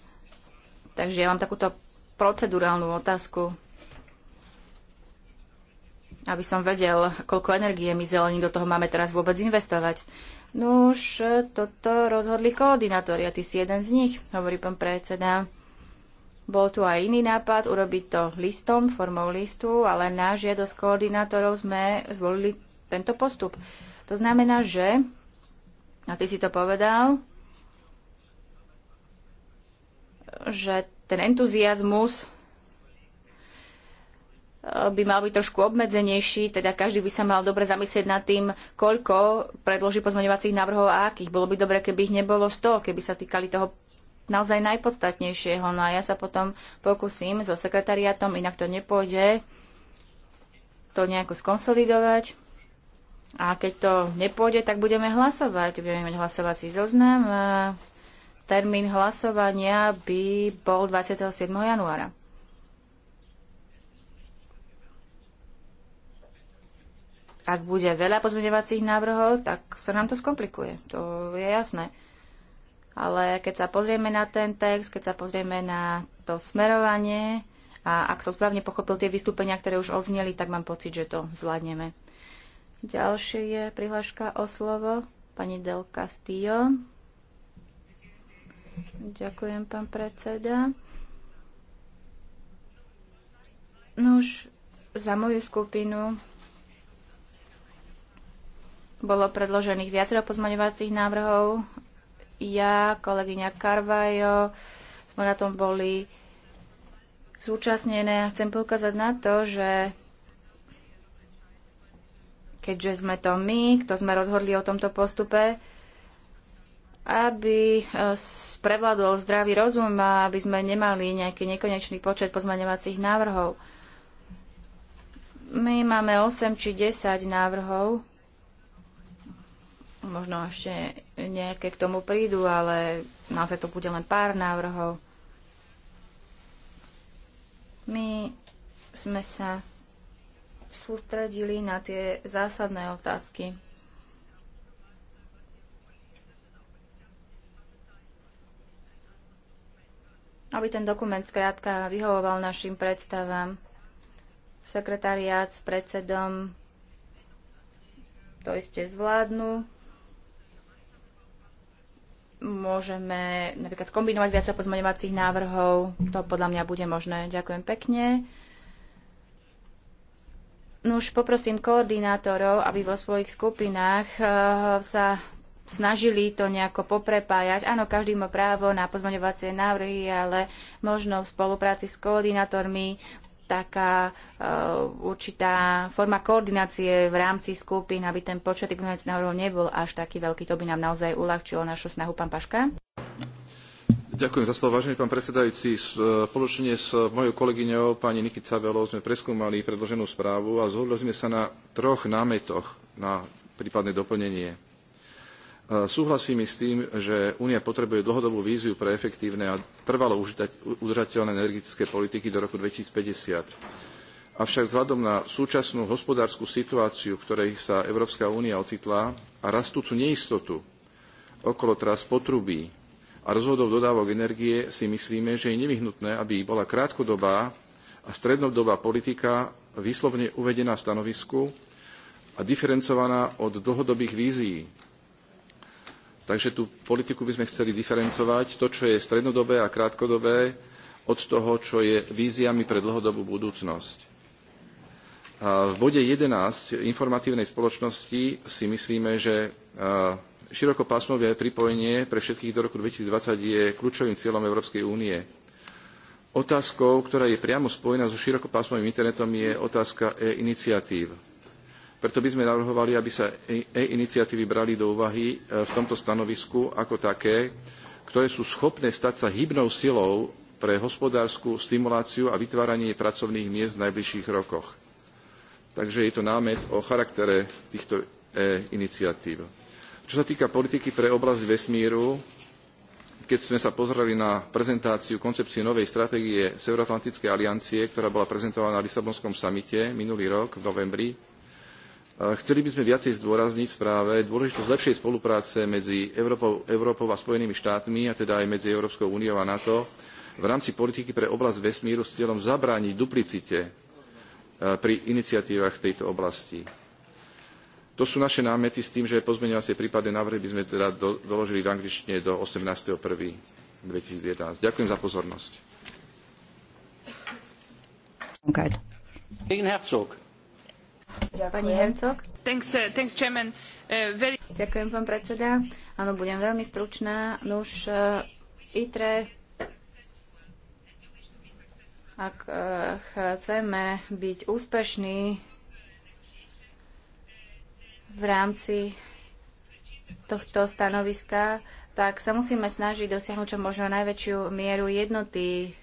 Takže ja mám takúto procedurálnu otázku, aby som vedel, koľko energie my zelení do toho máme teraz vôbec investovať. No už e, toto rozhodli koordinátori a ty si jeden z nich, hovorí pán predseda. Bol tu aj iný nápad urobiť to listom, formou listu, ale na žiadosť koordinátorov sme zvolili tento postup. To znamená, že, a ty si to povedal, že ten entuziasmus eh, by mal byť trošku obmedzenejší, teda každý by sa mal dobre zamyslieť nad tým, koľko predloží pozmeňovacích návrhov a akých. Bolo by dobre, keby ich nebolo 100, keby sa týkali toho naozaj najpodstatnejšieho. No a ja sa potom pokúsim so sekretariatom, inak to nepôjde, to nejako skonsolidovať. A keď to nepôjde, tak budeme hlasovať. Budeme mať hlasovací zoznam. A eh, termín hlasovania by bol 27. januára. Ak bude veľa pozmeňovacích návrhov, tak sa nám to skomplikuje. To je jasné. Ale keď sa pozrieme na ten text, keď sa pozrieme na to smerovanie a ak som správne pochopil tie vystúpenia, ktoré už odzneli, tak mám pocit, že to zvládneme. Ďalšie je prihláška o slovo pani Del Castillo. Ďakujem, pán predseda. No už za moju skupinu bolo predložených viacero pozmaňovacích návrhov. Ja, kolegyňa Carvajo, sme na tom boli zúčastnené. Chcem poukázať na to, že keďže sme to my, kto sme rozhodli o tomto postupe, aby e, prevládol zdravý rozum a aby sme nemali nejaký nekonečný počet pozmaňovacích návrhov. My máme 8 či 10 návrhov, možno ešte nejaké k tomu prídu, ale naozaj to bude len pár návrhov. My sme sa sústredili na tie zásadné otázky, aby ten dokument skrátka vyhovoval našim predstavám. Sekretariát s predsedom to iste zvládnu. Môžeme napríklad skombinovať viac pozmeňovacích návrhov. To podľa mňa bude možné. Ďakujem pekne. No už poprosím koordinátorov, aby vo svojich skupinách eh, sa snažili to nejako poprepájať. Áno, každý má právo na pozmaňovacie návrhy, ale možno v spolupráci s koordinátormi taká e, určitá forma koordinácie v rámci skupín, aby ten počet ignorujúcich návrhov nebol až taký veľký. To by nám naozaj uľahčilo našu snahu, pán Paška. Ďakujem za slovo, vážený pán predsedajúci. Spoločne e, s mojou kolegyňou pani Niky Cabelou sme preskúmali predloženú správu a zhodli sme sa na troch námetoch na prípadné doplnenie E, súhlasím i s tým, že Únia potrebuje dlhodobú víziu pre efektívne a trvalo udržateľné energetické politiky do roku 2050. Avšak vzhľadom na súčasnú hospodársku situáciu, v ktorej sa Európska únia ocitla a rastúcu neistotu okolo trás potrubí a rozhodov dodávok energie, si myslíme, že je nevyhnutné, aby bola krátkodobá a strednodobá politika výslovne uvedená v stanovisku a diferencovaná od dlhodobých vízií Takže tú politiku by sme chceli diferencovať, to, čo je strednodobé a krátkodobé, od toho, čo je víziami pre dlhodobú budúcnosť. A v bode 11 informatívnej spoločnosti si myslíme, že širokopásmové pripojenie pre všetkých do roku 2020 je kľúčovým cieľom Európskej únie. Otázkou, ktorá je priamo spojená so širokopásmovým internetom, je otázka e-iniciatív preto by sme navrhovali, aby sa e-iniciatívy brali do úvahy e, v tomto stanovisku ako také, ktoré sú schopné stať sa hybnou silou pre hospodársku stimuláciu a vytváranie pracovných miest v najbližších rokoch. Takže je to námet o charaktere týchto e-iniciatív. Čo sa týka politiky pre oblasť vesmíru, keď sme sa pozreli na prezentáciu koncepcie novej stratégie Severoatlantickej aliancie, ktorá bola prezentovaná na Lisabonskom samite minulý rok v novembri, Chceli by sme viacej zdôrazniť v správe dôležitosť lepšej spolupráce medzi Európou, a Spojenými štátmi, a teda aj medzi Európskou úniou a NATO, v rámci politiky pre oblasť vesmíru s cieľom zabrániť duplicite e, pri iniciatívach v tejto oblasti. To sú naše námety s tým, že pozmeňovacie prípadné návrhy by sme teda do, doložili v angličtine do 18.1.2011. Ďakujem za pozornosť. Okay. Ďakujem. Pani Hercog. Thanks, uh, thanks, chairman. Uh, very... Ďakujem, pán predseda. Áno, budem veľmi stručná. Nuž, uh, ITRE, ak uh, chceme byť úspešní v rámci tohto stanoviska, tak sa musíme snažiť dosiahnuť čo možno najväčšiu mieru jednoty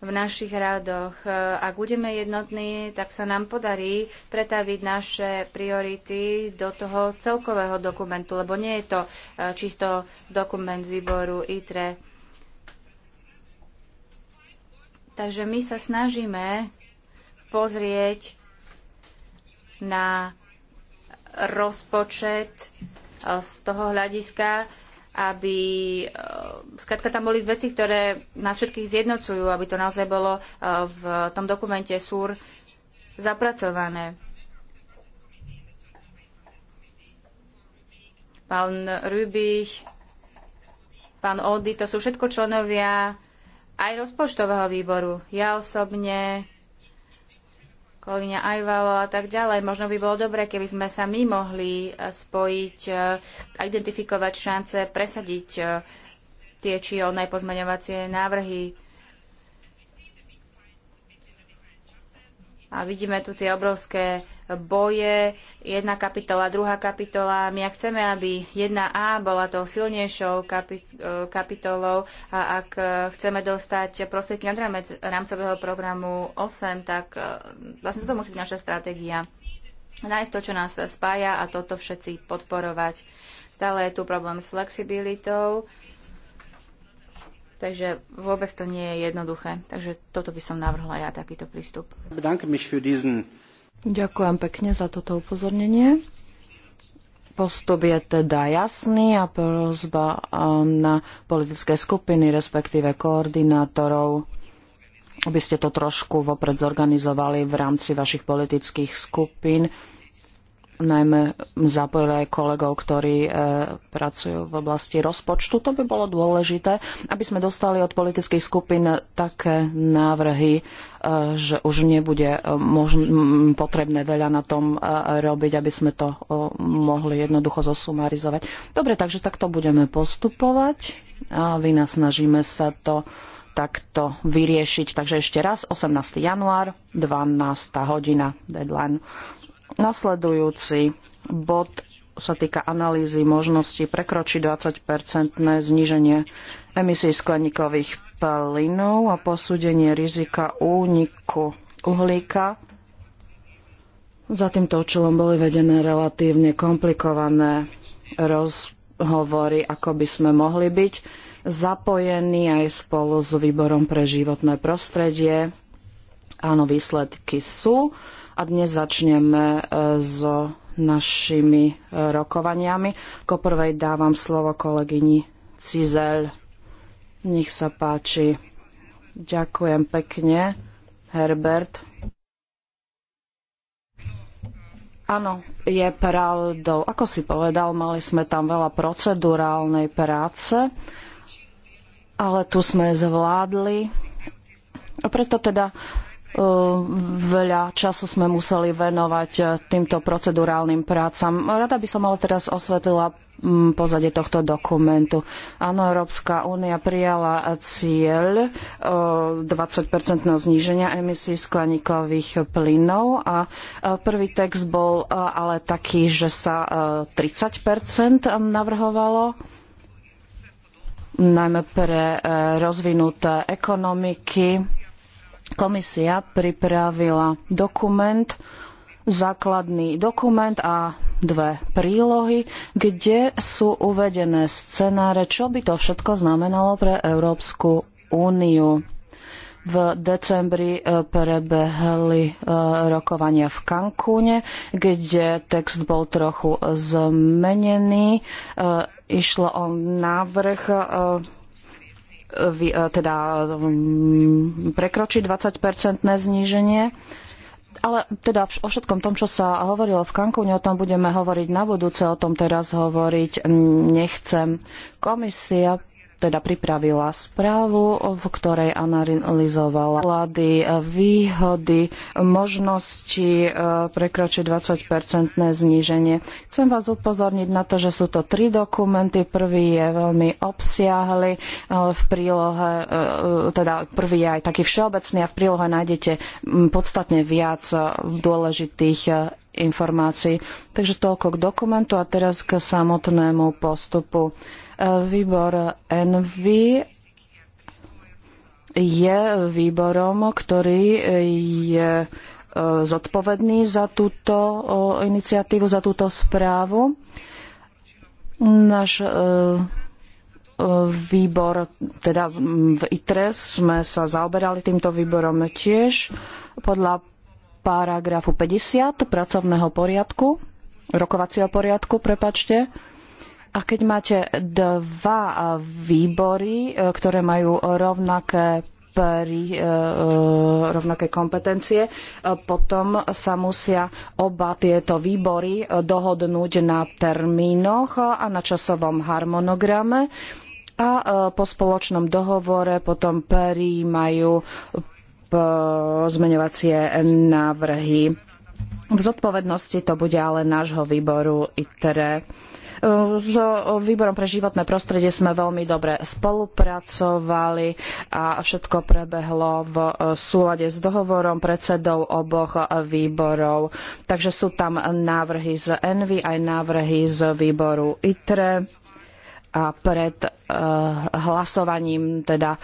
v našich radoch. E, ak budeme jednotní, tak sa nám podarí pretaviť naše priority do toho celkového dokumentu, lebo nie je to e, čisto dokument z výboru ITRE. Takže my sa snažíme pozrieť na rozpočet e, z toho hľadiska, aby eh, skratka tam boli veci, ktoré nás všetkých zjednocujú, aby to naozaj bolo eh, v tom dokumente SUR zapracované. Pán Rübich, pán Oldy, to sú všetko členovia aj rozpočtového výboru. Ja osobne kolegyňa Ajvalo a tak ďalej. Možno by bolo dobré, keby sme sa my mohli e, spojiť e, a identifikovať šance presadiť e, tie či oné pozmeňovacie návrhy. A vidíme tu tie obrovské boje, jedna kapitola, druhá kapitola. My ak chceme, aby jedna a bola tou silnejšou e, kapitolou a ak e, chceme dostať prostriedky na rámec rámcového programu 8, tak e, vlastne toto musí byť naša stratégia. Nájsť to, čo nás spája a toto všetci podporovať. Stále je tu problém s flexibilitou, takže vôbec to nie je jednoduché. Takže toto by som navrhla ja, takýto prístup. Bedanke mich für diesen Ďakujem pekne za toto upozornenie. Postup je teda jasný a prozba na politické skupiny, respektíve koordinátorov, aby ste to trošku vopred zorganizovali v rámci vašich politických skupín najmä zapojili aj kolegov, ktorí e, pracujú v oblasti rozpočtu. To by bolo dôležité, aby sme dostali od politických skupín také návrhy, e, že už nebude e, možn- potrebné veľa na tom robiť, aby sme to mohli jednoducho zosumarizovať. Dobre, takže takto budeme postupovať a vy snažíme sa to takto vyriešiť. Takže ešte raz, 18. január, 12. hodina, deadline. Nasledujúci bod sa týka analýzy možnosti prekročiť 20-percentné zníženie emisí skleníkových plynov a posúdenie rizika úniku uhlíka. Za týmto účelom boli vedené relatívne komplikované rozhovory, ako by sme mohli byť zapojení aj spolu s Výborom pre životné prostredie. Áno, výsledky sú a dnes začneme e, s našimi e, rokovaniami. Ko prvej dávam slovo kolegyni Cizel. Nech sa páči. Ďakujem pekne, Herbert. Áno, je pravdou. Ako si povedal, mali sme tam veľa procedurálnej práce, ale tu sme zvládli. A preto teda veľa času sme museli venovať e, týmto procedurálnym prácam. Rada by som ale teraz osvetlila mm, pozadie tohto dokumentu. Áno, Európska únia prijala cieľ 20-percentného e, zníženia emisí skleníkových plynov a e, prvý text bol ale taký, že sa 30 navrhovalo najmä pre rozvinuté ekonomiky Komisia pripravila dokument, základný dokument a dve prílohy, kde sú uvedené scenáre, čo by to všetko znamenalo pre Európsku úniu. V decembri e, prebehli e, rokovania v Cancúne, kde text bol trochu zmenený. E, išlo o návrh E, teda mm, prekročiť 20-percentné zníženie. Ale teda o všetkom tom, čo sa hovorilo v Cancúne, o tom budeme hovoriť na budúce, o tom teraz hovoriť mm, nechcem. Komisia teda pripravila správu, v ktorej analyzovala vlády, výhody, možnosti e, prekročiť 20-percentné zníženie. Chcem vás upozorniť na to, že sú to tri dokumenty. Prvý je veľmi obsiahly, e, v prílohe, e, teda prvý je aj taký všeobecný a v prílohe nájdete podstatne viac dôležitých informácií. Takže toľko k dokumentu a teraz k samotnému postupu. Výbor Envy je výborom, ktorý je e, zodpovedný za túto iniciatívu, za túto správu. Náš e, e, výbor, teda v ITRE sme sa zaoberali týmto výborom tiež podľa paragrafu 50 pracovného poriadku, rokovacieho poriadku, prepačte a keď máte dva výbory, e, ktoré majú rovnaké pri e, e, rovnaké kompetencie. E, potom sa musia oba tieto výbory dohodnúť na termínoch a na časovom harmonograme a e, po spoločnom dohovore potom prijímajú zmeňovacie návrhy v zodpovednosti to bude ale nášho výboru ITRE. S výborom pre životné prostredie sme veľmi dobre spolupracovali a všetko prebehlo v súlade s dohovorom predsedov oboch výborov. Takže sú tam návrhy z ENVY aj návrhy z výboru ITRE a pred eh, hlasovaním teda eh,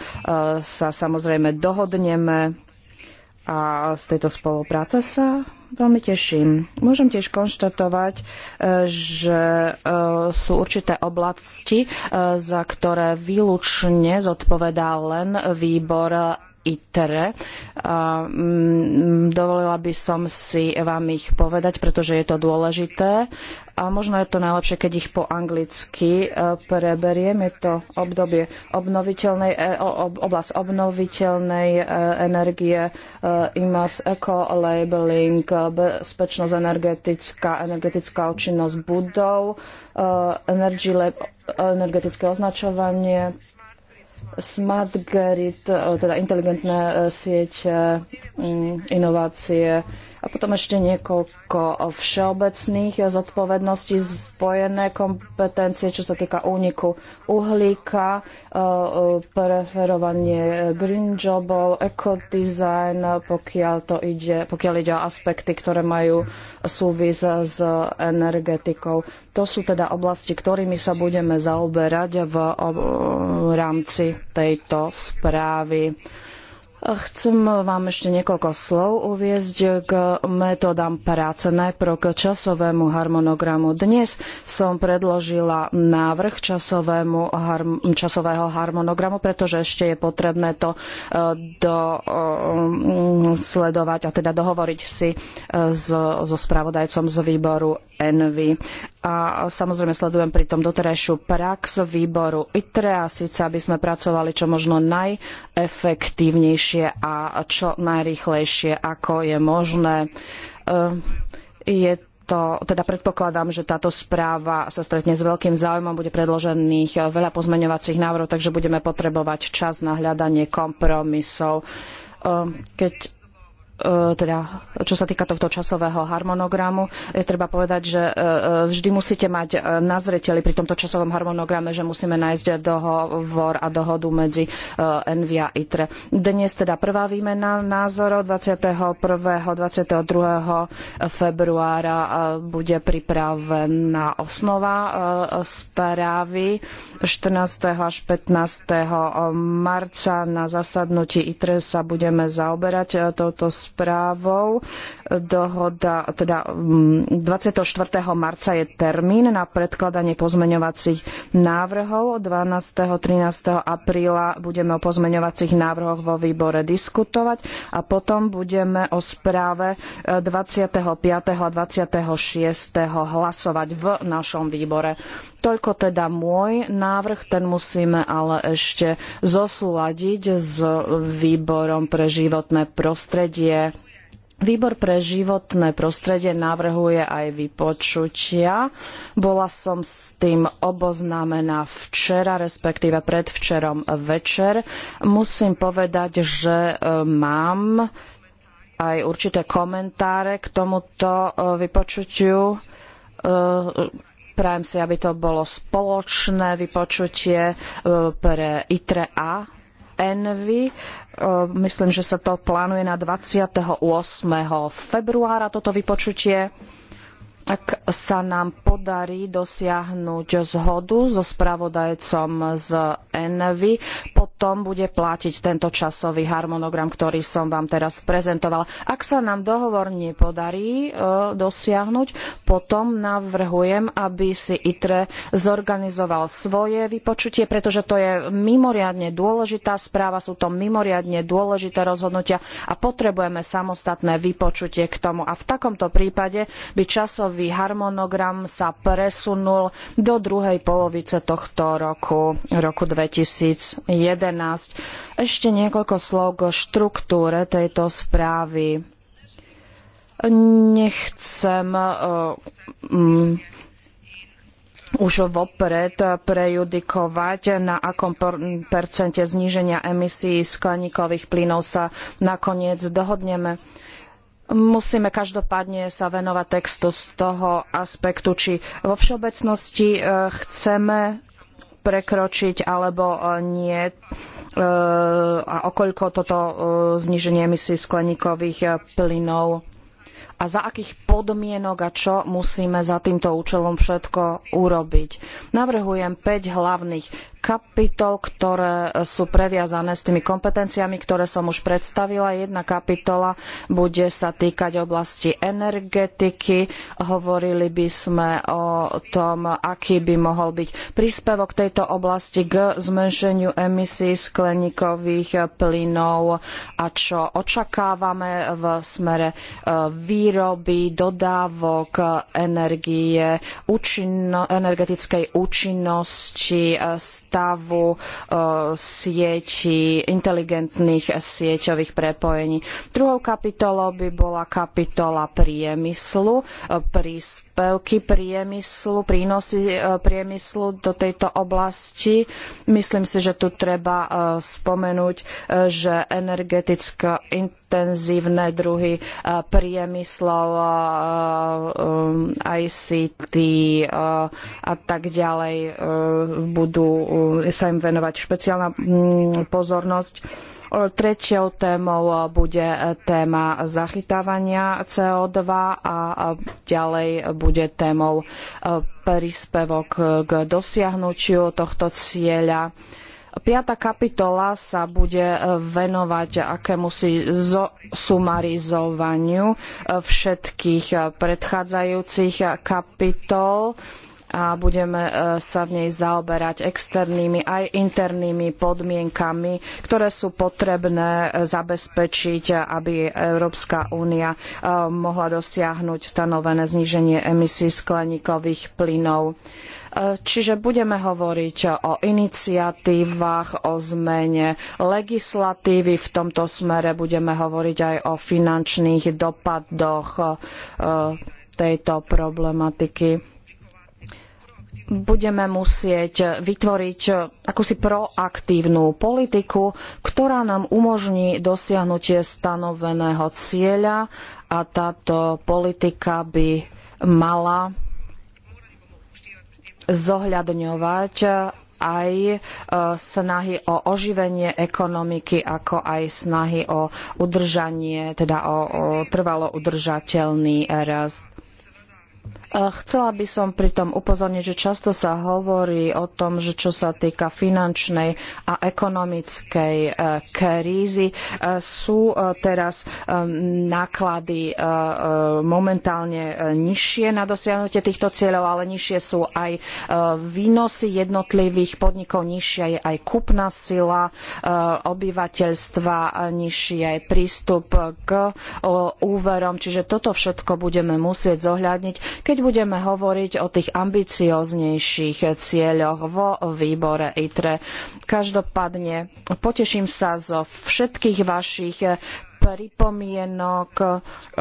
sa samozrejme dohodneme a z tejto spolupráce sa veľmi teším. Môžem tiež konštatovať, e, že e, sú určité oblasti, e, za ktoré výlučne zodpovedá len výbor ITRE. Mm, dovolila by som si vám ich povedať, pretože je to dôležité. A možno je to najlepšie, keď ich po anglicky e, preberiem. Je to obdobie obnoviteľnej, e, oblasť obnoviteľnej e, energie, IMAS, eco-labeling, bezpečnosť energetická, energetická účinnosť budov, energy lab, energetické označovanie, Smart Grid, e, teda inteligentné e, sieť, e, inovácie, a potom ešte niekoľko všeobecných zodpovedností, spojené kompetencie, čo sa týka úniku uhlíka, e, e, preferovanie green jobov, ekodesign, pokiaľ, to ide, pokiaľ ide o aspekty, ktoré majú súvis s energetikou. To sú teda oblasti, ktorými sa budeme zaoberať v rámci tejto správy. Chcem vám ešte niekoľko slov uviezť k metodám práce, najprv k časovému harmonogramu. Dnes som predložila návrh časovému, časového harmonogramu, pretože ešte je potrebné to e, do, e, sledovať a teda dohovoriť si e, so, so spravodajcom z výboru Envy. A samozrejme sledujem pritom doterajšiu prax výboru ITRE a síce, aby sme pracovali čo možno najefektívnejšie najlepšie a čo najrýchlejšie, ako je možné. E, je to, teda predpokladám, že táto správa sa stretne s veľkým záujmom, bude predložených veľa pozmeňovacích návrhov, takže budeme potrebovať čas na hľadanie kompromisov. E, keď E, teda, čo sa týka tohto časového harmonogramu, je treba povedať, že e, e, vždy musíte mať na zreteli pri tomto časovom harmonograme, že musíme nájsť dohovor a dohodu medzi Envy a ITRE. Dnes teda prvá výmena názorov 21. 22. februára bude pripravená osnova správy 14. až 15. marca na zasadnutí ITRE sa budeme zaoberať touto správou. Dohoda, teda 24. Mm, marca je termín na predkladanie pozmeňovacích návrhov. 12. 13. apríla budeme o pozmeňovacích návrhoch vo výbore diskutovať a potom budeme o správe 25. E, a 26. hlasovať v našom výbore. Toľko teda môj návrh, ten musíme ale ešte zosúľadiť s výborom pre životné prostredie zdravie. Výbor pre životné prostredie navrhuje aj vypočutia. Bola som s tým oboznámená včera, respektíve predvčerom večer. Musím povedať, že e, mám aj určité komentáre k tomuto e, vypočutiu. E, prajem si, aby to bolo spoločné vypočutie pre ITRE a Envy. E, myslím, že sa to plánuje na 28. februára toto vypočutie ak sa nám podarí dosiahnuť zhodu so spravodajcom z Envy, potom bude platiť tento časový harmonogram, ktorý som vám teraz prezentovala. Ak sa nám dohovor nepodarí e, dosiahnuť, potom navrhujem, aby si ITRE zorganizoval svoje vypočutie, pretože to je mimoriadne dôležitá správa, sú to mimoriadne dôležité rozhodnutia a potrebujeme samostatné vypočutie k tomu. A v takomto prípade by časový časový harmonogram sa presunul do druhej polovice tohto roku, roku 2011. Ešte niekoľko slov k štruktúre tejto správy. Nechcem uh, už vopred prejudikovať, na akom percente zníženia emisií skleníkových plynov sa nakoniec dohodneme. Musíme každopádne sa venovať textu z toho aspektu, či vo všeobecnosti e, chceme prekročiť alebo e, nie e, a okoľko toto zníženie emisí skleníkových plynov a za akých podmienok a čo musíme za týmto účelom všetko urobiť. Navrhujem 5 hlavných kapitol, ktoré sú previazané s tými kompetenciami, ktoré som už predstavila. Jedna kapitola bude sa týkať oblasti energetiky. Hovorili by sme o tom, aký by mohol byť príspevok tejto oblasti k zmenšeniu emisí skleníkových plynov a čo očakávame v smere e, výroby, dodávok energie, účinno, energetickej účinnosti, e, stavu e, sieti, inteligentných sieťových prepojení. Druhou kapitolou by bola kapitola priemyslu, e, príspevok príspevky priemyslu, prínosy e, priemyslu do tejto oblasti. Myslím si, že tu treba e, spomenúť, e, že energetická intenzívne druhy priemyslov, ICT a tak ďalej budú sa im venovať špeciálna mm, pozornosť Tretiou témou bude téma zachytávania CO2 a ďalej bude témou e, príspevok k dosiahnutiu tohto cieľa. Piata kapitola sa bude venovať akémusi sumarizovaniu e, všetkých predchádzajúcich kapitol a budeme e, sa v nej zaoberať externými aj internými podmienkami, ktoré sú potrebné e, zabezpečiť, aby Európska únia e, mohla dosiahnuť stanovené zníženie emisí skleníkových plynov. Čiže budeme hovoriť o iniciatívach, o zmene legislatívy. V tomto smere budeme hovoriť aj o finančných dopadoch tejto problematiky budeme musieť vytvoriť akúsi proaktívnu politiku, ktorá nám umožní dosiahnutie stanoveného cieľa a táto politika by mala zohľadňovať aj e, snahy o oživenie ekonomiky, ako aj snahy o udržanie, teda o, o trvalo udržateľný rast. Chcela by som pritom upozorniť, že často sa hovorí o tom, že čo sa týka finančnej a ekonomickej e, krízy, e, sú e, teraz náklady momentálne nižšie na dosiahnutie týchto cieľov, ale nižšie sú aj výnosy jednotlivých podnikov, nižšia je aj kupná sila obyvateľstva, nižší je aj prístup k úverom. Čiže toto všetko budeme musieť zohľadniť, keď keď budeme hovoriť o tých ambicioznejších cieľoch vo výbore ITRE. Každopádne poteším sa zo všetkých vašich pripomienok e,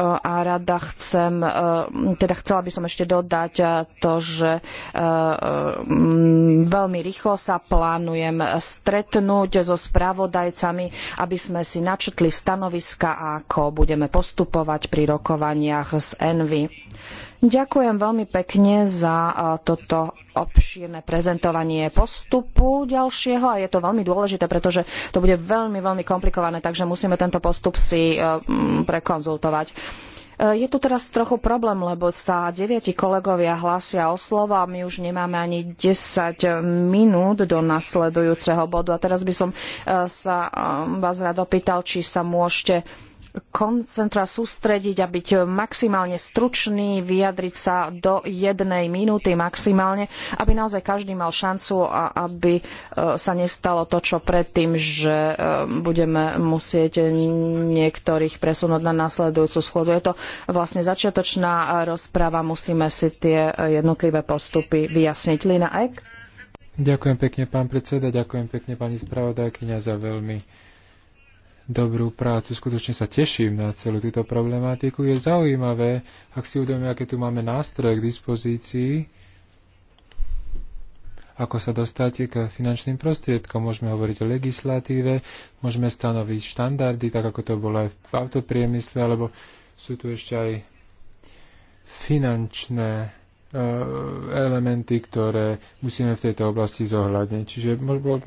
a rada chcem, e, teda chcela by som ešte dodať to, že e, veľmi rýchlo sa plánujem stretnúť so spravodajcami, aby sme si načetli stanoviska, ako budeme postupovať pri rokovaniach s Envy. Ďakujem veľmi pekne za toto obšírne prezentovanie postupu ďalšieho a je to veľmi dôležité, pretože to bude veľmi, veľmi komplikované, takže musíme tento postup si e, prekonzultovať. E, je tu teraz trochu problém, lebo sa deviati kolegovia hlásia o slovo a my už nemáme ani 10 minút do nasledujúceho bodu. A teraz by som e, sa vás rád opýtal, či sa môžete koncentra sústrediť a byť maximálne stručný, vyjadriť sa do jednej minúty maximálne, aby naozaj každý mal šancu a aby e, sa nestalo to, čo predtým, že e, budeme musieť niektorých presunúť na nasledujúcu schôdzu. Je to vlastne začiatočná rozpráva, musíme si tie jednotlivé postupy vyjasniť. Lina Ek? Ďakujem pekne, pán predseda, ďakujem pekne pani spravodajkyňa za veľmi dobrú prácu. Skutočne sa teším na celú túto problematiku. Je zaujímavé, ak si uvedomíme, aké tu máme nástroje k dispozícii, ako sa dostať k finančným prostriedkom. Môžeme hovoriť o legislatíve, môžeme stanoviť štandardy, tak ako to bolo aj v autopriemysle, alebo sú tu ešte aj finančné Eh, elementy, ktoré musíme v tejto oblasti zohľadniť. Čiže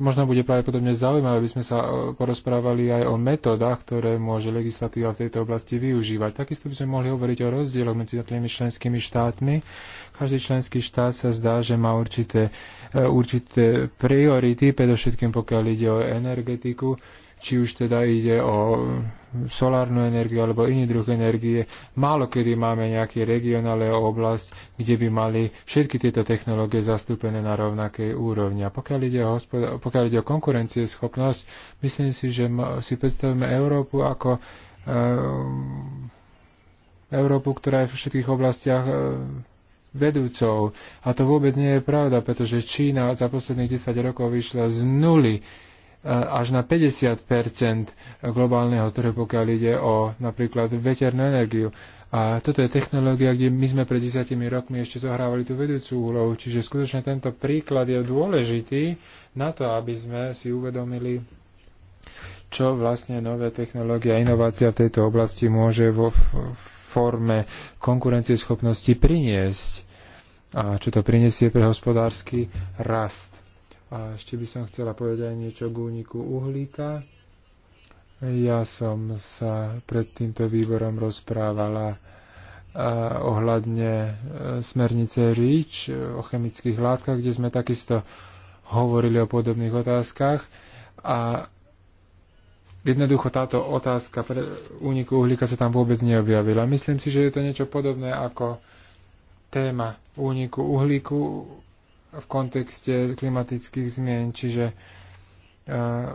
možno bude pravdepodobne zaujímavé, aby sme sa eh, porozprávali aj o metodách, ktoré môže legislatíva v tejto oblasti využívať. Takisto by sme mohli hovoriť o rozdieloch medzi tými členskými štátmi. Každý členský štát sa zdá, že má určité, eh, určité priority, predovšetkým pokiaľ ide o energetiku, či už teda ide o solárnu energiu alebo iný druh energie. Málo kedy máme nejaký región alebo oblasť, kde by mali všetky tieto technológie zastúpené na rovnakej úrovni. A pokiaľ ide o, hospod- pokiaľ ide o konkurencieschopnosť, myslím si, že si predstavíme Európu ako e, Európu, ktorá je v všetkých oblastiach e, eh, vedúcov. A to vôbec nie je pravda, pretože Čína za posledných 10 rokov vyšla z nuly Eh, až na 50 globálneho trhu, pokiaľ ide o napríklad veternú energiu. A toto je technológia, kde my sme pred desiatimi rokmi ešte zohrávali tú vedúcu úlohu. Čiže skutočne tento príklad je dôležitý na to, aby sme si uvedomili, čo vlastne nové technológie a inovácia v tejto oblasti môže vo forme konkurencieschopnosti priniesť a čo to prinesie pre hospodársky rast. A ešte by som chcela povedať aj niečo k úniku uhlíka. Ja som sa pred týmto výborom rozprávala e, ohľadne e, smernice REACH e, o chemických látkach, kde sme takisto hovorili o podobných otázkach. A Jednoducho táto otázka pre úniku uhlíka sa tam vôbec neobjavila. Myslím si, že je to niečo podobné ako téma úniku uhlíku v kontexte klimatických zmien, čiže uh,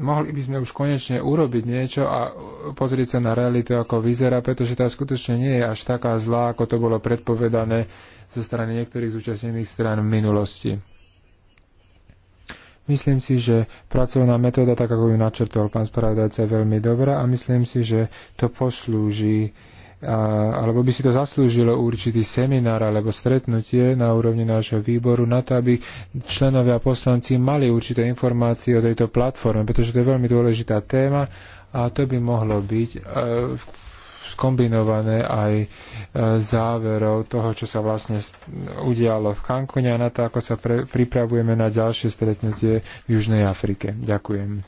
mohli by sme už konečne urobiť niečo a pozrieť sa na realitu, ako vyzerá, pretože tá skutočne nie je až taká zlá, ako to bolo predpovedané zo strany niektorých zúčastnených strán v minulosti. Myslím si, že pracovná metóda, tak ako ju načrtol pán spravodajca, je veľmi dobrá a myslím si, že to poslúži uh, alebo by si to zaslúžilo určitý seminár alebo stretnutie na úrovni nášho výboru na to, aby členovia poslanci mali určité informácie o tejto platforme, pretože to je veľmi dôležitá téma a to by mohlo byť e, skombinované aj e, záverov toho, čo sa vlastne udialo v Kankone a na to, ako sa pre, pripravujeme na ďalšie stretnutie v Južnej Afrike. Ďakujem.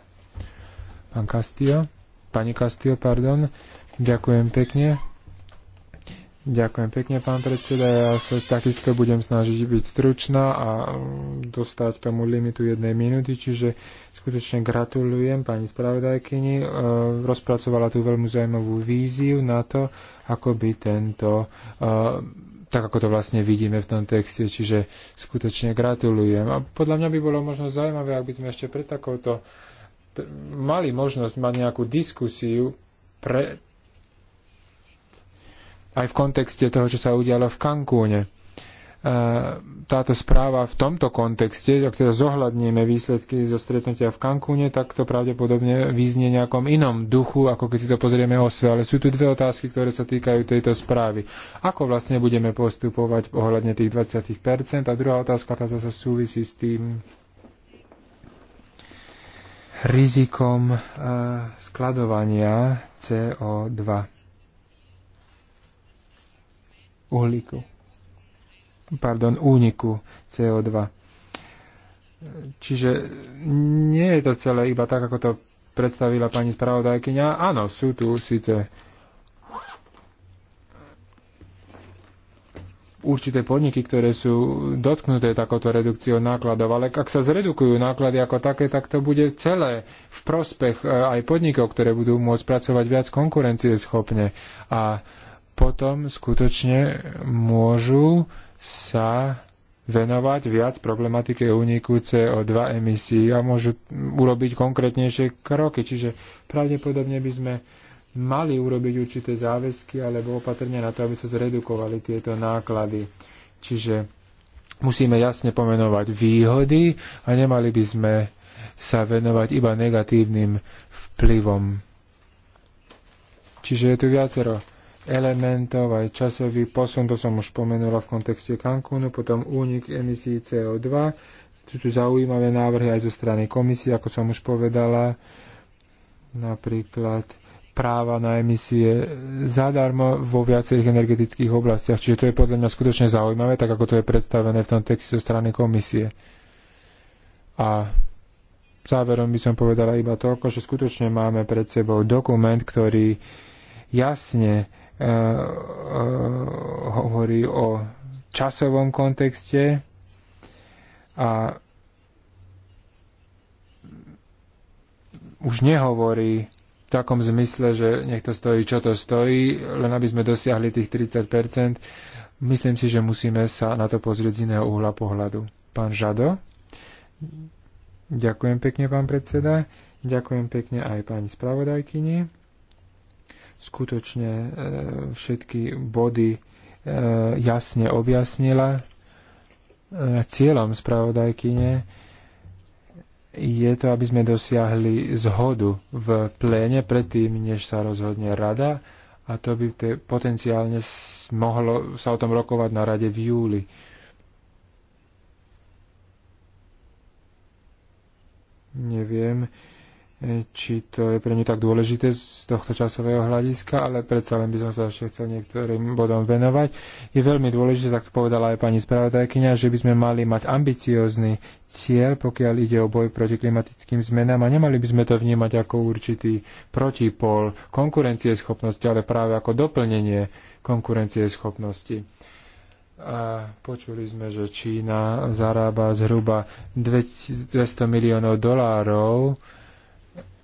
Pán Castillo? Pani Castillo, pardon. Ďakujem pekne. Ďakujem pekne, pán predseda. Ja sa takisto budem snažiť byť stručná a dostať tomu limitu jednej minúty, čiže skutočne gratulujem pani spravodajkyni. E, rozpracovala tú veľmi zaujímavú víziu na to, ako by tento e, tak ako to vlastne vidíme v tom texte, čiže skutočne gratulujem. A podľa mňa by bolo možno zaujímavé, ak by sme ešte pred takouto mali možnosť mať nejakú diskusiu pre aj v kontexte toho, čo sa udialo v Kankúne. E, táto správa v tomto kontexte, ak teda zohľadníme výsledky zo stretnutia v Kankúne, tak to pravdepodobne význie nejakom inom duchu, ako keď si to pozrieme o sve. Ale sú tu dve otázky, ktoré sa týkajú tejto správy. Ako vlastne budeme postupovať ohľadne tých 20%? A druhá otázka, tá zase súvisí s tým, rizikom e, skladovania CO2 uhlíku. Pardon, úniku CO2. Čiže nie je to celé iba tak, ako to predstavila pani spravodajkyňa. Áno, sú tu síce určité podniky, ktoré sú dotknuté takouto redukciou nákladov, ale ak sa zredukujú náklady ako také, tak to bude celé v prospech e, aj podnikov, ktoré budú môcť pracovať viac schopne A potom skutočne môžu sa venovať viac problematike úniku CO2 emisí a môžu urobiť konkrétnejšie kroky. Čiže pravdepodobne by sme mali urobiť určité záväzky alebo opatrne na to, aby sa zredukovali tieto náklady. Čiže musíme jasne pomenovať výhody a nemali by sme sa venovať iba negatívnym vplyvom. Čiže je tu viacero elementov, aj časový posun, to som už spomenula v kontexte Cancúnu, potom únik emisí CO2, sú tu zaujímavé návrhy aj zo strany komisie, ako som už povedala, napríklad práva na emisie zadarmo vo viacerých energetických oblastiach. Čiže to je podľa mňa skutočne zaujímavé, tak ako to je predstavené v tom texte zo strany komisie. A záverom by som povedala iba toľko, že skutočne máme pred sebou dokument, ktorý jasne Eh, eh, hovorí o časovom kontexte a už nehovorí v takom zmysle, že to stojí, čo to stojí, len aby sme dosiahli tých 30%. Myslím si, že musíme sa na to pozrieť z iného uhla pohľadu. Pán Žado? Ďakujem pekne, pán predseda. Ďakujem pekne aj pani spravodajkyni skutočne e, všetky body e, jasne objasnila. E, cieľom spravodajkyne je to, aby sme dosiahli zhodu v pléne predtým, než sa rozhodne rada a to by te potenciálne mohlo sa o tom rokovať na rade v júli. Neviem, či to je pre ňu tak dôležité z tohto časového hľadiska, ale predsa len by som sa ešte chcel niektorým bodom venovať. Je veľmi dôležité, tak to povedala aj pani spravodajkynia, že by sme mali mať ambiciózny cieľ, pokiaľ ide o boj proti klimatickým zmenám a nemali by sme to vnímať ako určitý protipol konkurencieschopnosti, ale práve ako doplnenie konkurencieschopnosti. A počuli sme, že Čína zarába zhruba 200 miliónov dolárov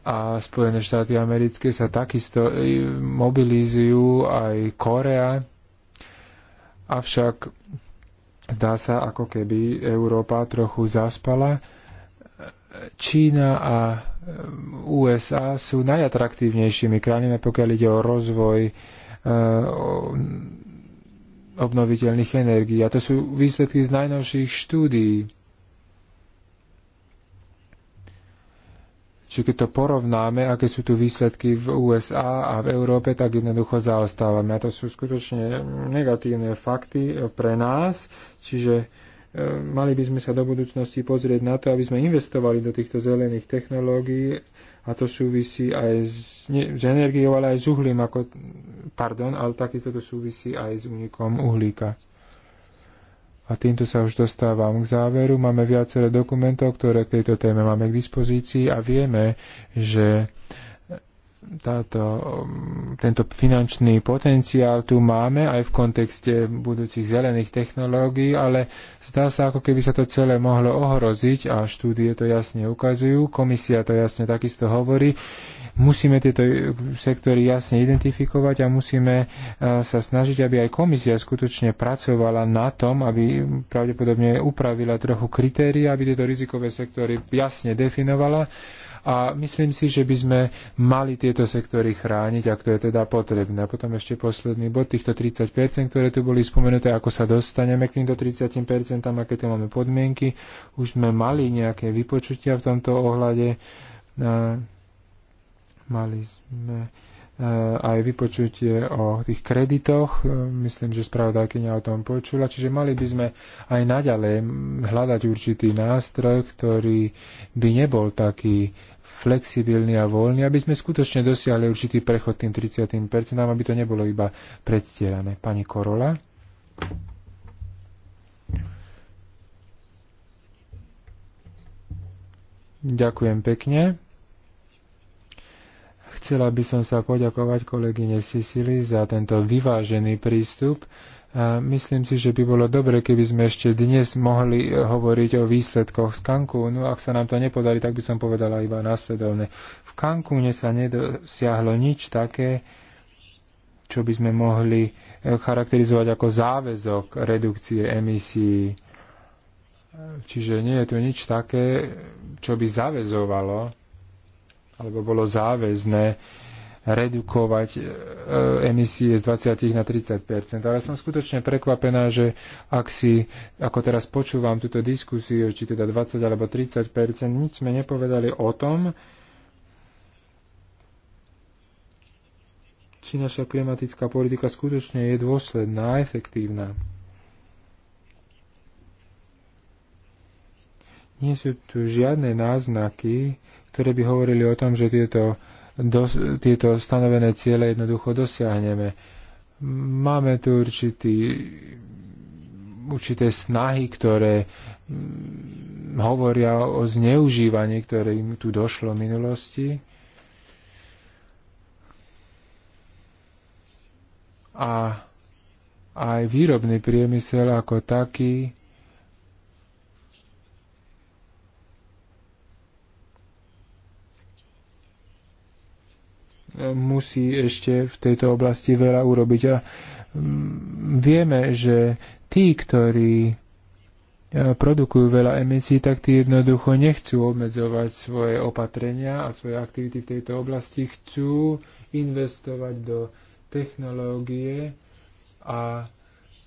a Spojené štáty americké sa takisto e, mobilizujú, aj Korea. Avšak zdá sa, ako keby Európa trochu zaspala. Čína a e, USA sú najatraktívnejšími krajinami, pokiaľ ide o rozvoj e, obnoviteľných energií. A to sú výsledky z najnovších štúdií. Čiže keď to porovnáme, aké sú tu výsledky v USA a v Európe, tak jednoducho zaostávame. A to sú skutočne negatívne fakty pre nás, čiže e, mali by sme sa do budúcnosti pozrieť na to, aby sme investovali do týchto zelených technológií a to súvisí aj s, s energiou, ale aj s uhlím, ako, pardon, ale takisto to súvisí aj s únikom uhlíka. A týmto sa už dostávam k záveru. Máme viacero dokumentov, ktoré k tejto téme máme k dispozícii a vieme, že táto, tento finančný potenciál tu máme aj v kontexte budúcich zelených technológií, ale zdá sa, ako keby sa to celé mohlo ohroziť a štúdie to jasne ukazujú, komisia to jasne takisto hovorí, Musíme tieto sektory jasne identifikovať a musíme e, sa snažiť, aby aj komisia skutočne pracovala na tom, aby pravdepodobne upravila trochu kritéria, aby tieto rizikové sektory jasne definovala a myslím si, že by sme mali tieto sektory chrániť, ak to je teda potrebné. A potom ešte posledný bod, týchto 30%, ktoré tu boli spomenuté, ako sa dostaneme k týmto 30%, aké tu máme podmienky. Už sme mali nejaké vypočutia v tomto ohľade. Mali sme eh, aj vypočutie o tých kreditoch. Myslím, že spravodajkynia o tom počula. Čiže mali by sme aj naďalej hľadať určitý nástroj, ktorý by nebol taký flexibilný a voľný, aby sme skutočne dosiahli určitý prechod tým 30%, aby to nebolo iba predstierané. Pani Korola? Ďakujem pekne. Chcela by som sa poďakovať kolegyne Sisily za tento vyvážený prístup. A myslím si, že by bolo dobre, keby sme ešte dnes mohli eh, hovoriť o výsledkoch z Cancúnu. Ak sa nám to nepodarí, tak by som povedala iba následovne. V Cancúne sa nedosiahlo nič také, čo by sme mohli eh, charakterizovať ako záväzok redukcie emisí. Čiže nie je to nič také, čo by zavezovalo alebo bolo záväzné redukovať e, emisie z 20 na 30 Ale som skutočne prekvapená, že ak si, ako teraz počúvam túto diskusiu, či teda 20 alebo 30 nič sme nepovedali o tom, či naša klimatická politika skutočne je dôsledná a efektívna. Nie sú tu žiadne náznaky ktoré by hovorili o tom, že tieto, dos, tieto stanovené ciele jednoducho dosiahneme. Máme tu určitý, určité snahy, ktoré mm, hovoria o zneužívaní, ktoré im tu došlo v minulosti. A aj výrobný priemysel ako taký musí ešte v tejto oblasti veľa urobiť. A mm, vieme, že tí, ktorí e, produkujú veľa emisí, tak tí jednoducho nechcú obmedzovať svoje opatrenia a svoje aktivity v tejto oblasti. Chcú investovať do technológie a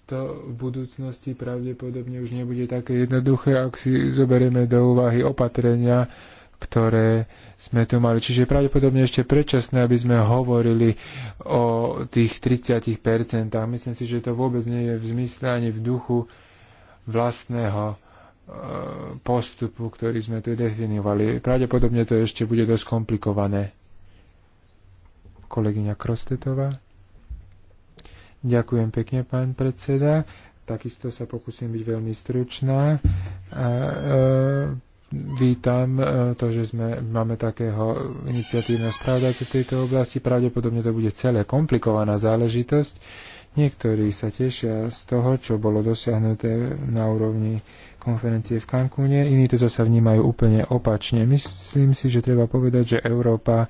to v budúcnosti pravdepodobne už nebude také jednoduché, ak si zoberieme do úvahy opatrenia, ktoré sme tu mali. Čiže pravdepodobne ešte predčasné, aby sme hovorili o tých 30%. Myslím si, že to vôbec nie je v zmysle ani v duchu vlastného e, postupu, ktorý sme tu definovali. Pravdepodobne to ešte bude dosť komplikované. Kolegyňa Krostetová. Ďakujem pekne, pán predseda. Takisto sa pokúsim byť veľmi stručná. E, e, vítam e, to, že sme, máme takého iniciatívneho správdajcu v tejto oblasti. Pravdepodobne to bude celé komplikovaná záležitosť. Niektorí sa tešia z toho, čo bolo dosiahnuté na úrovni konferencie v Cancúne, iní to zase vnímajú úplne opačne. Myslím si, že treba povedať, že Európa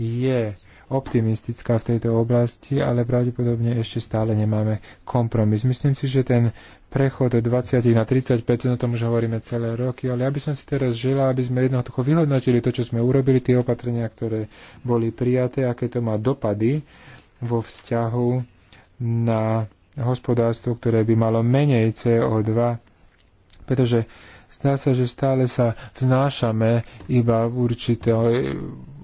je optimistická v tejto oblasti, ale pravdepodobne ešte stále nemáme kompromis. Myslím si, že ten prechod od 20 na 35, o no tom už hovoríme celé roky, ale ja by som si teraz žila, aby sme jednoducho vyhodnotili to, čo sme urobili, tie opatrenia, ktoré boli prijaté, aké to má dopady vo vzťahu na hospodárstvo, ktoré by malo menej CO2, pretože Zdá sa, že stále sa vznášame iba v určitého,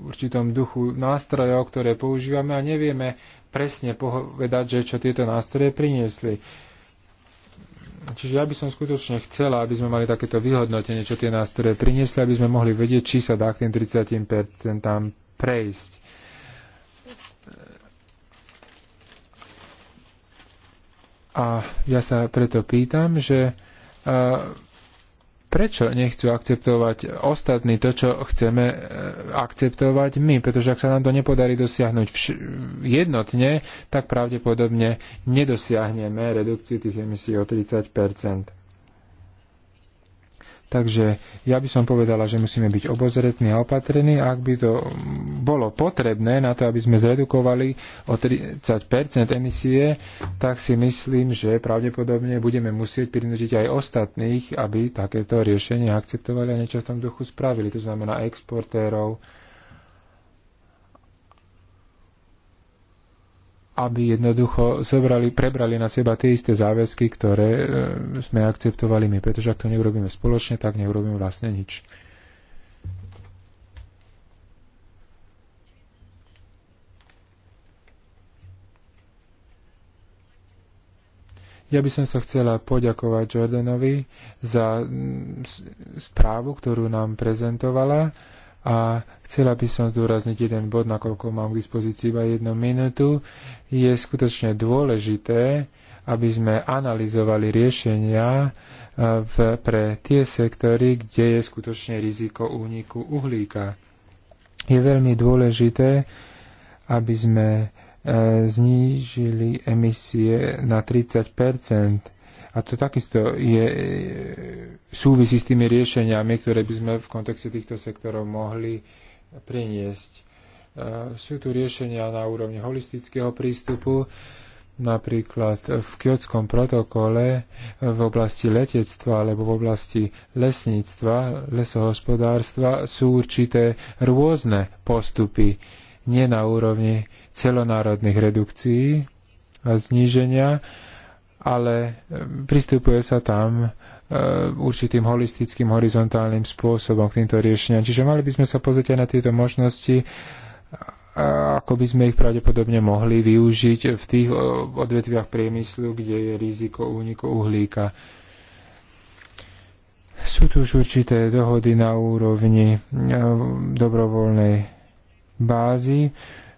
určitom duchu nástrojov, ktoré používame a nevieme presne povedať, že čo tieto nástroje priniesli. Čiže ja by som skutočne chcela, aby sme mali takéto vyhodnotenie, čo tie nástroje priniesli, aby sme mohli vedieť, či sa dá k tým 30% prejsť. A ja sa preto pýtam, že uh, prečo nechcú akceptovať ostatní to, čo chceme e, akceptovať my. Pretože ak sa nám to nepodarí dosiahnuť jednotne, tak pravdepodobne nedosiahneme redukciu tých emisí o 30 Takže ja by som povedala, že musíme byť obozretní a opatrení. Ak by to bolo potrebné na to, aby sme zredukovali o 30 emisie, tak si myslím, že pravdepodobne budeme musieť prinútiť aj ostatných, aby takéto riešenie akceptovali a niečo v tom duchu spravili. To znamená exportérov, aby jednoducho zobrali, prebrali na seba tie isté záväzky, ktoré e, sme akceptovali my. Pretože ak to neurobíme spoločne, tak neurobíme vlastne nič. Ja by som sa chcela poďakovať Jordanovi za mm, správu, ktorú nám prezentovala a chcela by som zdôrazniť jeden bod, nakoľko mám k dispozícii iba jednu minútu. Je skutočne dôležité, aby sme analyzovali riešenia e, v, pre tie sektory, kde je skutočne riziko úniku uhlíka. Je veľmi dôležité, aby sme e, znížili emisie na 30 a to takisto je, e, súvisí s tými riešeniami, ktoré by sme v kontexte týchto sektorov mohli priniesť. E, sú tu riešenia na úrovni holistického prístupu, napríklad v kiotskom protokole v oblasti letectva alebo v oblasti lesníctva, lesohospodárstva sú určité rôzne postupy, nie na úrovni celonárodných redukcií a zníženia, ale e, pristupuje sa tam e, určitým holistickým, horizontálnym spôsobom k týmto riešeniam. Čiže mali by sme sa pozrieť aj na tieto možnosti, ako by sme ich pravdepodobne mohli využiť v tých e, odvetviach priemyslu, kde je riziko úniku uhlíka. Sú tu už určité dohody na úrovni dobrovoľnej bázy.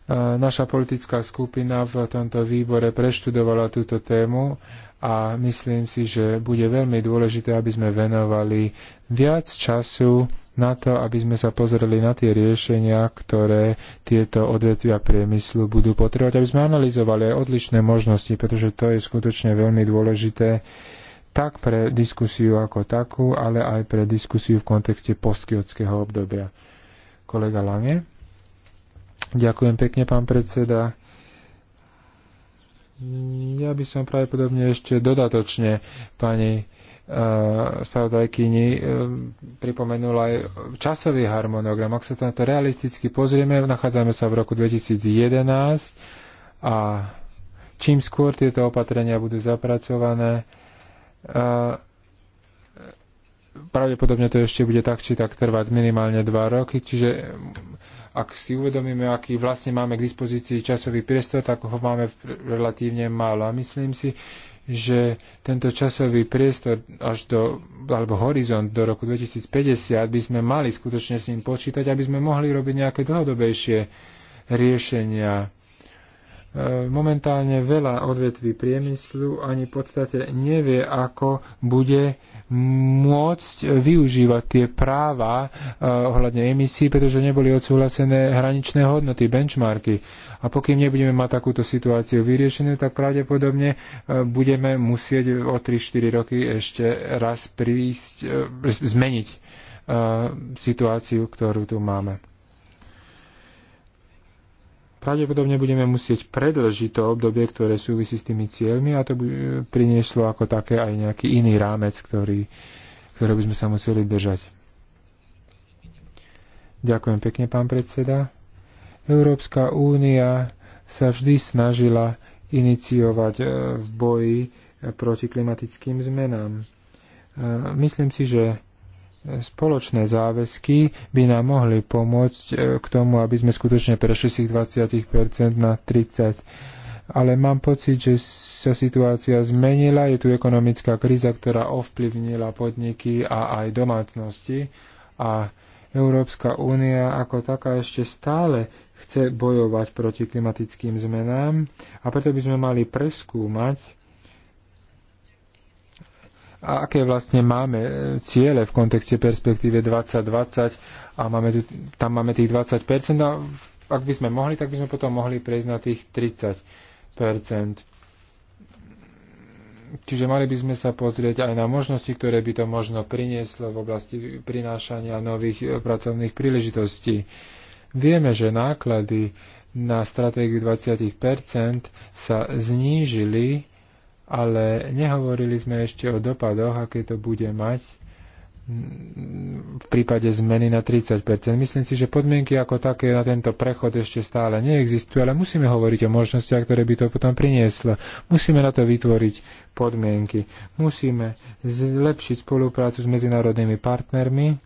E, naša politická skupina v tomto výbore preštudovala túto tému a myslím si, že bude veľmi dôležité, aby sme venovali viac času na to, aby sme sa pozreli na tie riešenia, ktoré tieto odvetvia priemyslu budú potrebovať, aby sme analyzovali aj odlišné možnosti, pretože to je skutočne veľmi dôležité tak pre diskusiu ako takú, ale aj pre diskusiu v kontexte postkiotského obdobia. Kolega Lange? Ďakujem pekne, pán predseda. Ja by som pravdepodobne ešte dodatočne pani uh, spravodajkyni uh, pripomenul aj časový harmonogram. Ak sa to na to realisticky pozrieme, nachádzame sa v roku 2011 a čím skôr tieto opatrenia budú zapracované, uh, pravdepodobne to ešte bude tak či tak trvať minimálne 2 roky, čiže ak si uvedomíme, aký vlastne máme k dispozícii časový priestor, tak ho máme relatívne málo. A myslím si, že tento časový priestor až do, alebo horizont do roku 2050 by sme mali skutočne s ním počítať, aby sme mohli robiť nejaké dlhodobejšie riešenia. E, momentálne veľa odvetví priemyslu ani v podstate nevie, ako bude môcť využívať tie práva eh, ohľadne emisí, pretože neboli odsúhlasené hraničné hodnoty, benchmarky. A pokým nebudeme mať takúto situáciu vyriešenú, tak pravdepodobne eh, budeme musieť o 3-4 roky ešte raz prísť, eh, zmeniť situáciu, ktorú tu máme. Pravdepodobne budeme musieť predlžiť to obdobie, ktoré súvisí s tými cieľmi a to by e, prinieslo ako také aj nejaký iný rámec, ktorý, ktorý by sme sa museli držať. Ďakujem pekne, pán predseda. Európska únia sa vždy snažila iniciovať e, v boji e, proti klimatickým zmenám. Myslím si, že spoločné záväzky by nám mohli pomôcť e, k tomu, aby sme skutočne prešli z tých 20% na 30% ale mám pocit, že sa situácia zmenila, je tu ekonomická kríza, ktorá ovplyvnila podniky a aj domácnosti a Európska únia ako taká ešte stále chce bojovať proti klimatickým zmenám a preto by sme mali preskúmať, a aké vlastne máme e, ciele v kontexte perspektíve 2020 a máme tu, tam máme tých 20% a ak by sme mohli, tak by sme potom mohli prejsť na tých 30%. Čiže mali by sme sa pozrieť aj na možnosti, ktoré by to možno prinieslo v oblasti prinášania nových e, pracovných príležitostí. Vieme, že náklady na stratégiu 20% sa znížili ale nehovorili sme ešte o dopadoch, aké to bude mať v prípade zmeny na 30%. Myslím si, že podmienky ako také na tento prechod ešte stále neexistujú, ale musíme hovoriť o možnostiach, ktoré by to potom prinieslo. Musíme na to vytvoriť podmienky. Musíme zlepšiť spoluprácu s medzinárodnými partnermi,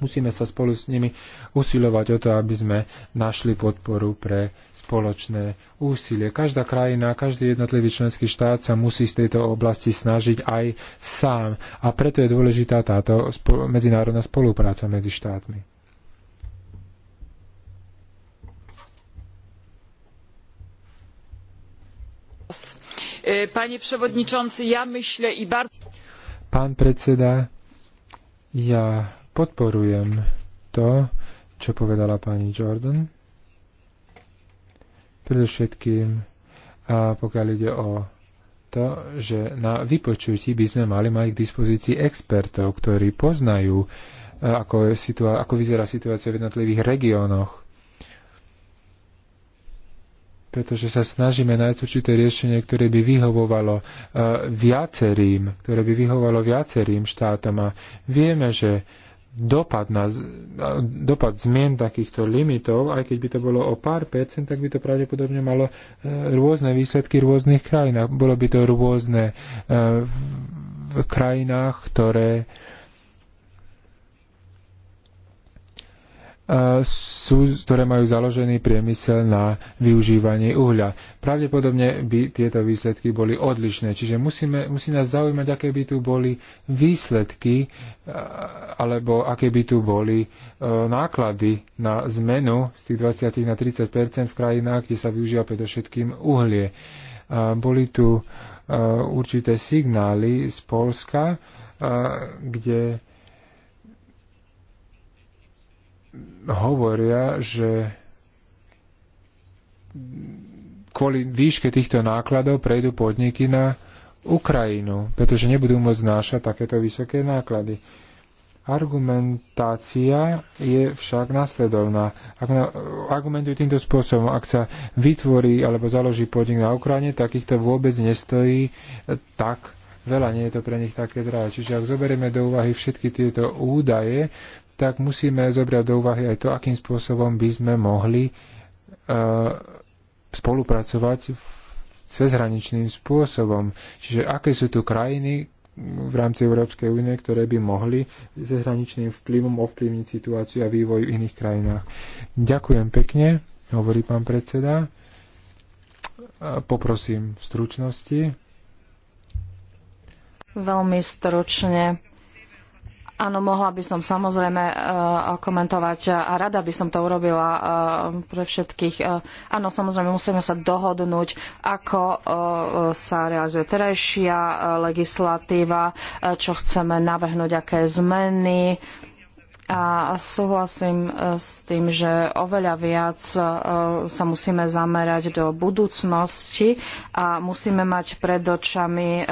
Musíme sa spolu s nimi usilovať o to, aby sme našli podporu pre spoločné úsilie. Každá krajina, každý jednotlivý členský štát sa musí z tejto oblasti snažiť aj sám. A preto je dôležitá táto medzinárodná spolupráca medzi štátmi. panie przewodniczący ja myślę i bardzo. pan predseda ja podporujem to, čo povedala pani Jordan. Predovšetkým, a pokiaľ ide o to, že na vypočutí by sme mali mať k dispozícii expertov, ktorí poznajú, e, ako, situá- ako vyzerá situácia v jednotlivých regiónoch. Pretože sa snažíme nájsť určité riešenie, ktoré by vyhovovalo e, viacerým, ktoré by vyhovovalo viacerým štátom. A vieme, že dopad, na, dopad zmien takýchto limitov, aj keď by to bolo o pár percent, tak by to pravdepodobne malo e, rôzne výsledky v rôznych krajinách. Bolo by to rôzne e, v krajinách, ktoré sú, ktoré majú založený priemysel na využívanie uhľa. Pravdepodobne by tieto výsledky boli odlišné, čiže musíme, musí nás zaujímať, aké by tu boli výsledky alebo aké by tu boli e, náklady na zmenu z tých 20 na 30 v krajinách, kde sa využíva predovšetkým uhlie. Boli tu e, určité signály z Polska, kde hovoria, že kvôli výške týchto nákladov prejdú podniky na Ukrajinu, pretože nebudú môcť znášať takéto vysoké náklady. Argumentácia je však následovná. Ak na, argumentujú týmto spôsobom, ak sa vytvorí alebo založí podnik na Ukrajine, tak ich to vôbec nestojí tak veľa, nie je to pre nich také drahé. Čiže ak zoberieme do úvahy všetky tieto údaje, tak musíme zobrať do úvahy aj to, akým spôsobom by sme mohli e, spolupracovať cezhraničným spôsobom. Čiže aké sú tu krajiny v rámci Európskej únie, ktoré by mohli cezhraničným vplyvom ovplyvniť situáciu a vývoj v iných krajinách. Ďakujem pekne, hovorí pán predseda. E, poprosím v stručnosti. Veľmi stručne. Áno, mohla by som samozrejme e, komentovať a rada by som to urobila e, pre všetkých. E, áno, samozrejme musíme sa dohodnúť, ako sa realizuje terajšia legislatíva, čo chceme navrhnúť, aké zmeny. A súhlasím s tým, že oveľa viac sa musíme zamerať do budúcnosti a musíme mať pred očami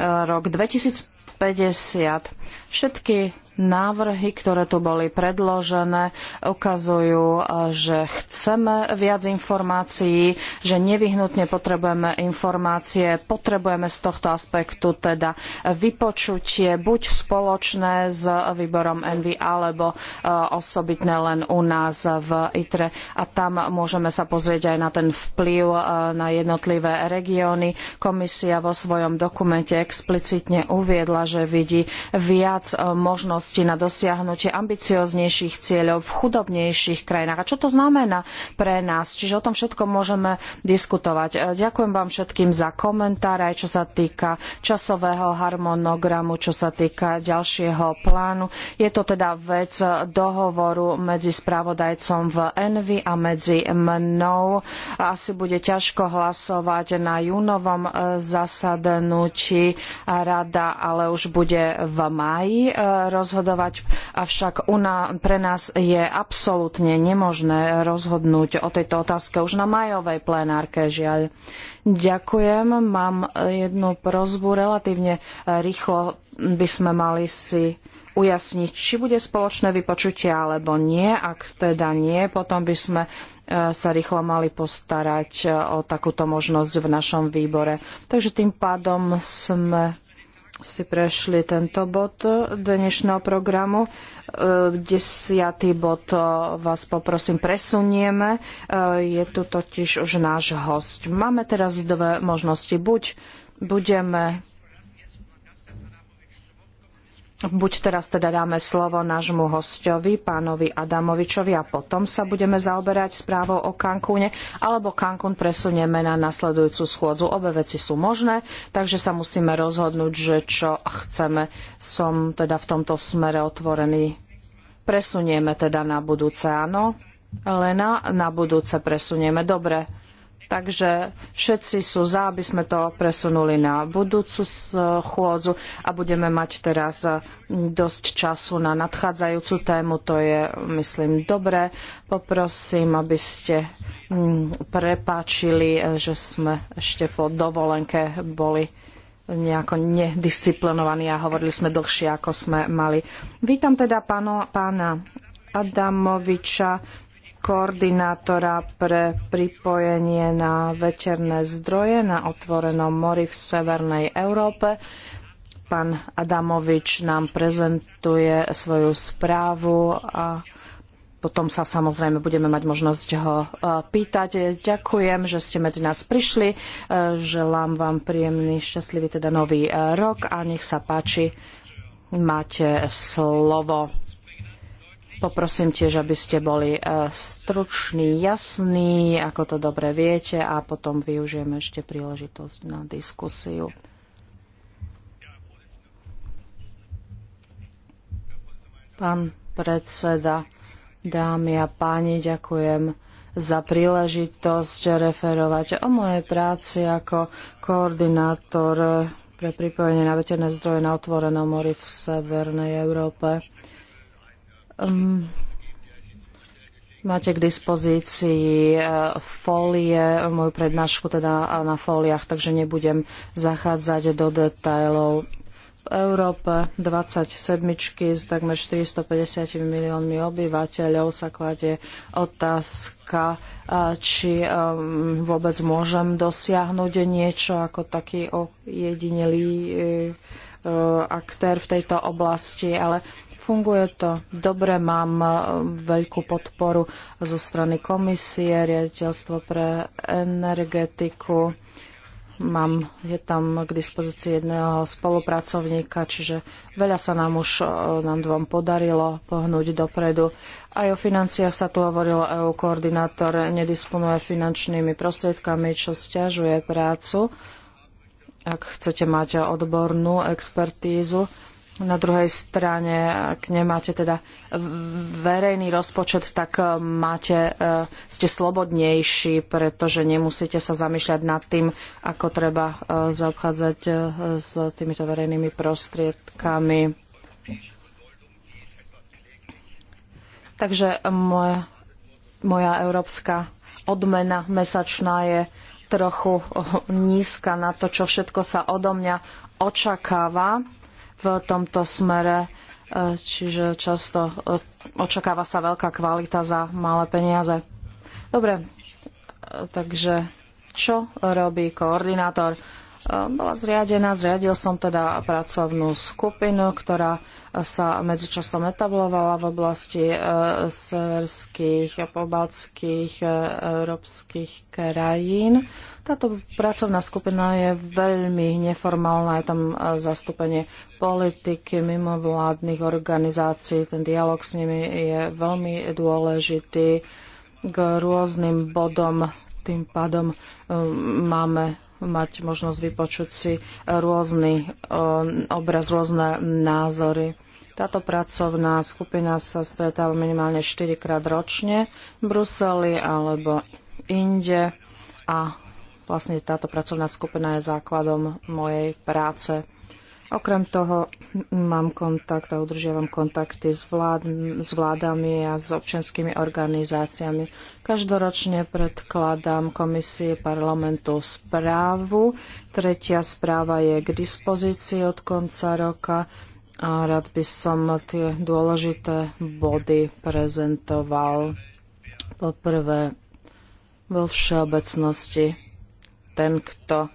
rok 2015 50. Všetky návrhy, ktoré tu boli predložené, ukazujú, e, že chceme viac informácií, že nevyhnutne potrebujeme informácie, potrebujeme z tohto aspektu teda vypočutie buď spoločné s výborom Envy alebo e, osobitné len u nás v ITRE a tam môžeme sa pozrieť aj na ten vplyv e, na jednotlivé regióny. Komisia vo svojom dokumente explicitne uviedla, že vidí viac možností možnosti na dosiahnutie ambicioznejších cieľov v chudobnejších krajinách. A čo to znamená pre nás? Čiže o tom všetko môžeme diskutovať. E, ďakujem vám všetkým za komentáre, aj čo sa týka časového harmonogramu, čo sa týka ďalšieho plánu. Je to teda vec dohovoru medzi spravodajcom v Envy a medzi mnou. Asi bude ťažko hlasovať na júnovom e, zasadnutí rada, ale už bude v máji e, rozhodnúť rozhodovať, avšak una, pre nás je absolútne nemožné rozhodnúť o tejto otázke už na majovej plenárke, žiaľ. Ďakujem, mám jednu prozbu, relatívne rýchlo by sme mali si ujasniť, či bude spoločné vypočutie alebo nie. Ak teda nie, potom by sme e, sa rýchlo mali postarať e, o takúto možnosť v našom výbore. Takže tým pádom sme si prešli tento bod dnešného programu. E, desiatý bod e, vás poprosím presunieme. E, je tu totiž už náš host. Máme teraz dve možnosti. Buď budeme Buď teraz teda dáme slovo nášmu hostovi, pánovi Adamovičovi a potom sa budeme zaoberať správou o Cancúne, alebo Cancún presunieme na nasledujúcu schôdzu. Obe veci sú možné, takže sa musíme rozhodnúť, že čo chceme. Som teda v tomto smere otvorený. Presunieme teda na budúce, áno? Lena, na budúce presunieme. Dobre. Takže všetci sú za, aby sme to presunuli na budúcu chôdzu a budeme mať teraz e, dosť času na nadchádzajúcu tému. To je, myslím, dobré. Poprosím, aby ste mm, prepáčili, e, že sme ešte po dovolenke boli nejako nedisciplinovaní a hovorili sme dlhšie, ako sme mali. Vítam teda páno, pána Adamoviča koordinátora pre pripojenie na veterné zdroje na otvorenom mori v Severnej Európe. Pán Adamovič nám prezentuje svoju správu a potom sa samozrejme budeme mať možnosť ho e, pýtať. Ďakujem, že ste medzi nás prišli. E, želám vám príjemný, šťastlivý teda nový e, rok a nech sa páči, máte slovo. Poprosím tiež, aby ste boli e, struční, jasní, ako to dobre viete a potom využijeme ešte príležitosť na diskusiu. Pán predseda, dámy a páni, ďakujem za príležitosť referovať o mojej práci ako koordinátor pre pripojenie na veterné zdroje na otvorenom mori v Severnej Európe. Um, máte k dispozícii eh, folie, moju prednášku teda eh, na fóliach, takže nebudem zachádzať do detailov. V Európe 27 s takmer 450 miliónmi obyvateľov sa kladie otázka, eh, či ehm, vôbec môžem dosiahnuť niečo ako taký ojedinelý aktér v tejto oblasti, ale Funguje to dobre, mám e, veľkú podporu zo strany komisie, riaditeľstvo pre energetiku. Mám, je tam k dispozícii jedného spolupracovníka, čiže veľa sa nám už e, nám dvom podarilo pohnúť dopredu. Aj o financiách sa tu hovorilo, EU koordinátor nedisponuje finančnými prostriedkami, čo stiažuje prácu. Ak chcete mať odbornú expertízu, na druhej strane, ak nemáte teda verejný rozpočet, tak e, máte, e, ste slobodnejší, pretože nemusíte sa zamýšľať nad tým, ako treba e, zaobchádzať s týmito verejnými prostriedkami. Takže moja, moja európska odmena mesačná je trochu nízka na to, čo všetko sa odo mňa očakáva v tomto smere, e, čiže často e, očakáva sa veľká kvalita za malé peniaze. Dobre, e, takže čo robí koordinátor? Eh, bola zriadená. Zriadil som teda pracovnú skupinu, ktorá sa medzičasom etablovala v oblasti eh, severských a pobaltských eh, európskych krajín. Táto pracovná skupina je veľmi neformálna, je tam zastúpenie politiky, mimovládnych organizácií, ten dialog s nimi je veľmi dôležitý k rôznym bodom tým pádom máme mať možnosť vypočuť si rôzny obraz, rôzne názory. Táto pracovná skupina sa stretáva minimálne 4 krát ročne v Bruseli alebo inde a vlastne táto pracovná skupina je základom mojej práce. Okrem toho mám kontakt a udržiavam kontakty s, vlád, s vládami a s občanskými organizáciami. Každoročne predkladám komisii parlamentu správu. Tretia správa je k dispozícii od konca roka a rád by som tie dôležité body prezentoval. Poprvé, vo všeobecnosti ten, kto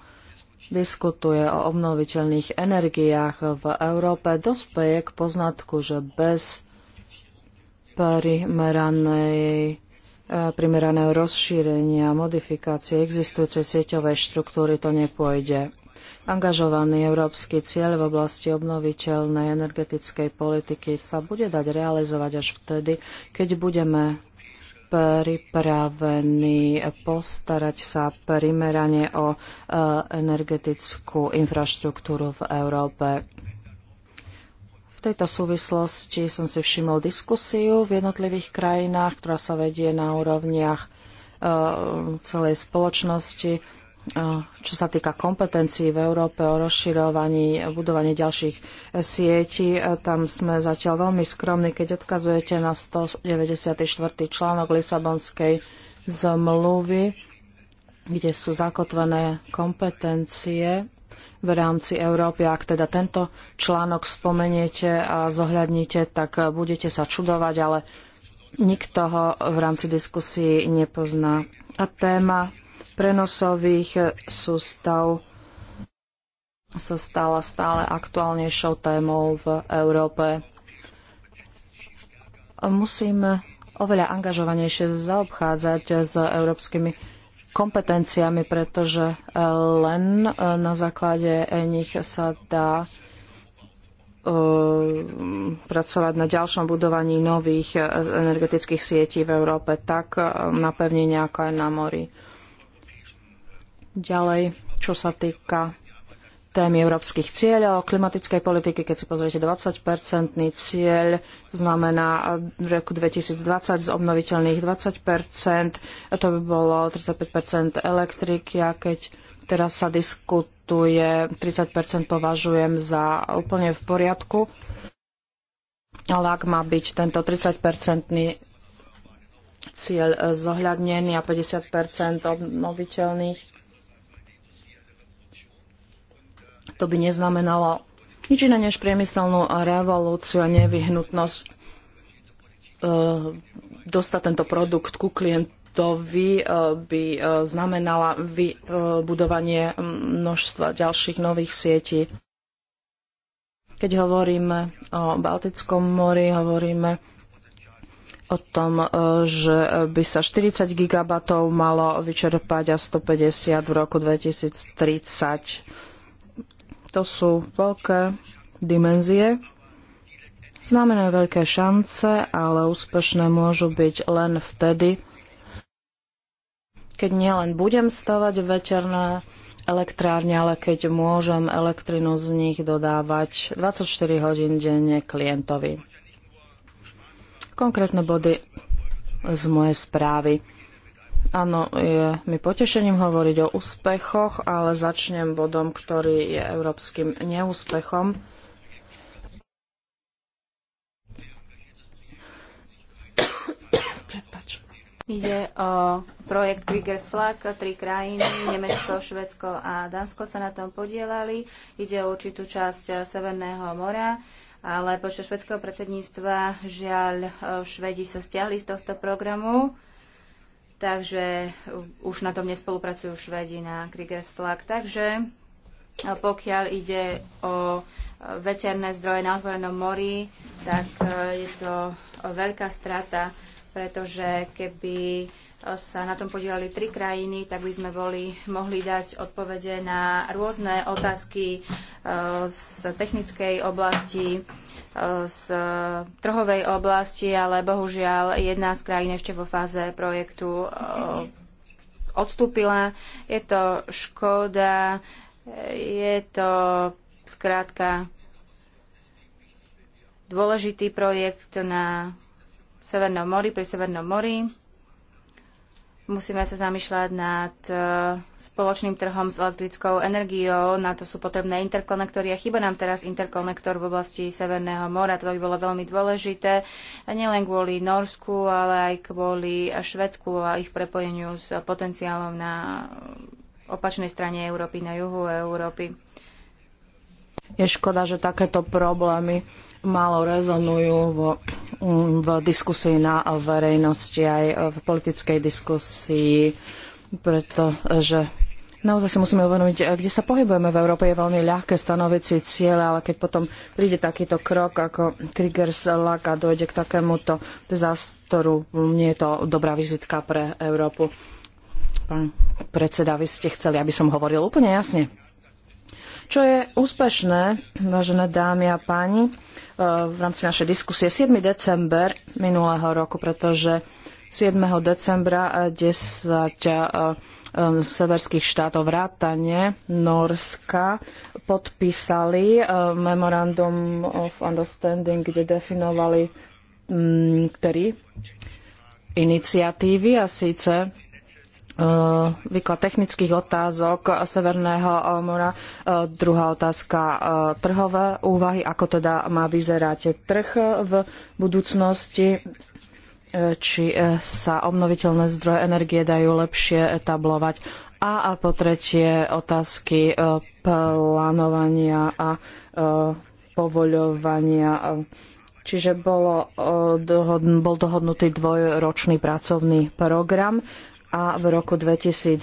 diskutuje o obnoviteľných energiách v Európe, dospeje k poznatku, že bez e, primeraného rozšírenia, a modifikácie existujúcej sieťovej štruktúry to nepôjde. Angažovaný európsky cieľ v oblasti obnoviteľnej energetickej politiky sa bude dať realizovať až vtedy, keď budeme pripravení postarať sa primerane o e, energetickú infraštruktúru v Európe. V tejto súvislosti som si všimol diskusiu v jednotlivých krajinách, ktorá sa vedie na úrovniach e, celej spoločnosti Eh, čo sa týka kompetencií v Európe o rozširovaní, budovaní ďalších eh, sietí. Eh, tam sme zatiaľ veľmi skromní, keď odkazujete na 194. článok Lisabonskej zmluvy, kde sú zakotvené kompetencie v rámci Európy. Ak teda tento článok spomeniete a zohľadníte, tak budete sa čudovať, ale nikto ho v rámci diskusí nepozná. A téma prenosových sústav sa stala stále aktuálnejšou témou v Európe. Musíme oveľa angažovanejšie zaobchádzať s európskymi kompetenciami, pretože len na základe nich sa dá e, pracovať na ďalšom budovaní nových energetických sietí v Európe, tak na pevnenia, ako aj na mori. Ďalej, čo sa týka témy európskych cieľov, klimatickej politiky, keď si pozriete 20-percentný cieľ, znamená v roku 2020 z obnoviteľných 20%, to by bolo 35% elektriky a keď teraz sa diskutuje, 30% považujem za úplne v poriadku, ale ak má byť tento 30-percentný cieľ zohľadnený a 50% obnoviteľných, To by neznamenalo nič iné než priemyselnú revolúciu a nevyhnutnosť e, dostať tento produkt ku klientovi e, by e, znamenala vybudovanie množstva ďalších nových sietí. Keď hovoríme o Baltickom mori, hovoríme o tom, že by sa 40 gigabatov malo vyčerpať a 150 v roku 2030 to sú veľké dimenzie, znamenajú veľké šance, ale úspešné môžu byť len vtedy, keď nielen budem stavať veterné elektrárne, ale keď môžem elektrinu z nich dodávať 24 hodín denne klientovi. Konkrétne body z mojej správy. Áno, je mi potešením hovoriť o úspechoch, ale začnem bodom, ktorý je európskym neúspechom. Ide o projekt Kriegers Flag, tri krajiny, Nemecko, Švedsko a Dansko sa na tom podielali. Ide o určitú časť Severného mora ale počas švedského predsedníctva žiaľ Švedi sa stiahli z tohto programu takže už na tom nespolupracujú Švedi na Kriegers Flag. Takže eh, pokiaľ ide o eh, veterné zdroje na otvorenom mori, tak eh, je to veľká strata, pretože keby sa na tom podielali tri krajiny, tak by sme boli, mohli dať odpovede na rôzne otázky e, z technickej oblasti, e, z trhovej oblasti, ale bohužiaľ jedna z krajín ešte vo fáze projektu e, odstúpila. Je to škoda, je to zkrátka dôležitý projekt na Severnom mori, pri Severnom mori Musíme sa zamýšľať nad e, spoločným trhom s elektrickou energiou. Na to sú potrebné interkonektory a chyba nám teraz interkonektor v oblasti Severného mora. To by bolo veľmi dôležité. Nielen kvôli Norsku, ale aj kvôli Švedsku a ich prepojeniu s potenciálom na opačnej strane Európy, na juhu Európy. Je škoda, že takéto problémy málo rezonujú mm, v diskusii na verejnosti aj v politickej diskusii, pretože naozaj si musíme uvedomiť, eh, kde sa pohybujeme v Európe. Je veľmi ľahké stanoviť si cieľe, ale keď potom príde takýto krok ako Kriegers Lack a dojde k takémuto dezastoru, nie je to dobrá vizitka pre Európu. Pán predseda, vy ste chceli, aby som hovoril úplne jasne. Čo je úspešné, vážené dámy a páni, e, v rámci našej diskusie 7. december minulého roku, pretože 7. decembra 10 e, e, severských štátov vrátane Norska podpísali Memorandum of Understanding, kde definovali ktorý iniciatívy a síce Eh, výklad technických otázok eh, Severného eh, mora. Druhá otázka trhové úvahy, ako teda má vyzerať trh v budúcnosti či sa obnoviteľné zdroje energie dajú lepšie etablovať. A, a po tretie otázky plánovania a povoľovania. Čiže bolo, bol dohodnutý dvojročný pracovný program a v roku 2012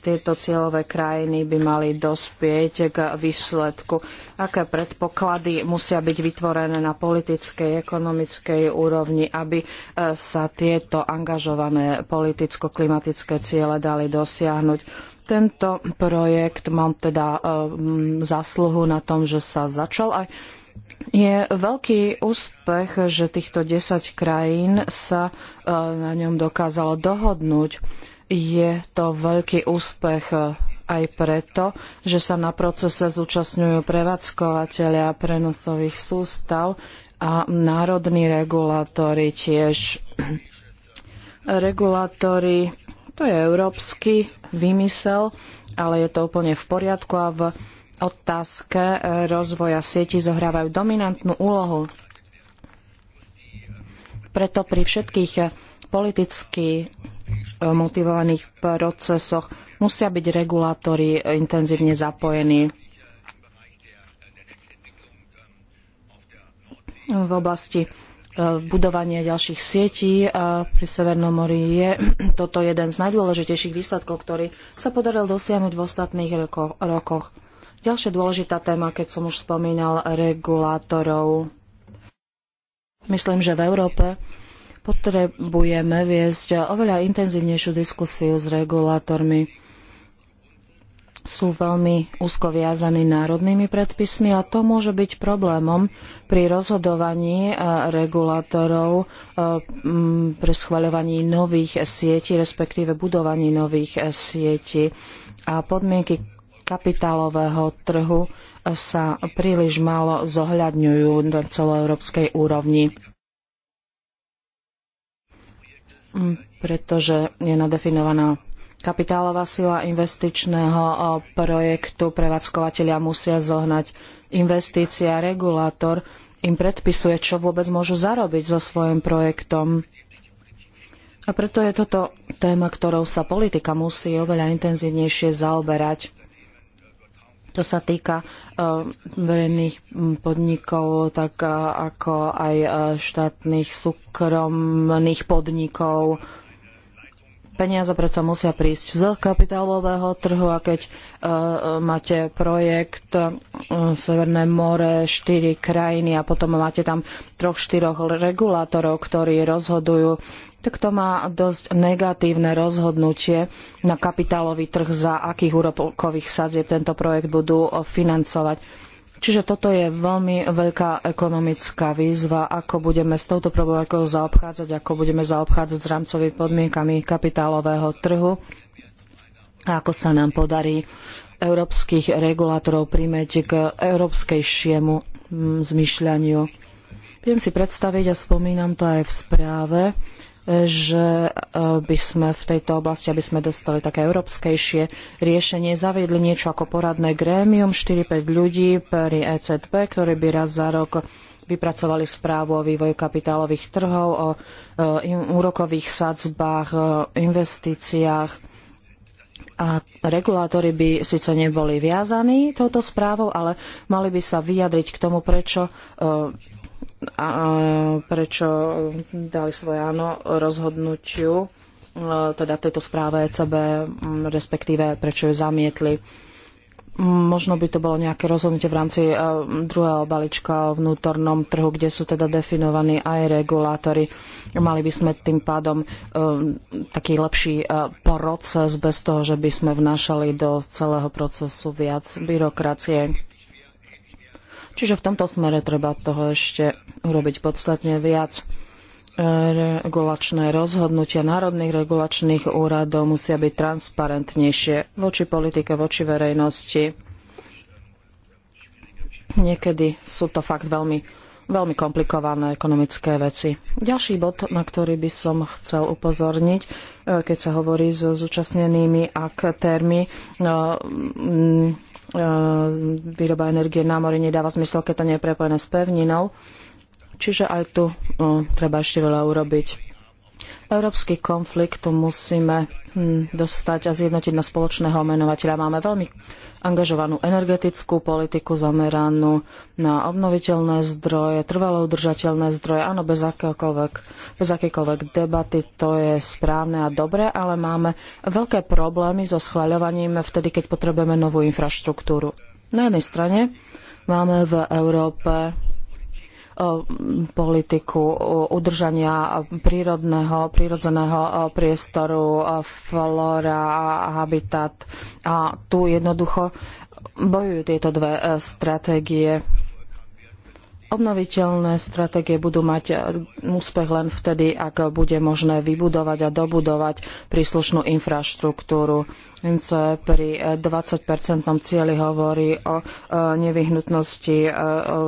tieto cieľové krajiny by mali dospieť k výsledku. Aké predpoklady musia byť vytvorené na politickej, ekonomickej úrovni, aby e, sa tieto angažované politicko-klimatické ciele dali dosiahnuť? Tento projekt mám teda um, e, zasluhu na tom, že sa začal aj je veľký úspech, že týchto 10 krajín sa e, na ňom dokázalo dohodnúť. Je to veľký úspech e, aj preto, že sa na procese zúčastňujú prevádzkovateľia prenosových sústav a národní regulátori tiež. regulátori, to je európsky výmysel, ale je to úplne v poriadku a v otázke e, rozvoja sieti zohrávajú dominantnú úlohu. Preto pri všetkých e, politicky e, motivovaných procesoch musia byť regulátori intenzívne zapojení. V oblasti budovania ďalších sietí pri Severnom mori je toto jeden z najdôležitejších výsledkov, ktorý sa podaril dosiahnuť v ostatných rokoch. Ďalšia dôležitá téma, keď som už spomínal regulátorov. Myslím, že v Európe potrebujeme viesť oveľa intenzívnejšiu diskusiu s regulátormi. Sú veľmi úzko viazaní národnými predpismi a to môže byť problémom pri rozhodovaní eh, regulátorov eh, pri schvaľovaní nových sietí, respektíve budovaní nových eh, sietí a podmienky, kapitálového trhu sa príliš málo zohľadňujú na celoeurópskej úrovni pretože je nadefinovaná kapitálová sila investičného eh, projektu. Prevádzkovateľia musia zohnať investícia, regulátor im predpisuje, čo vôbec môžu zarobiť so svojím projektom. A preto je toto téma, ktorou sa politika musí oveľa intenzívnejšie zaoberať. To sa týka e, verejných podnikov, tak e, ako aj e, štátnych súkromných podnikov Peniaze predsa musia prísť z kapitálového trhu a keď e, e, máte projekt e, Severné more, štyri krajiny a potom máte tam troch, štyroch regulátorov, ktorí rozhodujú tak to má dosť negatívne rozhodnutie na kapitálový trh, za akých úrokových sadzieb tento projekt budú financovať. Čiže toto je veľmi veľká ekonomická výzva, ako budeme s touto problematikou zaobchádzať, ako budeme zaobchádzať s rámcovými podmienkami kapitálového trhu a ako sa nám podarí európskych regulátorov príjmeť k európskejšiemu mm, zmyšľaniu. Viem si predstaviť a spomínam to aj v správe, že eh, by sme v tejto oblasti, aby sme dostali také európskejšie riešenie, zaviedli niečo ako poradné grémium, 4-5 ľudí pri ECB, ktorí by raz za rok vypracovali správu o vývoji kapitálových trhov, o eh, úrokových sadzbách, o investíciách. A regulátori by síce neboli viazaní touto správou, ale mali by sa vyjadriť k tomu, prečo eh, a prečo dali svoje áno rozhodnutiu, e, teda tejto správe ECB, respektíve prečo ju zamietli. Možno by to bolo nejaké rozhodnutie v rámci e, druhého balíčka o vnútornom trhu, kde sú teda definovaní aj regulátory. Mali by sme tým pádom e, taký lepší proces bez toho, že by sme vnášali do celého procesu viac byrokracie. Čiže v tomto smere treba toho ešte urobiť podstatne viac regulačné rozhodnutia národných regulačných úradov musia byť transparentnejšie voči politike, voči verejnosti. Niekedy sú to fakt veľmi, veľmi komplikované ekonomické veci. Ďalší bod, na ktorý by som chcel upozorniť, eh, keď sa hovorí so zúčastnenými aktérmi, eh, mm, eh, výroba energie na mori nedáva zmysel, keď to nie je prepojené s pevninou Čiže aj tu treba ešte veľa urobiť. Európsky konflikt musíme hm, dostať a zjednotiť na spoločného menovateľa. Máme veľmi angažovanú energetickú politiku zameranú na obnoviteľné zdroje, trvalo udržateľné zdroje. Áno, bez, bez akékoľvek debaty to je správne a dobré, ale máme veľké problémy so schvaľovaním vtedy, keď potrebujeme novú infraštruktúru. Na jednej strane máme v Európe politiku udržania prírodného, prírodzeného priestoru, flora a habitat. A tu jednoducho bojujú tieto dve e, stratégie Obnoviteľné stratégie budú mať e, úspech len vtedy, ak bude možné vybudovať a dobudovať príslušnú infraštruktúru. Vince pri 20-percentnom e, cieli hovorí o e, nevyhnutnosti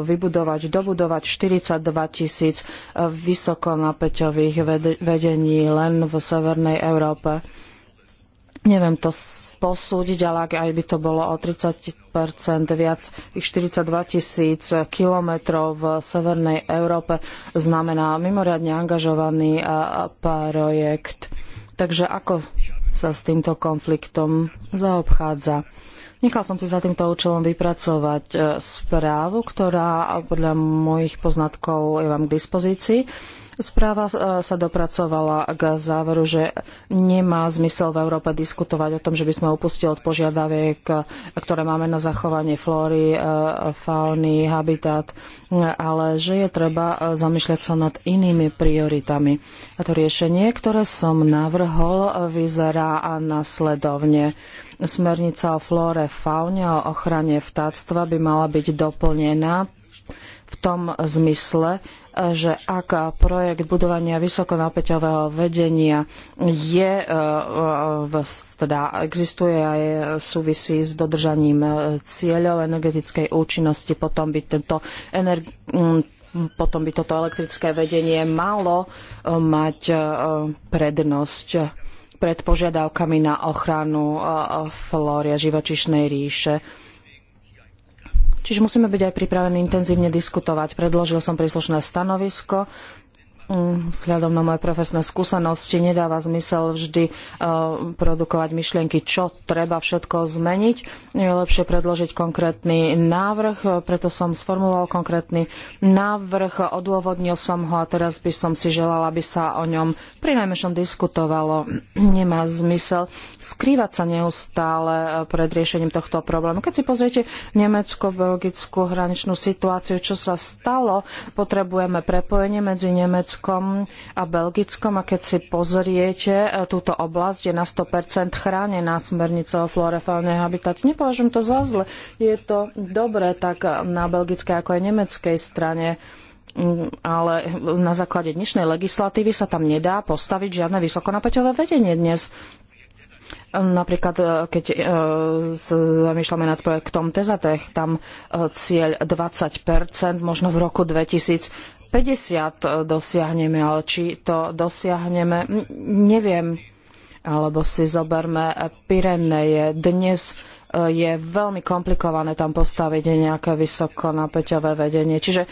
vybudovať, dobudovať 42 tisíc vysokonapäťových vedení len v Severnej Európe neviem to posúdiť, ale ak aj by to bolo o 30 viac, ich 42 tisíc kilometrov v Severnej Európe znamená mimoriadne angažovaný projekt. Takže ako sa s týmto konfliktom zaobchádza? Nechal som si za týmto účelom vypracovať e, správu, ktorá podľa mojich poznatkov je vám k dispozícii Správa e, sa dopracovala k záveru, že nemá zmysel v Európe diskutovať o tom, že by sme upustili od požiadaviek, e, ktoré máme na zachovanie flóry, e, fauny, habitat, ale že je treba zamýšľať sa nad inými prioritami. A to riešenie, ktoré som navrhol, vyzerá nasledovne. Smernica o flóre, faune a ochrane vtáctva by mala byť doplnená v tom zmysle, že ak projekt budovania vysokonapäťového vedenia je, e, e, teda existuje a je, súvisí s dodržaním e, cieľov energetickej účinnosti, potom by tento potom by toto elektrické vedenie malo mať prednosť pred požiadavkami na ochranu flóry a živočišnej ríše. Čiže musíme byť aj pripravení intenzívne diskutovať. Predložil som príslušné stanovisko. Mm, vzhľadom na moje profesné skúsenosti nedáva zmysel vždy e, produkovať myšlienky, čo treba všetko zmeniť. Je lepšie predložiť konkrétny návrh, e, preto som sformuloval konkrétny návrh, odôvodnil som ho a teraz by som si želala, aby sa o ňom pri diskutovalo. Nemá zmysel skrývať sa neustále e, pred riešením tohto problému. Keď si pozriete Nemecko-Belgickú hraničnú situáciu, čo sa stalo, potrebujeme prepojenie medzi Nemecko Nemeckom a Belgickom. A keď si pozriete e, túto oblasť, je na 100% chránená smernica o flóre, faune a habitat. Nepovažujem to za zle. Je to dobré tak na belgickej ako aj nemeckej strane mm, ale na základe dnešnej legislatívy sa tam nedá postaviť žiadne vysokonapäťové vedenie dnes. Napríklad, e, keď e, sa zamýšľame nad projektom Tezatech, tam cieľ 20%, možno v roku 2015 50 e, dosiahneme, ale či to dosiahneme, neviem. Alebo si zoberme e, Je, Dnes e, je veľmi komplikované tam postaviť nejaké napäťové vedenie. Čiže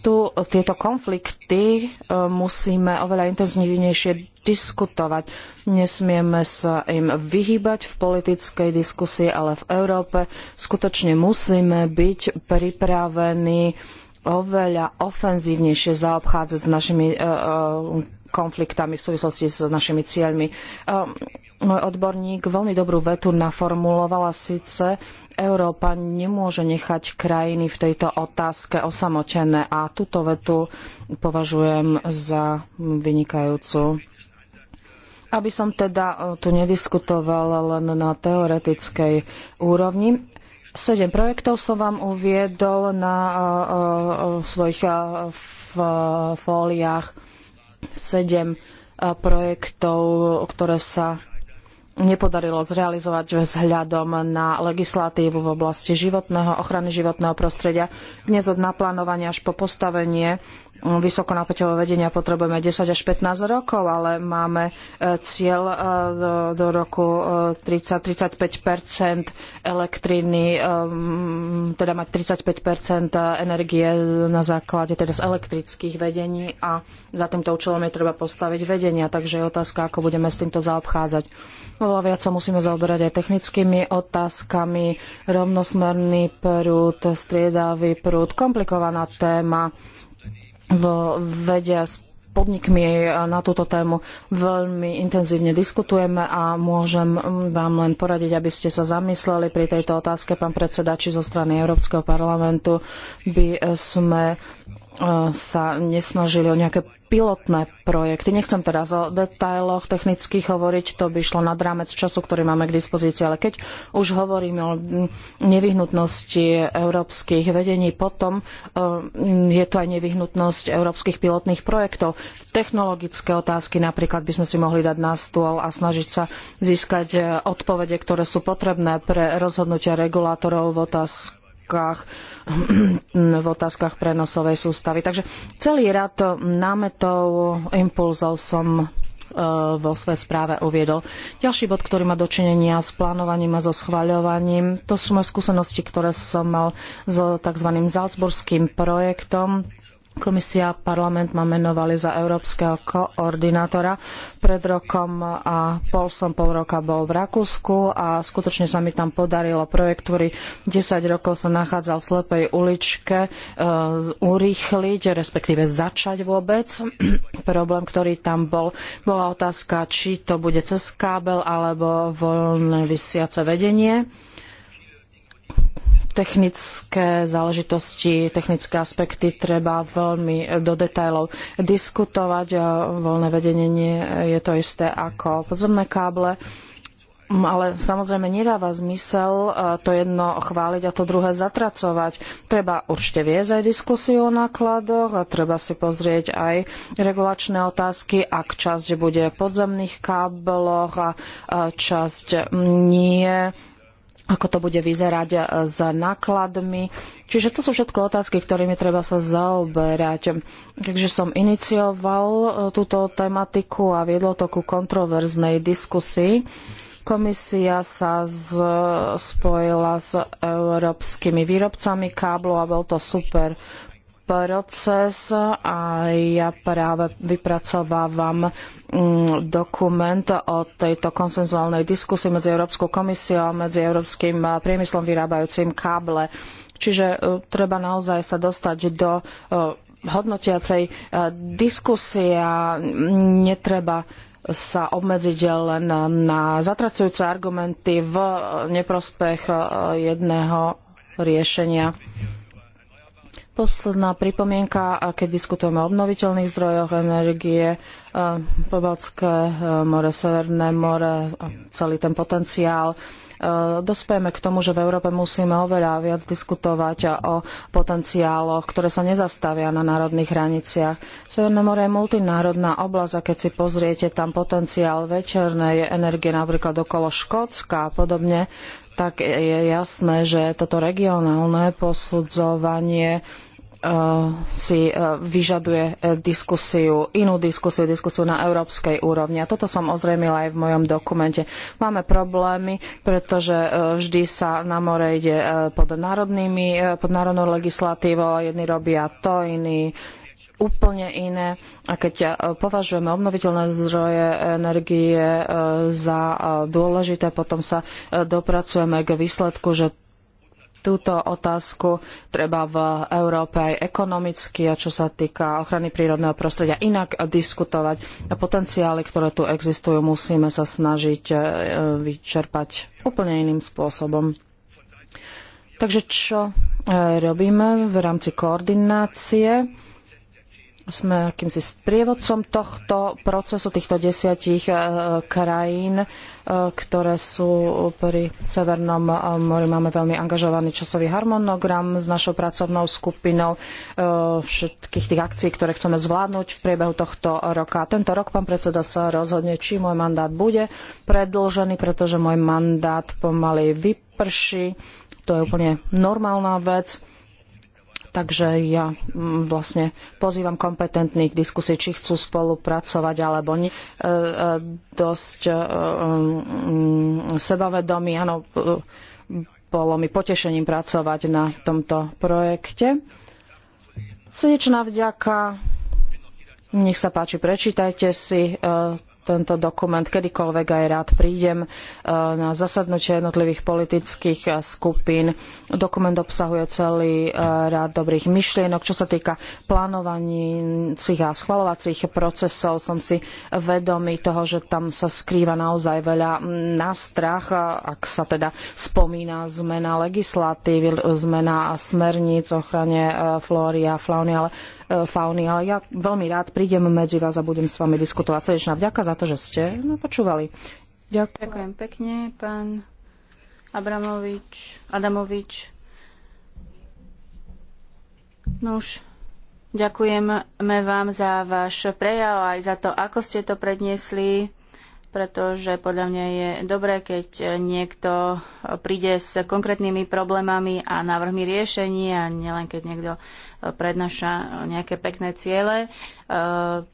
tu tieto konflikty musíme oveľa intenzívnejšie diskutovať. Nesmieme sa im vyhýbať v politickej diskusii, ale v Európe skutočne musíme byť pripravení oveľa ofenzívnejšie zaobchádzať s našimi e, e, konfliktami v súvislosti s našimi cieľmi. E, môj odborník veľmi dobrú vetu naformulovala síce Európa nemôže nechať krajiny v tejto otázke osamotené a túto vetu považujem za vynikajúcu. Aby som teda tu nediskutoval len na teoretickej úrovni, Sedem projektov som vám uviedol na e, e, svojich e, fóliách. Sedem projektov, ktoré sa nepodarilo zrealizovať vzhľadom na legislatívu v oblasti životného, ochrany životného prostredia. Dnes od naplánovania až po postavenie Mm, vysokonapäťového vedenia potrebujeme 10 až 15 rokov, ale máme e, cieľ e, do, do roku 30-35 e, elektriny, teda mať 35 energie na základe teda z elektrických vedení a za týmto účelom je treba postaviť vedenia, takže je otázka, ako budeme s týmto zaobchádzať. Veľa viac sa musíme zaoberať aj technickými otázkami, rovnosmerný prúd, striedavý prúd, komplikovaná téma v vede s podnikmi na túto tému veľmi intenzívne diskutujeme a môžem vám len poradiť, aby ste sa zamysleli pri tejto otázke, pán predseda, či zo strany Európskeho parlamentu by sme E, sa nesnažili o nejaké pilotné projekty. Nechcem teraz o detailoch technických hovoriť, to by šlo nad rámec času, ktorý máme k dispozícii, ale keď už hovoríme o nevyhnutnosti európskych vedení, potom e, je to aj nevyhnutnosť európskych pilotných projektov. Technologické otázky napríklad by sme si mohli dať na stôl a snažiť sa získať e, odpovede, ktoré sú potrebné pre rozhodnutia regulátorov v otázku otázkach, v otázkach prenosovej sústavy. Takže celý rad námetov, impulzov som e, vo svojej správe uviedol. Ďalší bod, ktorý má dočinenia s plánovaním a so schvaľovaním, to sú moje skúsenosti, ktoré som mal s tzv. Salzburským projektom Komisia a parlament ma menovali za európskeho koordinátora. Pred rokom a pol som pol roka bol v Rakúsku a skutočne sa mi tam podarilo projekt, ktorý 10 rokov sa nachádzal v slepej uličke, e, urýchliť, respektíve začať vôbec. Problém, ktorý tam bol, bola otázka, či to bude cez kábel alebo voľné vysiace vedenie technické záležitosti, technické aspekty treba veľmi do detajlov diskutovať. Voľné vedenie nie je to isté ako podzemné káble. Mm, ale samozrejme nedáva zmysel e, to jedno chváliť a to druhé zatracovať. Treba určite viesť aj diskusiu o nákladoch a treba si pozrieť aj regulačné otázky, ak časť bude v podzemných kábloch a časť nie ako to bude vyzerať e, s nákladmi. Čiže to sú všetko otázky, ktorými treba sa zaoberať. Takže som inicioval e, túto tematiku a viedlo to ku kontroverznej diskusii. Komisia sa z, spojila s európskymi výrobcami káblov a bol to super proces a ja práve vypracovávam mm, dokument o tejto konsenzuálnej diskusii medzi Európskou komisiou a medzi Európskym eh, priemyslom vyrábajúcim káble. Čiže eh, treba naozaj sa dostať do eh, hodnotiacej diskusie a netreba sa obmedziť len na zatracujúce argumenty v neprospech jedného riešenia. Posledná pripomienka, keď diskutujeme o obnoviteľných zdrojoch energie, e, Pobalské e, more, Severné more, a celý ten potenciál, e, dospejeme k tomu, že v Európe musíme oveľa viac diskutovať o potenciáloch, ktoré sa nezastavia na národných hraniciach. Severné more je multinárodná oblasť a keď si pozriete tam potenciál večernej energie napríklad okolo Škótska a podobne, tak je jasné, že toto regionálne posudzovanie Eh, si eh, vyžaduje eh, diskusiu, inú diskusiu, diskusiu na európskej úrovni. A toto som ozrejmila aj v mojom dokumente. Máme problémy, pretože vždy sa na more ide pod, národnými, pod národnou legislatívou, jedni robia to, iní úplne iné. A keď považujeme obnoviteľné zdroje energie za dôležité, potom sa dopracujeme k výsledku, že túto otázku treba v Európe aj ekonomicky a čo sa týka ochrany prírodného prostredia inak diskutovať. A potenciály, ktoré tu existujú, musíme sa snažiť e, vyčerpať úplne iným spôsobom. Takže čo e, robíme v rámci koordinácie? Sme akýmsi sprievodcom tohto procesu, týchto desiatich e, krajín, e, ktoré sú pri Severnom e, mori. Máme veľmi angažovaný časový harmonogram s našou pracovnou skupinou všetkých tých akcií, ktoré chceme zvládnuť v priebehu tohto roka. Tento rok pán predseda sa rozhodne, či môj mandát bude predĺžený, pretože môj mandát pomaly vyprší. To je úplne normálna vec Takže ja mm, vlastne pozývam kompetentných diskusí, či chcú spolupracovať alebo nie. E, e, dosť e, mm, sebavedomí, áno, bolo mi potešením pracovať na tomto projekte. Srdečná vďaka. Nech sa páči, prečítajte si tento dokument kedykoľvek aj rád prídem e, na zasadnutie jednotlivých politických e, skupín. Dokument obsahuje celý e, rád dobrých myšlienok. Čo sa týka plánovacích a schvalovacích procesov, som si vedomý toho, že tam sa skrýva naozaj veľa nástrach, ak sa teda spomína zmena legislatívy, zmena smerníc, ochrane flóry a flauny, ale E, fauny, ale ja veľmi rád prídem medzi vás a budem s vami diskutovať. Srdečná vďaka za to, že ste no, počúvali. Ďakujem. Ďakujem pekne, pán Abramovič, Adamovič. No už, ďakujeme vám za váš prejav aj za to, ako ste to predniesli pretože podľa mňa je dobré, keď niekto príde s konkrétnymi problémami a návrhmi riešení a nielen keď niekto prednáša nejaké pekné ciele. E,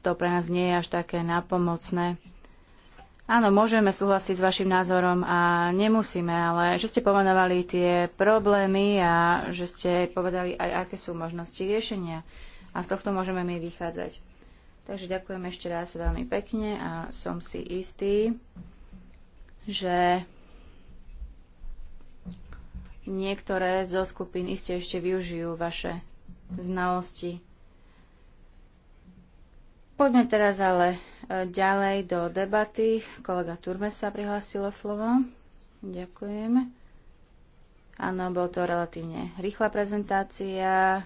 to pre nás nie je až také napomocné. Áno, môžeme súhlasiť s vašim názorom a nemusíme, ale že ste pomenovali tie problémy a že ste povedali aj, aké sú možnosti riešenia. A z tohto môžeme my vychádzať. Takže ďakujem ešte raz veľmi pekne a som si istý, že niektoré zo skupín iste ešte využijú vaše znalosti. Poďme teraz ale e, ďalej do debaty. Kolega Turmes sa prihlásilo slovo. Ďakujem. Áno, bol to relatívne rýchla prezentácia.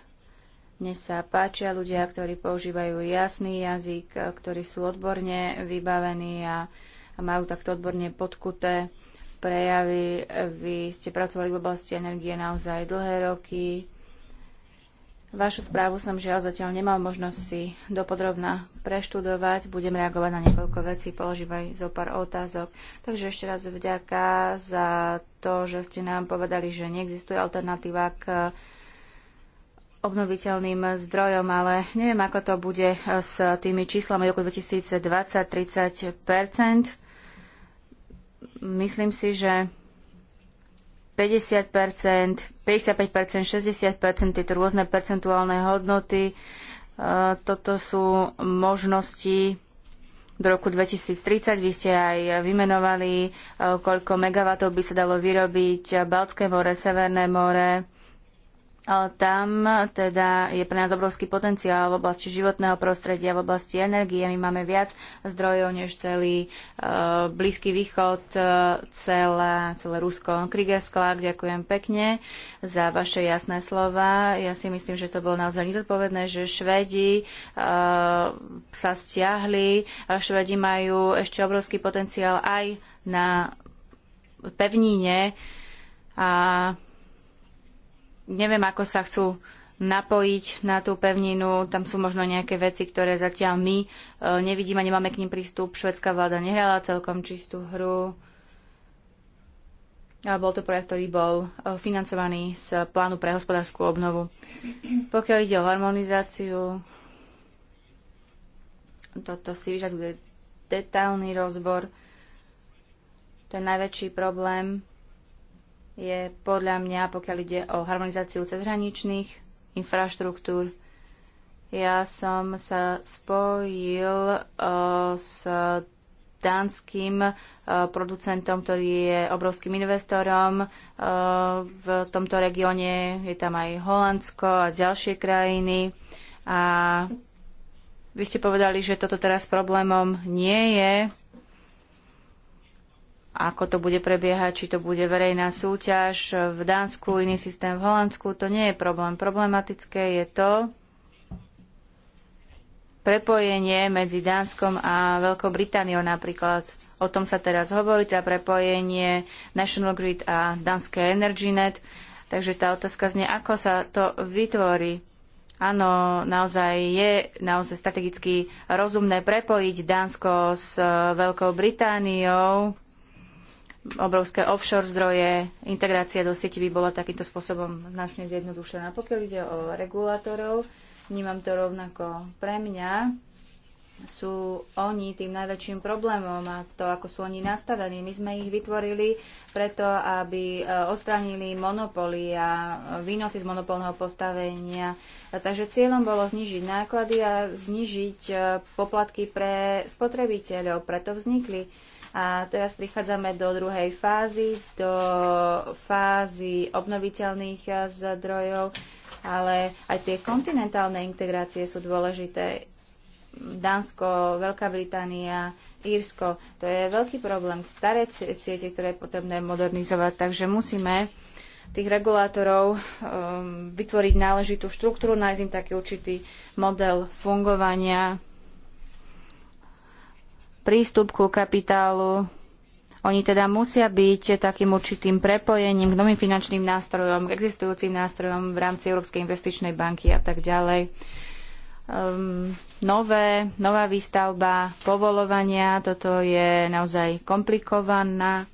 Dnes sa páčia ľudia, ktorí používajú jasný jazyk, ktorí sú odborne vybavení a majú takto odborne podkuté prejavy. Vy ste pracovali v oblasti energie naozaj dlhé roky. Vašu správu som žiaľ zatiaľ nemal možnosť si dopodrobná preštudovať. Budem reagovať na niekoľko vecí, položím aj zo pár otázok. Takže ešte raz vďaka za to, že ste nám povedali, že neexistuje alternatíva k obnoviteľným zdrojom, ale neviem, ako to bude eh, s tými číslami roku 2020-30 Myslím si, že 50 55 60 tieto rôzne percentuálne hodnoty, eh, toto sú možnosti do roku 2030. Vy ste aj vymenovali, eh, koľko megawatov by sa dalo vyrobiť Baltské more, Severné more, tam teda je pre nás obrovský potenciál v oblasti životného prostredia, v oblasti energie. My máme viac zdrojov než celý uh, Blízky východ, uh, e, celé, celé Rusko. Krigersklák, ďakujem pekne za vaše jasné slova. Ja si myslím, že to bolo naozaj nezodpovedné, že Švedi uh, sa stiahli. A Švedi majú ešte obrovský potenciál aj na pevnine a neviem, ako sa chcú napojiť na tú pevninu. Tam sú možno nejaké veci, ktoré zatiaľ my e, nevidíme, nemáme k ním prístup. Švedská vláda nehrala celkom čistú hru. A bol to projekt, ktorý bol e, financovaný z plánu pre hospodárskú obnovu. Pokiaľ ide o harmonizáciu, toto si vyžaduje detailný rozbor. To je najväčší problém je podľa mňa, pokiaľ ide o harmonizáciu cezhraničných infraštruktúr, ja som sa spojil uh, s dánskym uh, producentom, ktorý je obrovským investorom uh, v tomto regióne. Je tam aj Holandsko a ďalšie krajiny. A vy ste povedali, že toto teraz problémom nie je, ako to bude prebiehať, či to bude verejná súťaž v Dánsku, iný systém v Holandsku, to nie je problém. Problematické je to prepojenie medzi Dánskom a Veľkou Britániou napríklad. O tom sa teraz hovorí, teda prepojenie National Grid a Dánske EnergyNet. Takže tá otázka znie, ako sa to vytvorí. Áno, naozaj je naozaj strategicky rozumné prepojiť Dánsko s Veľkou Britániou obrovské offshore zdroje, integrácia do sieti by bola takýmto spôsobom značne zjednodušená. Pokiaľ ide o regulátorov, vnímam to rovnako pre mňa. Sú oni tým najväčším problémom a to, ako sú oni nastavení. My sme ich vytvorili preto, aby e, odstránili monopoly a výnosy z monopolného postavenia. Takže cieľom bolo znižiť náklady a znižiť e, poplatky pre spotrebiteľov. Preto vznikli a teraz prichádzame do druhej fázy, do fázy obnoviteľných eh, zdrojov, ale aj tie kontinentálne integrácie sú dôležité. Dánsko, Veľká Británia, Írsko, to je veľký problém. Staré siete, ktoré je potrebné modernizovať, takže musíme tých regulátorov um, vytvoriť náležitú štruktúru, nájsť im taký určitý model fungovania prístup ku kapitálu. Oni teda musia byť takým určitým prepojením k novým finančným nástrojom, k existujúcim nástrojom v rámci Európskej investičnej banky a tak ďalej. Um, nové, nová výstavba povolovania, toto je naozaj komplikovaná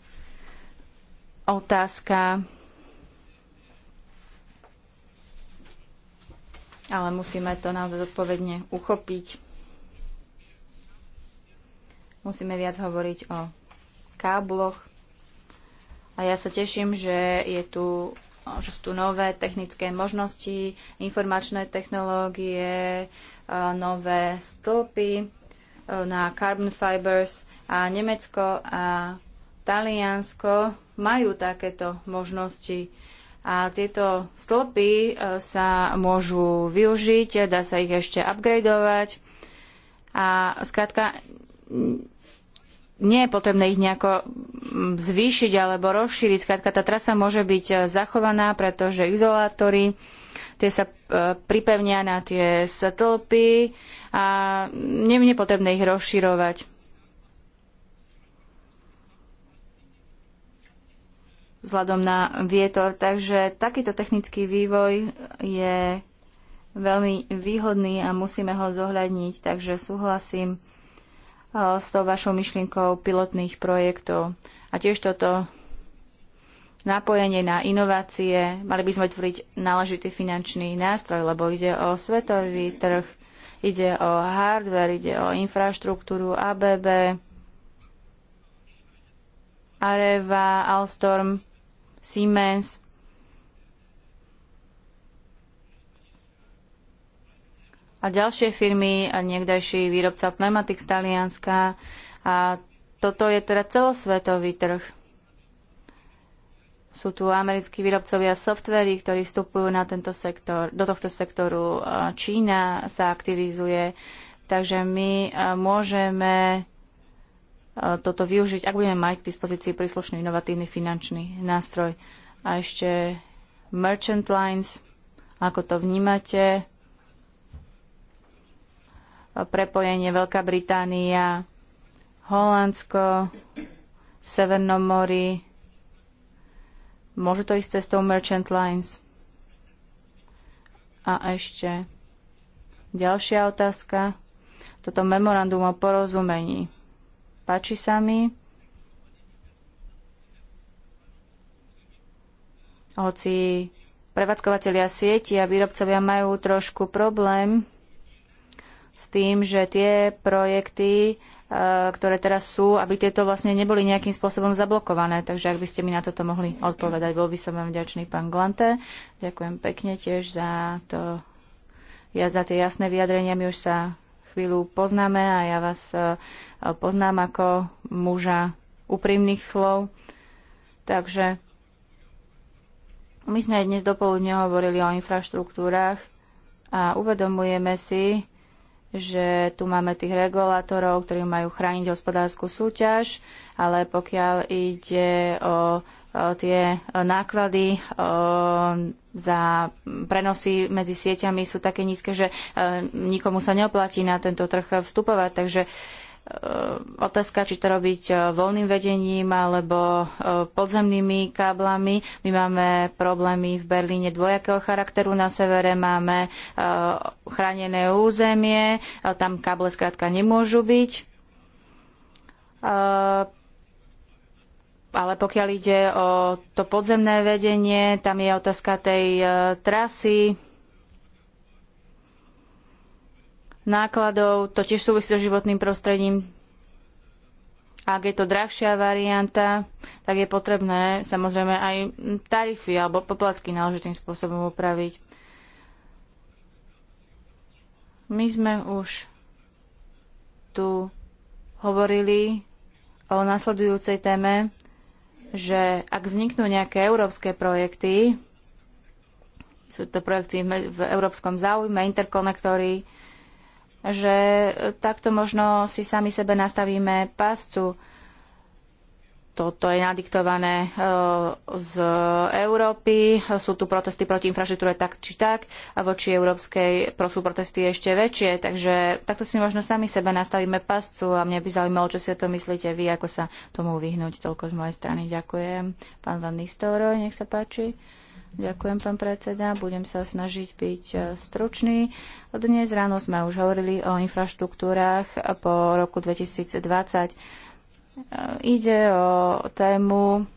otázka. Ale musíme to naozaj zodpovedne uchopiť. Musíme viac hovoriť o kábloch. A ja sa teším, že, je tu, že sú tu nové technické možnosti, informačné technológie, e, nové stĺpy e, na carbon fibers a Nemecko a Taliansko majú takéto možnosti. A tieto stĺpy e, sa môžu využiť, dá sa ich ešte upgradovať. A skrátka, nie je potrebné ich nejako mm, zvýšiť alebo rozšíriť. Skrátka, tá trasa môže byť e, zachovaná, pretože izolátory tie sa e, pripevnia na tie stĺpy a nie je potrebné ich rozširovať. vzhľadom na vietor. Takže takýto technický vývoj je veľmi výhodný a musíme ho zohľadniť. Takže súhlasím s tou vašou myšlienkou pilotných projektov. A tiež toto napojenie na inovácie, mali by sme tvoriť náležitý finančný nástroj, lebo ide o svetový trh, ide o hardware, ide o infraštruktúru ABB, Areva, Alstorm, Siemens. a ďalšie firmy a niekdajší výrobca pneumatik z Talianska. A toto je teda celosvetový trh. Sú tu americkí výrobcovia softvery, ktorí vstupujú na tento sektor, do tohto sektoru. Čína sa aktivizuje, takže my môžeme toto využiť, ak budeme mať k dispozícii príslušný inovatívny finančný nástroj. A ešte merchant lines, ako to vnímate, prepojenie Veľká Británia, Holandsko, v Severnom mori. Môže to ísť cestou Merchant Lines. A ešte ďalšia otázka. Toto memorandum o porozumení. Páči sa mi? Hoci prevádzkovateľia sieti a výrobcovia majú trošku problém s tým, že tie projekty, e, ktoré teraz sú, aby tieto vlastne neboli nejakým spôsobom zablokované. Takže ak by ste mi na toto mohli odpovedať, bol by som vám vďačný, pán Glante. Ďakujem pekne tiež za to, ja za tie jasné vyjadrenia. My už sa chvíľu poznáme a ja vás e, poznám ako muža úprimných slov. Takže my sme aj dnes dopoludne hovorili o infraštruktúrach a uvedomujeme si, že tu máme tých regulátorov, ktorí majú chrániť hospodárskú súťaž, ale pokiaľ ide o, o tie náklady o, za prenosy medzi sieťami sú také nízke, že e, nikomu sa neoplatí na tento trh vstupovať. Takže E, otázka, či to robiť e, voľným vedením alebo e, podzemnými káblami. My máme problémy v Berlíne dvojakého charakteru. Na severe máme chránené územie, tam káble skrátka nemôžu byť. Ale pokiaľ ide o to podzemné vedenie, tam je otázka tej trasy, nákladov, to tiež súvisí so životným prostredím. Ak je to drahšia varianta, tak je potrebné samozrejme aj tarify alebo poplatky náležitým spôsobom upraviť. My sme už tu hovorili o nasledujúcej téme, že ak vzniknú nejaké európske projekty, sú to projekty v európskom záujme, interkonektory, že e, takto možno si sami sebe nastavíme pascu. Toto je nadiktované e, z Európy. Sú tu protesty proti infraštruktúre tak či tak a voči európskej sú protesty ešte väčšie. Takže takto si možno sami sebe nastavíme pascu a mne by zaujímalo, čo si o to myslíte vy, ako sa tomu vyhnúť. Toľko z mojej strany. Ďakujem. Pán Van Nistelrooy, nech sa páči. Ďakujem, pán predseda. Budem sa snažiť byť e, stručný. Dnes ráno sme už hovorili o infraštruktúrach po roku 2020. E, ide o tému,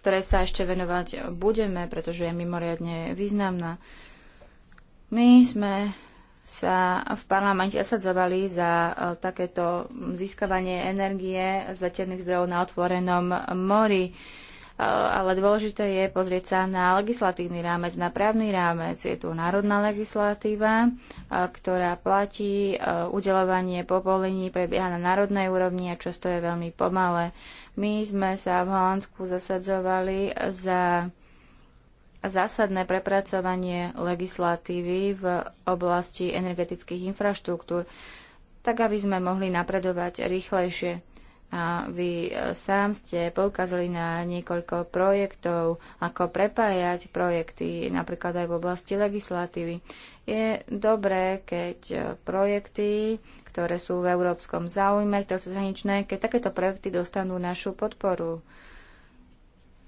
ktoré sa ešte venovať budeme, pretože je mimoriadne významná. My sme sa v parlamente asadzovali za e, takéto získavanie energie z veterných zdrojov na otvorenom mori Eh, ale dôležité je pozrieť sa na legislatívny rámec, na právny rámec. Je tu národná legislatíva, eh, ktorá platí, eh, udelovanie povolení prebieha na národnej úrovni a často je veľmi pomalé. My sme sa v Holandsku zasadzovali za zásadné prepracovanie legislatívy v oblasti energetických infraštruktúr, tak aby sme mohli napredovať rýchlejšie. A vy e, sám ste poukázali na niekoľko projektov, ako prepájať projekty napríklad aj v oblasti legislatívy. Je dobré, keď e, projekty, ktoré sú v európskom záujme, ktoré sú zahraničné, keď takéto projekty dostanú našu podporu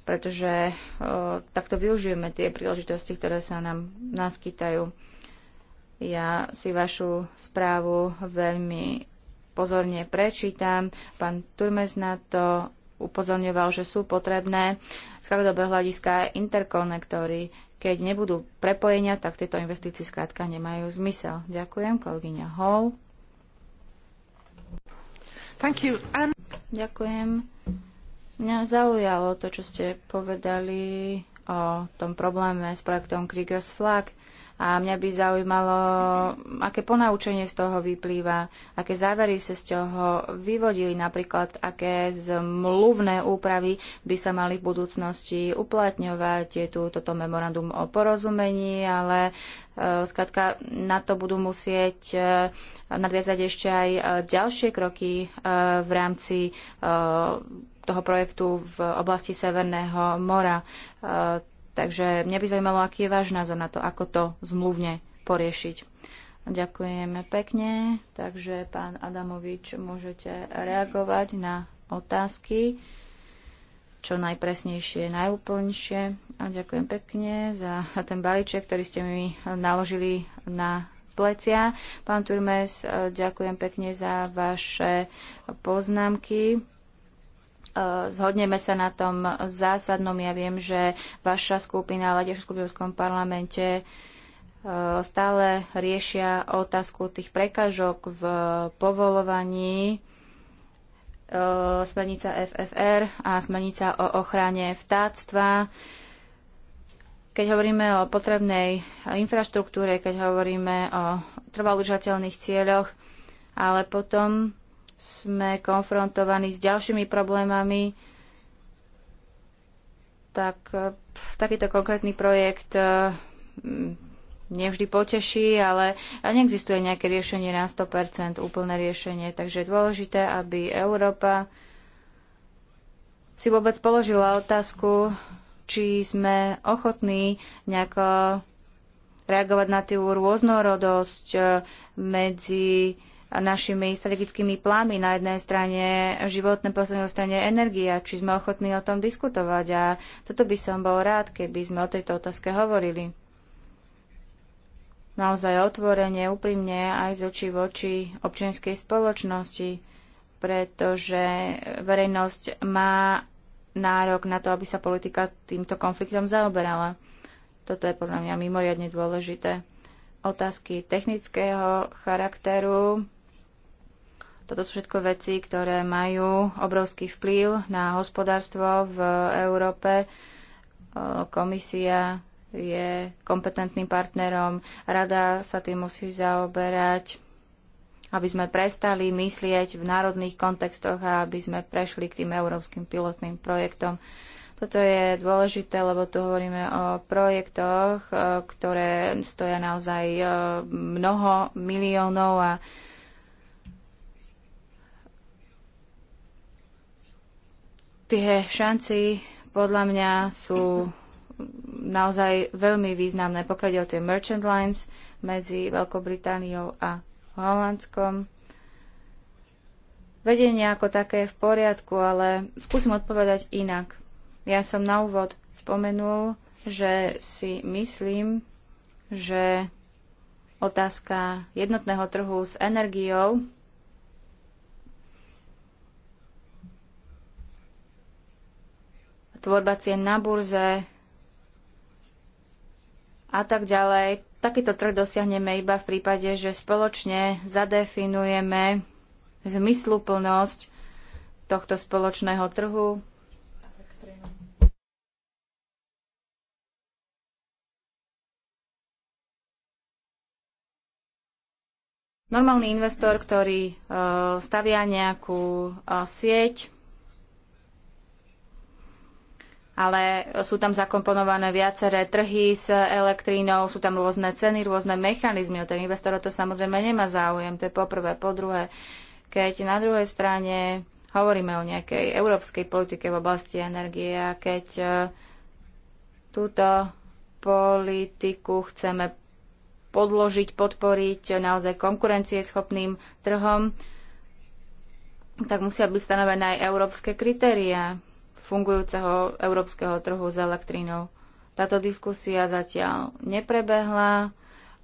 pretože o, e, takto využijeme tie príležitosti, ktoré sa nám naskytajú. Ja si vašu správu veľmi pozorne prečítam. Pán Turmes na to upozorňoval, že sú potrebné z každého hľadiska interkonektory. Keď nebudú prepojenia, tak tieto investície skrátka nemajú zmysel. Ďakujem, kolegyňa Hall. Thank you. Um... Ďakujem. Mňa zaujalo to, čo ste povedali o tom probléme s projektom Kriegers Flag. A mňa by zaujímalo, aké ponaučenie z toho vyplýva, aké závery sa z toho vyvodili, napríklad aké zmluvné úpravy by sa mali v budúcnosti uplatňovať. Je tu toto memorandum o porozumení, ale e, Skladka, na to budú musieť e, nadviazať ešte aj e, ďalšie kroky v rámci toho projektu v oblasti Severného mora. Takže mňa by zaujímalo, aký je váš názor na to, ako to zmluvne poriešiť. Ďakujeme pekne. Takže pán Adamovič, môžete reagovať na otázky čo najpresnejšie, najúplnejšie. A ďakujem pekne za ten balíček, ktorý ste mi naložili na plecia. Pán Turmes, ďakujem pekne za vaše poznámky. Eh, zhodneme sa na tom zásadnom. Ja viem, že vaša skupina, v Skupinevskom parlamente eh, stále riešia otázku tých prekážok v povolovaní eh, smernica FFR a smernica o ochrane vtáctva. Keď hovoríme o potrebnej infraštruktúre, keď hovoríme o trvalúžateľných cieľoch, ale potom sme konfrontovaní s ďalšími problémami, tak eh, takýto konkrétny projekt eh, mm, nevždy poteší, ale neexistuje nejaké riešenie na 100%, úplné riešenie. Takže je dôležité, aby Európa si vôbec položila otázku, či sme ochotní nejako reagovať na tú rôznorodosť eh, medzi našimi strategickými plámi Na jednej strane životné prostredie, na strane energia, či sme ochotní o tom diskutovať. A toto by som bol rád, keby sme o tejto otázke hovorili. Naozaj otvorene, úprimne, aj z očí v oči občianskej spoločnosti, pretože verejnosť má nárok na to, aby sa politika týmto konfliktom zaoberala. Toto je podľa mňa mimoriadne dôležité. Otázky technického charakteru toto sú všetko veci, ktoré majú obrovský vplyv na hospodárstvo v Európe. E, komisia je kompetentným partnerom, rada sa tým musí zaoberať, aby sme prestali myslieť v národných kontextoch a aby sme prešli k tým európskym pilotným projektom. Toto je dôležité, lebo tu hovoríme o projektoch, e, ktoré stoja naozaj e, mnoho miliónov a tie šanci podľa mňa sú naozaj veľmi významné, pokiaľ ide o tie merchant lines medzi Veľkou Britániou a Holandskom. Vedenie ako také je v poriadku, ale skúsim odpovedať inak. Ja som na úvod spomenul, že si myslím, že otázka jednotného trhu s energiou tvorba cien na burze a tak ďalej. Takýto trh dosiahneme iba v prípade, že spoločne zadefinujeme zmysluplnosť tohto spoločného trhu. Normálny investor, ktorý eh, stavia nejakú eh, sieť, ale sú tam zakomponované viaceré trhy s elektrínou, sú tam rôzne ceny, rôzne mechanizmy. O ten investor to samozrejme nemá záujem, to je poprvé. Po druhé, keď na druhej strane hovoríme o nejakej európskej politike v oblasti energie a keď e, túto politiku chceme podložiť, podporiť naozaj konkurencieschopným trhom, tak musia byť stanovené aj európske kritériá fungujúceho európskeho trhu s elektrínou. Táto diskusia zatiaľ neprebehla,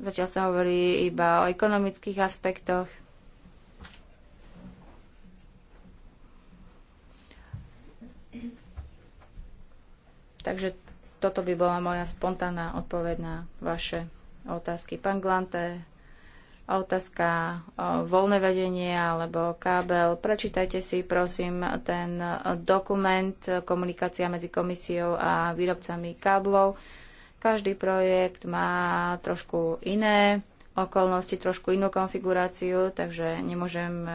zatiaľ sa hovorí iba o ekonomických aspektoch. Takže toto by bola moja spontánna odpoveď na vaše otázky. Pán Glante, otázka voľné vedenie alebo kábel. Prečítajte si prosím ten dokument komunikácia medzi komisiou a výrobcami káblov. Každý projekt má trošku iné okolnosti, trošku inú konfiguráciu, takže nemôžem e,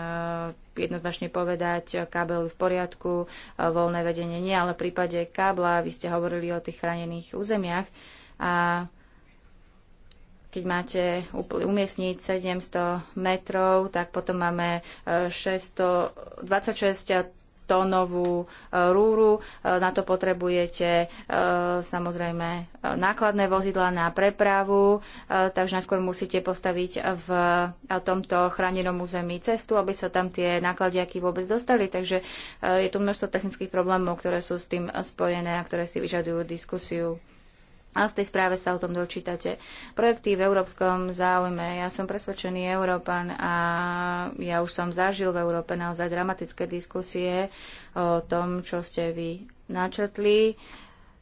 jednoznačne povedať, kábel v poriadku, voľné vedenie nie, ale v prípade kábla, vy ste hovorili o tých chránených územiach a keď máte umiestniť 700 metrov, tak potom máme 626 e, tónovú e, rúru. E, na to potrebujete samozrejme nákladné vozidla na prepravu, takže najskôr musíte postaviť v tomto chránenom území cestu, aby sa tam tie nákladiaky vôbec dostali. Takže je tu množstvo technických problémov, ktoré sú s tým spojené a ktoré si vyžadujú diskusiu. A v tej správe sa o tom dočítate. Projekty v európskom záujme. Ja som presvedčený Európan a ja už som zažil v Európe naozaj dramatické diskusie o tom, čo ste vy načrtli.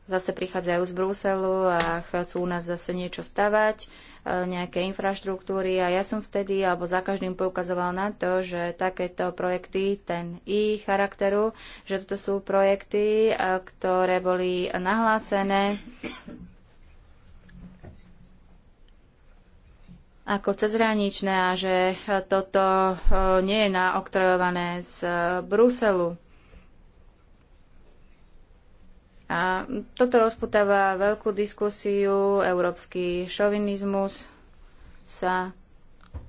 Zase prichádzajú z Bruselu a chcú u nás zase niečo stavať e, nejaké infraštruktúry a ja som vtedy alebo za každým poukazoval na to, že takéto projekty, ten I charakteru, že toto sú projekty, e, ktoré boli nahlásené ako cezhraničné a že eh, toto eh, nie je naoktrojované z eh, Bruselu. A toto rozputáva veľkú diskusiu, európsky šovinizmus sa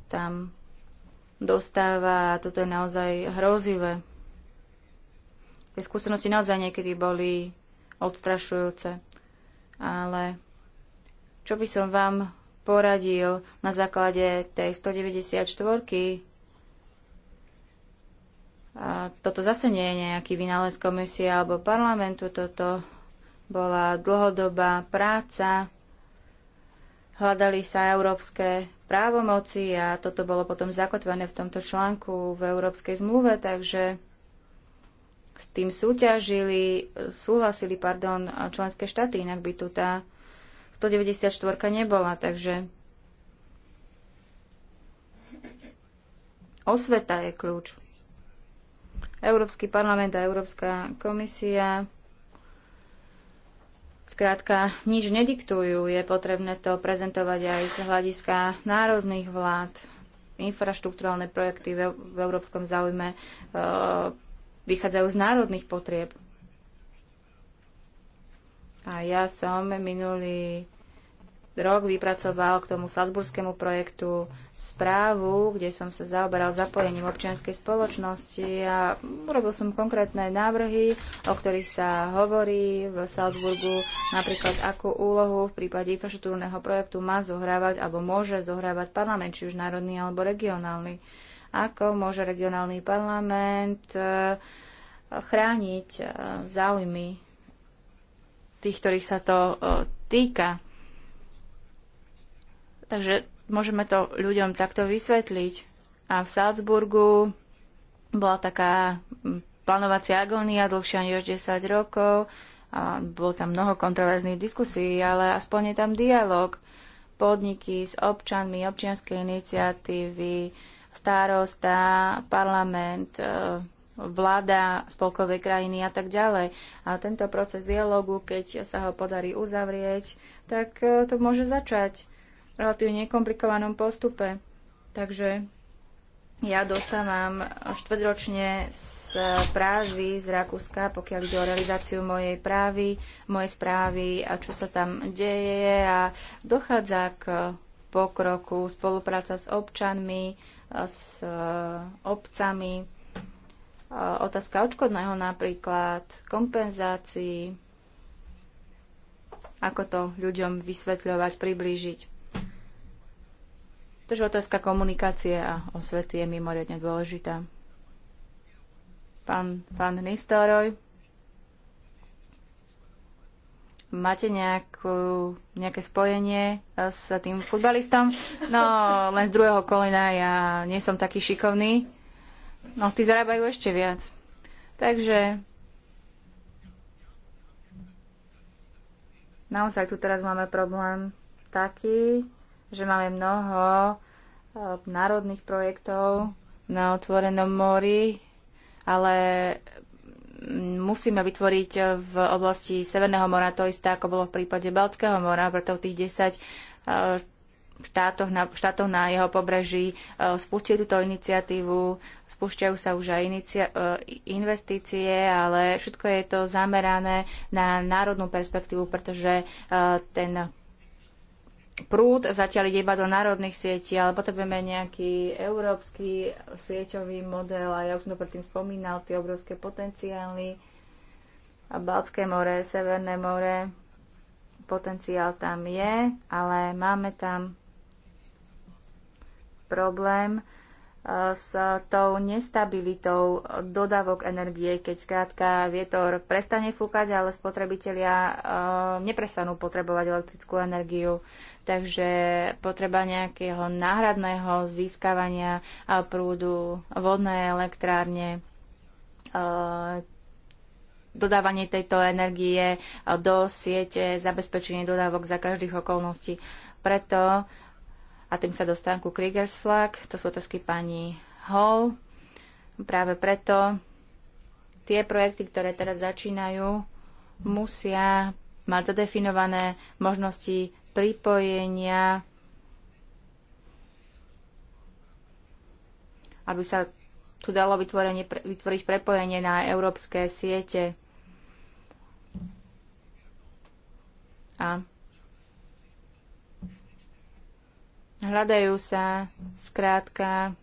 tam dostáva a toto je naozaj hrozivé. Tie skúsenosti naozaj niekedy boli odstrašujúce. Ale čo by som vám poradil na základe tej 194 -ky. A toto zase nie je nejaký vynález komisie alebo parlamentu, toto bola dlhodobá práca, hľadali sa európske právomoci a toto bolo potom zakotvené v tomto článku v Európskej zmluve, takže s tým súťažili, súhlasili pardon, členské štáty, inak by tu tá 194 nebola, takže osveta je kľúč. Európsky parlament a Európska komisia Skrátka, nič nediktujú, je potrebné to prezentovať aj z hľadiska národných vlád, infraštruktúrálne projekty v, európskom záujme e, vychádzajú z národných potrieb. A ja som minulý rok vypracoval k tomu Salzburskému projektu správu, kde som sa zaoberal zapojením občianskej spoločnosti a urobil som konkrétne návrhy, o ktorých sa hovorí v Salzburgu, napríklad akú úlohu v prípade infraštruktúrneho projektu má zohrávať alebo môže zohrávať parlament, či už národný alebo regionálny. Ako môže regionálny parlament eh, chrániť eh, záujmy tých, ktorých sa to e, týka. Takže môžeme to ľuďom takto vysvetliť. A v Salzburgu bola taká plánovacia agónia dlhšia než 10 rokov. A bolo tam mnoho kontroverzných diskusí, ale aspoň je tam dialog. Podniky s občanmi, občianskej iniciatívy, starosta, parlament, e, vláda spolkovej krajiny a tak ďalej. A tento proces dialogu, keď sa ho podarí uzavrieť, tak e, to môže začať v relatívne nekomplikovanom postupe. Takže ja dostávam štvrťročne právy z Rakúska, pokiaľ ide o realizáciu mojej právy, mojej správy a čo sa tam deje a dochádza k pokroku, spolupráca s občanmi, s e, obcami, otázka odškodného napríklad, kompenzácií, ako to ľuďom vysvetľovať, priblížiť. Takže otázka komunikácie a osvety je mimoriadne dôležitá. Pán, pán Nistoroj, máte nejakú, nejaké spojenie s tým futbalistom? No, len z druhého kolena ja nie som taký šikovný. No, tí zarábajú ešte viac. Takže naozaj tu teraz máme problém taký, že máme mnoho e, národných projektov na otvorenom mori, ale musíme vytvoriť v oblasti Severného mora to isté, ako bolo v prípade Baltského mora, preto tých 10 štátoch na, štátoch na jeho pobreží e, spustili túto iniciatívu, spúšťajú sa už aj inicia, e, investície, ale všetko je to zamerané na národnú perspektívu, pretože e, ten prúd zatiaľ ide iba do národných sietí, ale potrebujeme nejaký európsky sieťový model a ja už som to predtým spomínal, tie obrovské potenciály a Baltské more, Severné more, potenciál tam je, ale máme tam problém e, s tou nestabilitou dodávok energie, keď skrátka vietor prestane fúkať, ale spotrebitelia e, neprestanú potrebovať elektrickú energiu. Takže potreba nejakého náhradného získavania e, prúdu, vodné elektrárne, dodávanie tejto energie do siete, zabezpečenie dodávok za každých okolností. Preto a tým sa dostávam ku Kriegers flag. To sú otázky pani Hall. Práve preto tie projekty, ktoré teraz začínajú, musia mať zadefinované možnosti pripojenia, aby sa tu dalo vytvoriť prepojenie na európske siete. A Hľadajú sa skrátka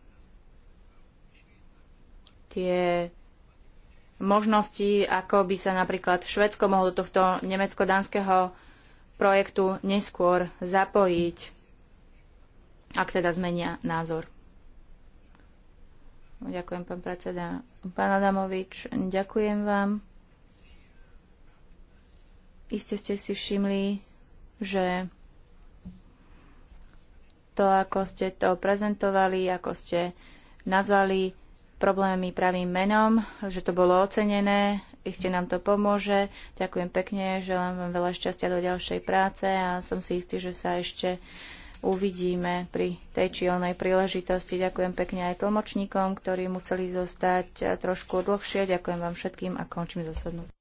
tie možnosti, ako by sa napríklad Švedsko mohlo do tohto nemecko-dánskeho projektu neskôr zapojiť, ak teda zmenia názor. Ďakujem, pán predseda. Pán Adamovič, ďakujem vám. Iste ste si všimli, že to, ako ste to prezentovali, ako ste nazvali problémy pravým menom, že to bolo ocenené, iste nám to pomôže. Ďakujem pekne, želám vám veľa šťastia do ďalšej práce a som si istý, že sa ešte uvidíme pri tej či onej príležitosti. Ďakujem pekne aj tlmočníkom, ktorí museli zostať trošku dlhšie. Ďakujem vám všetkým a končím zasadnúť.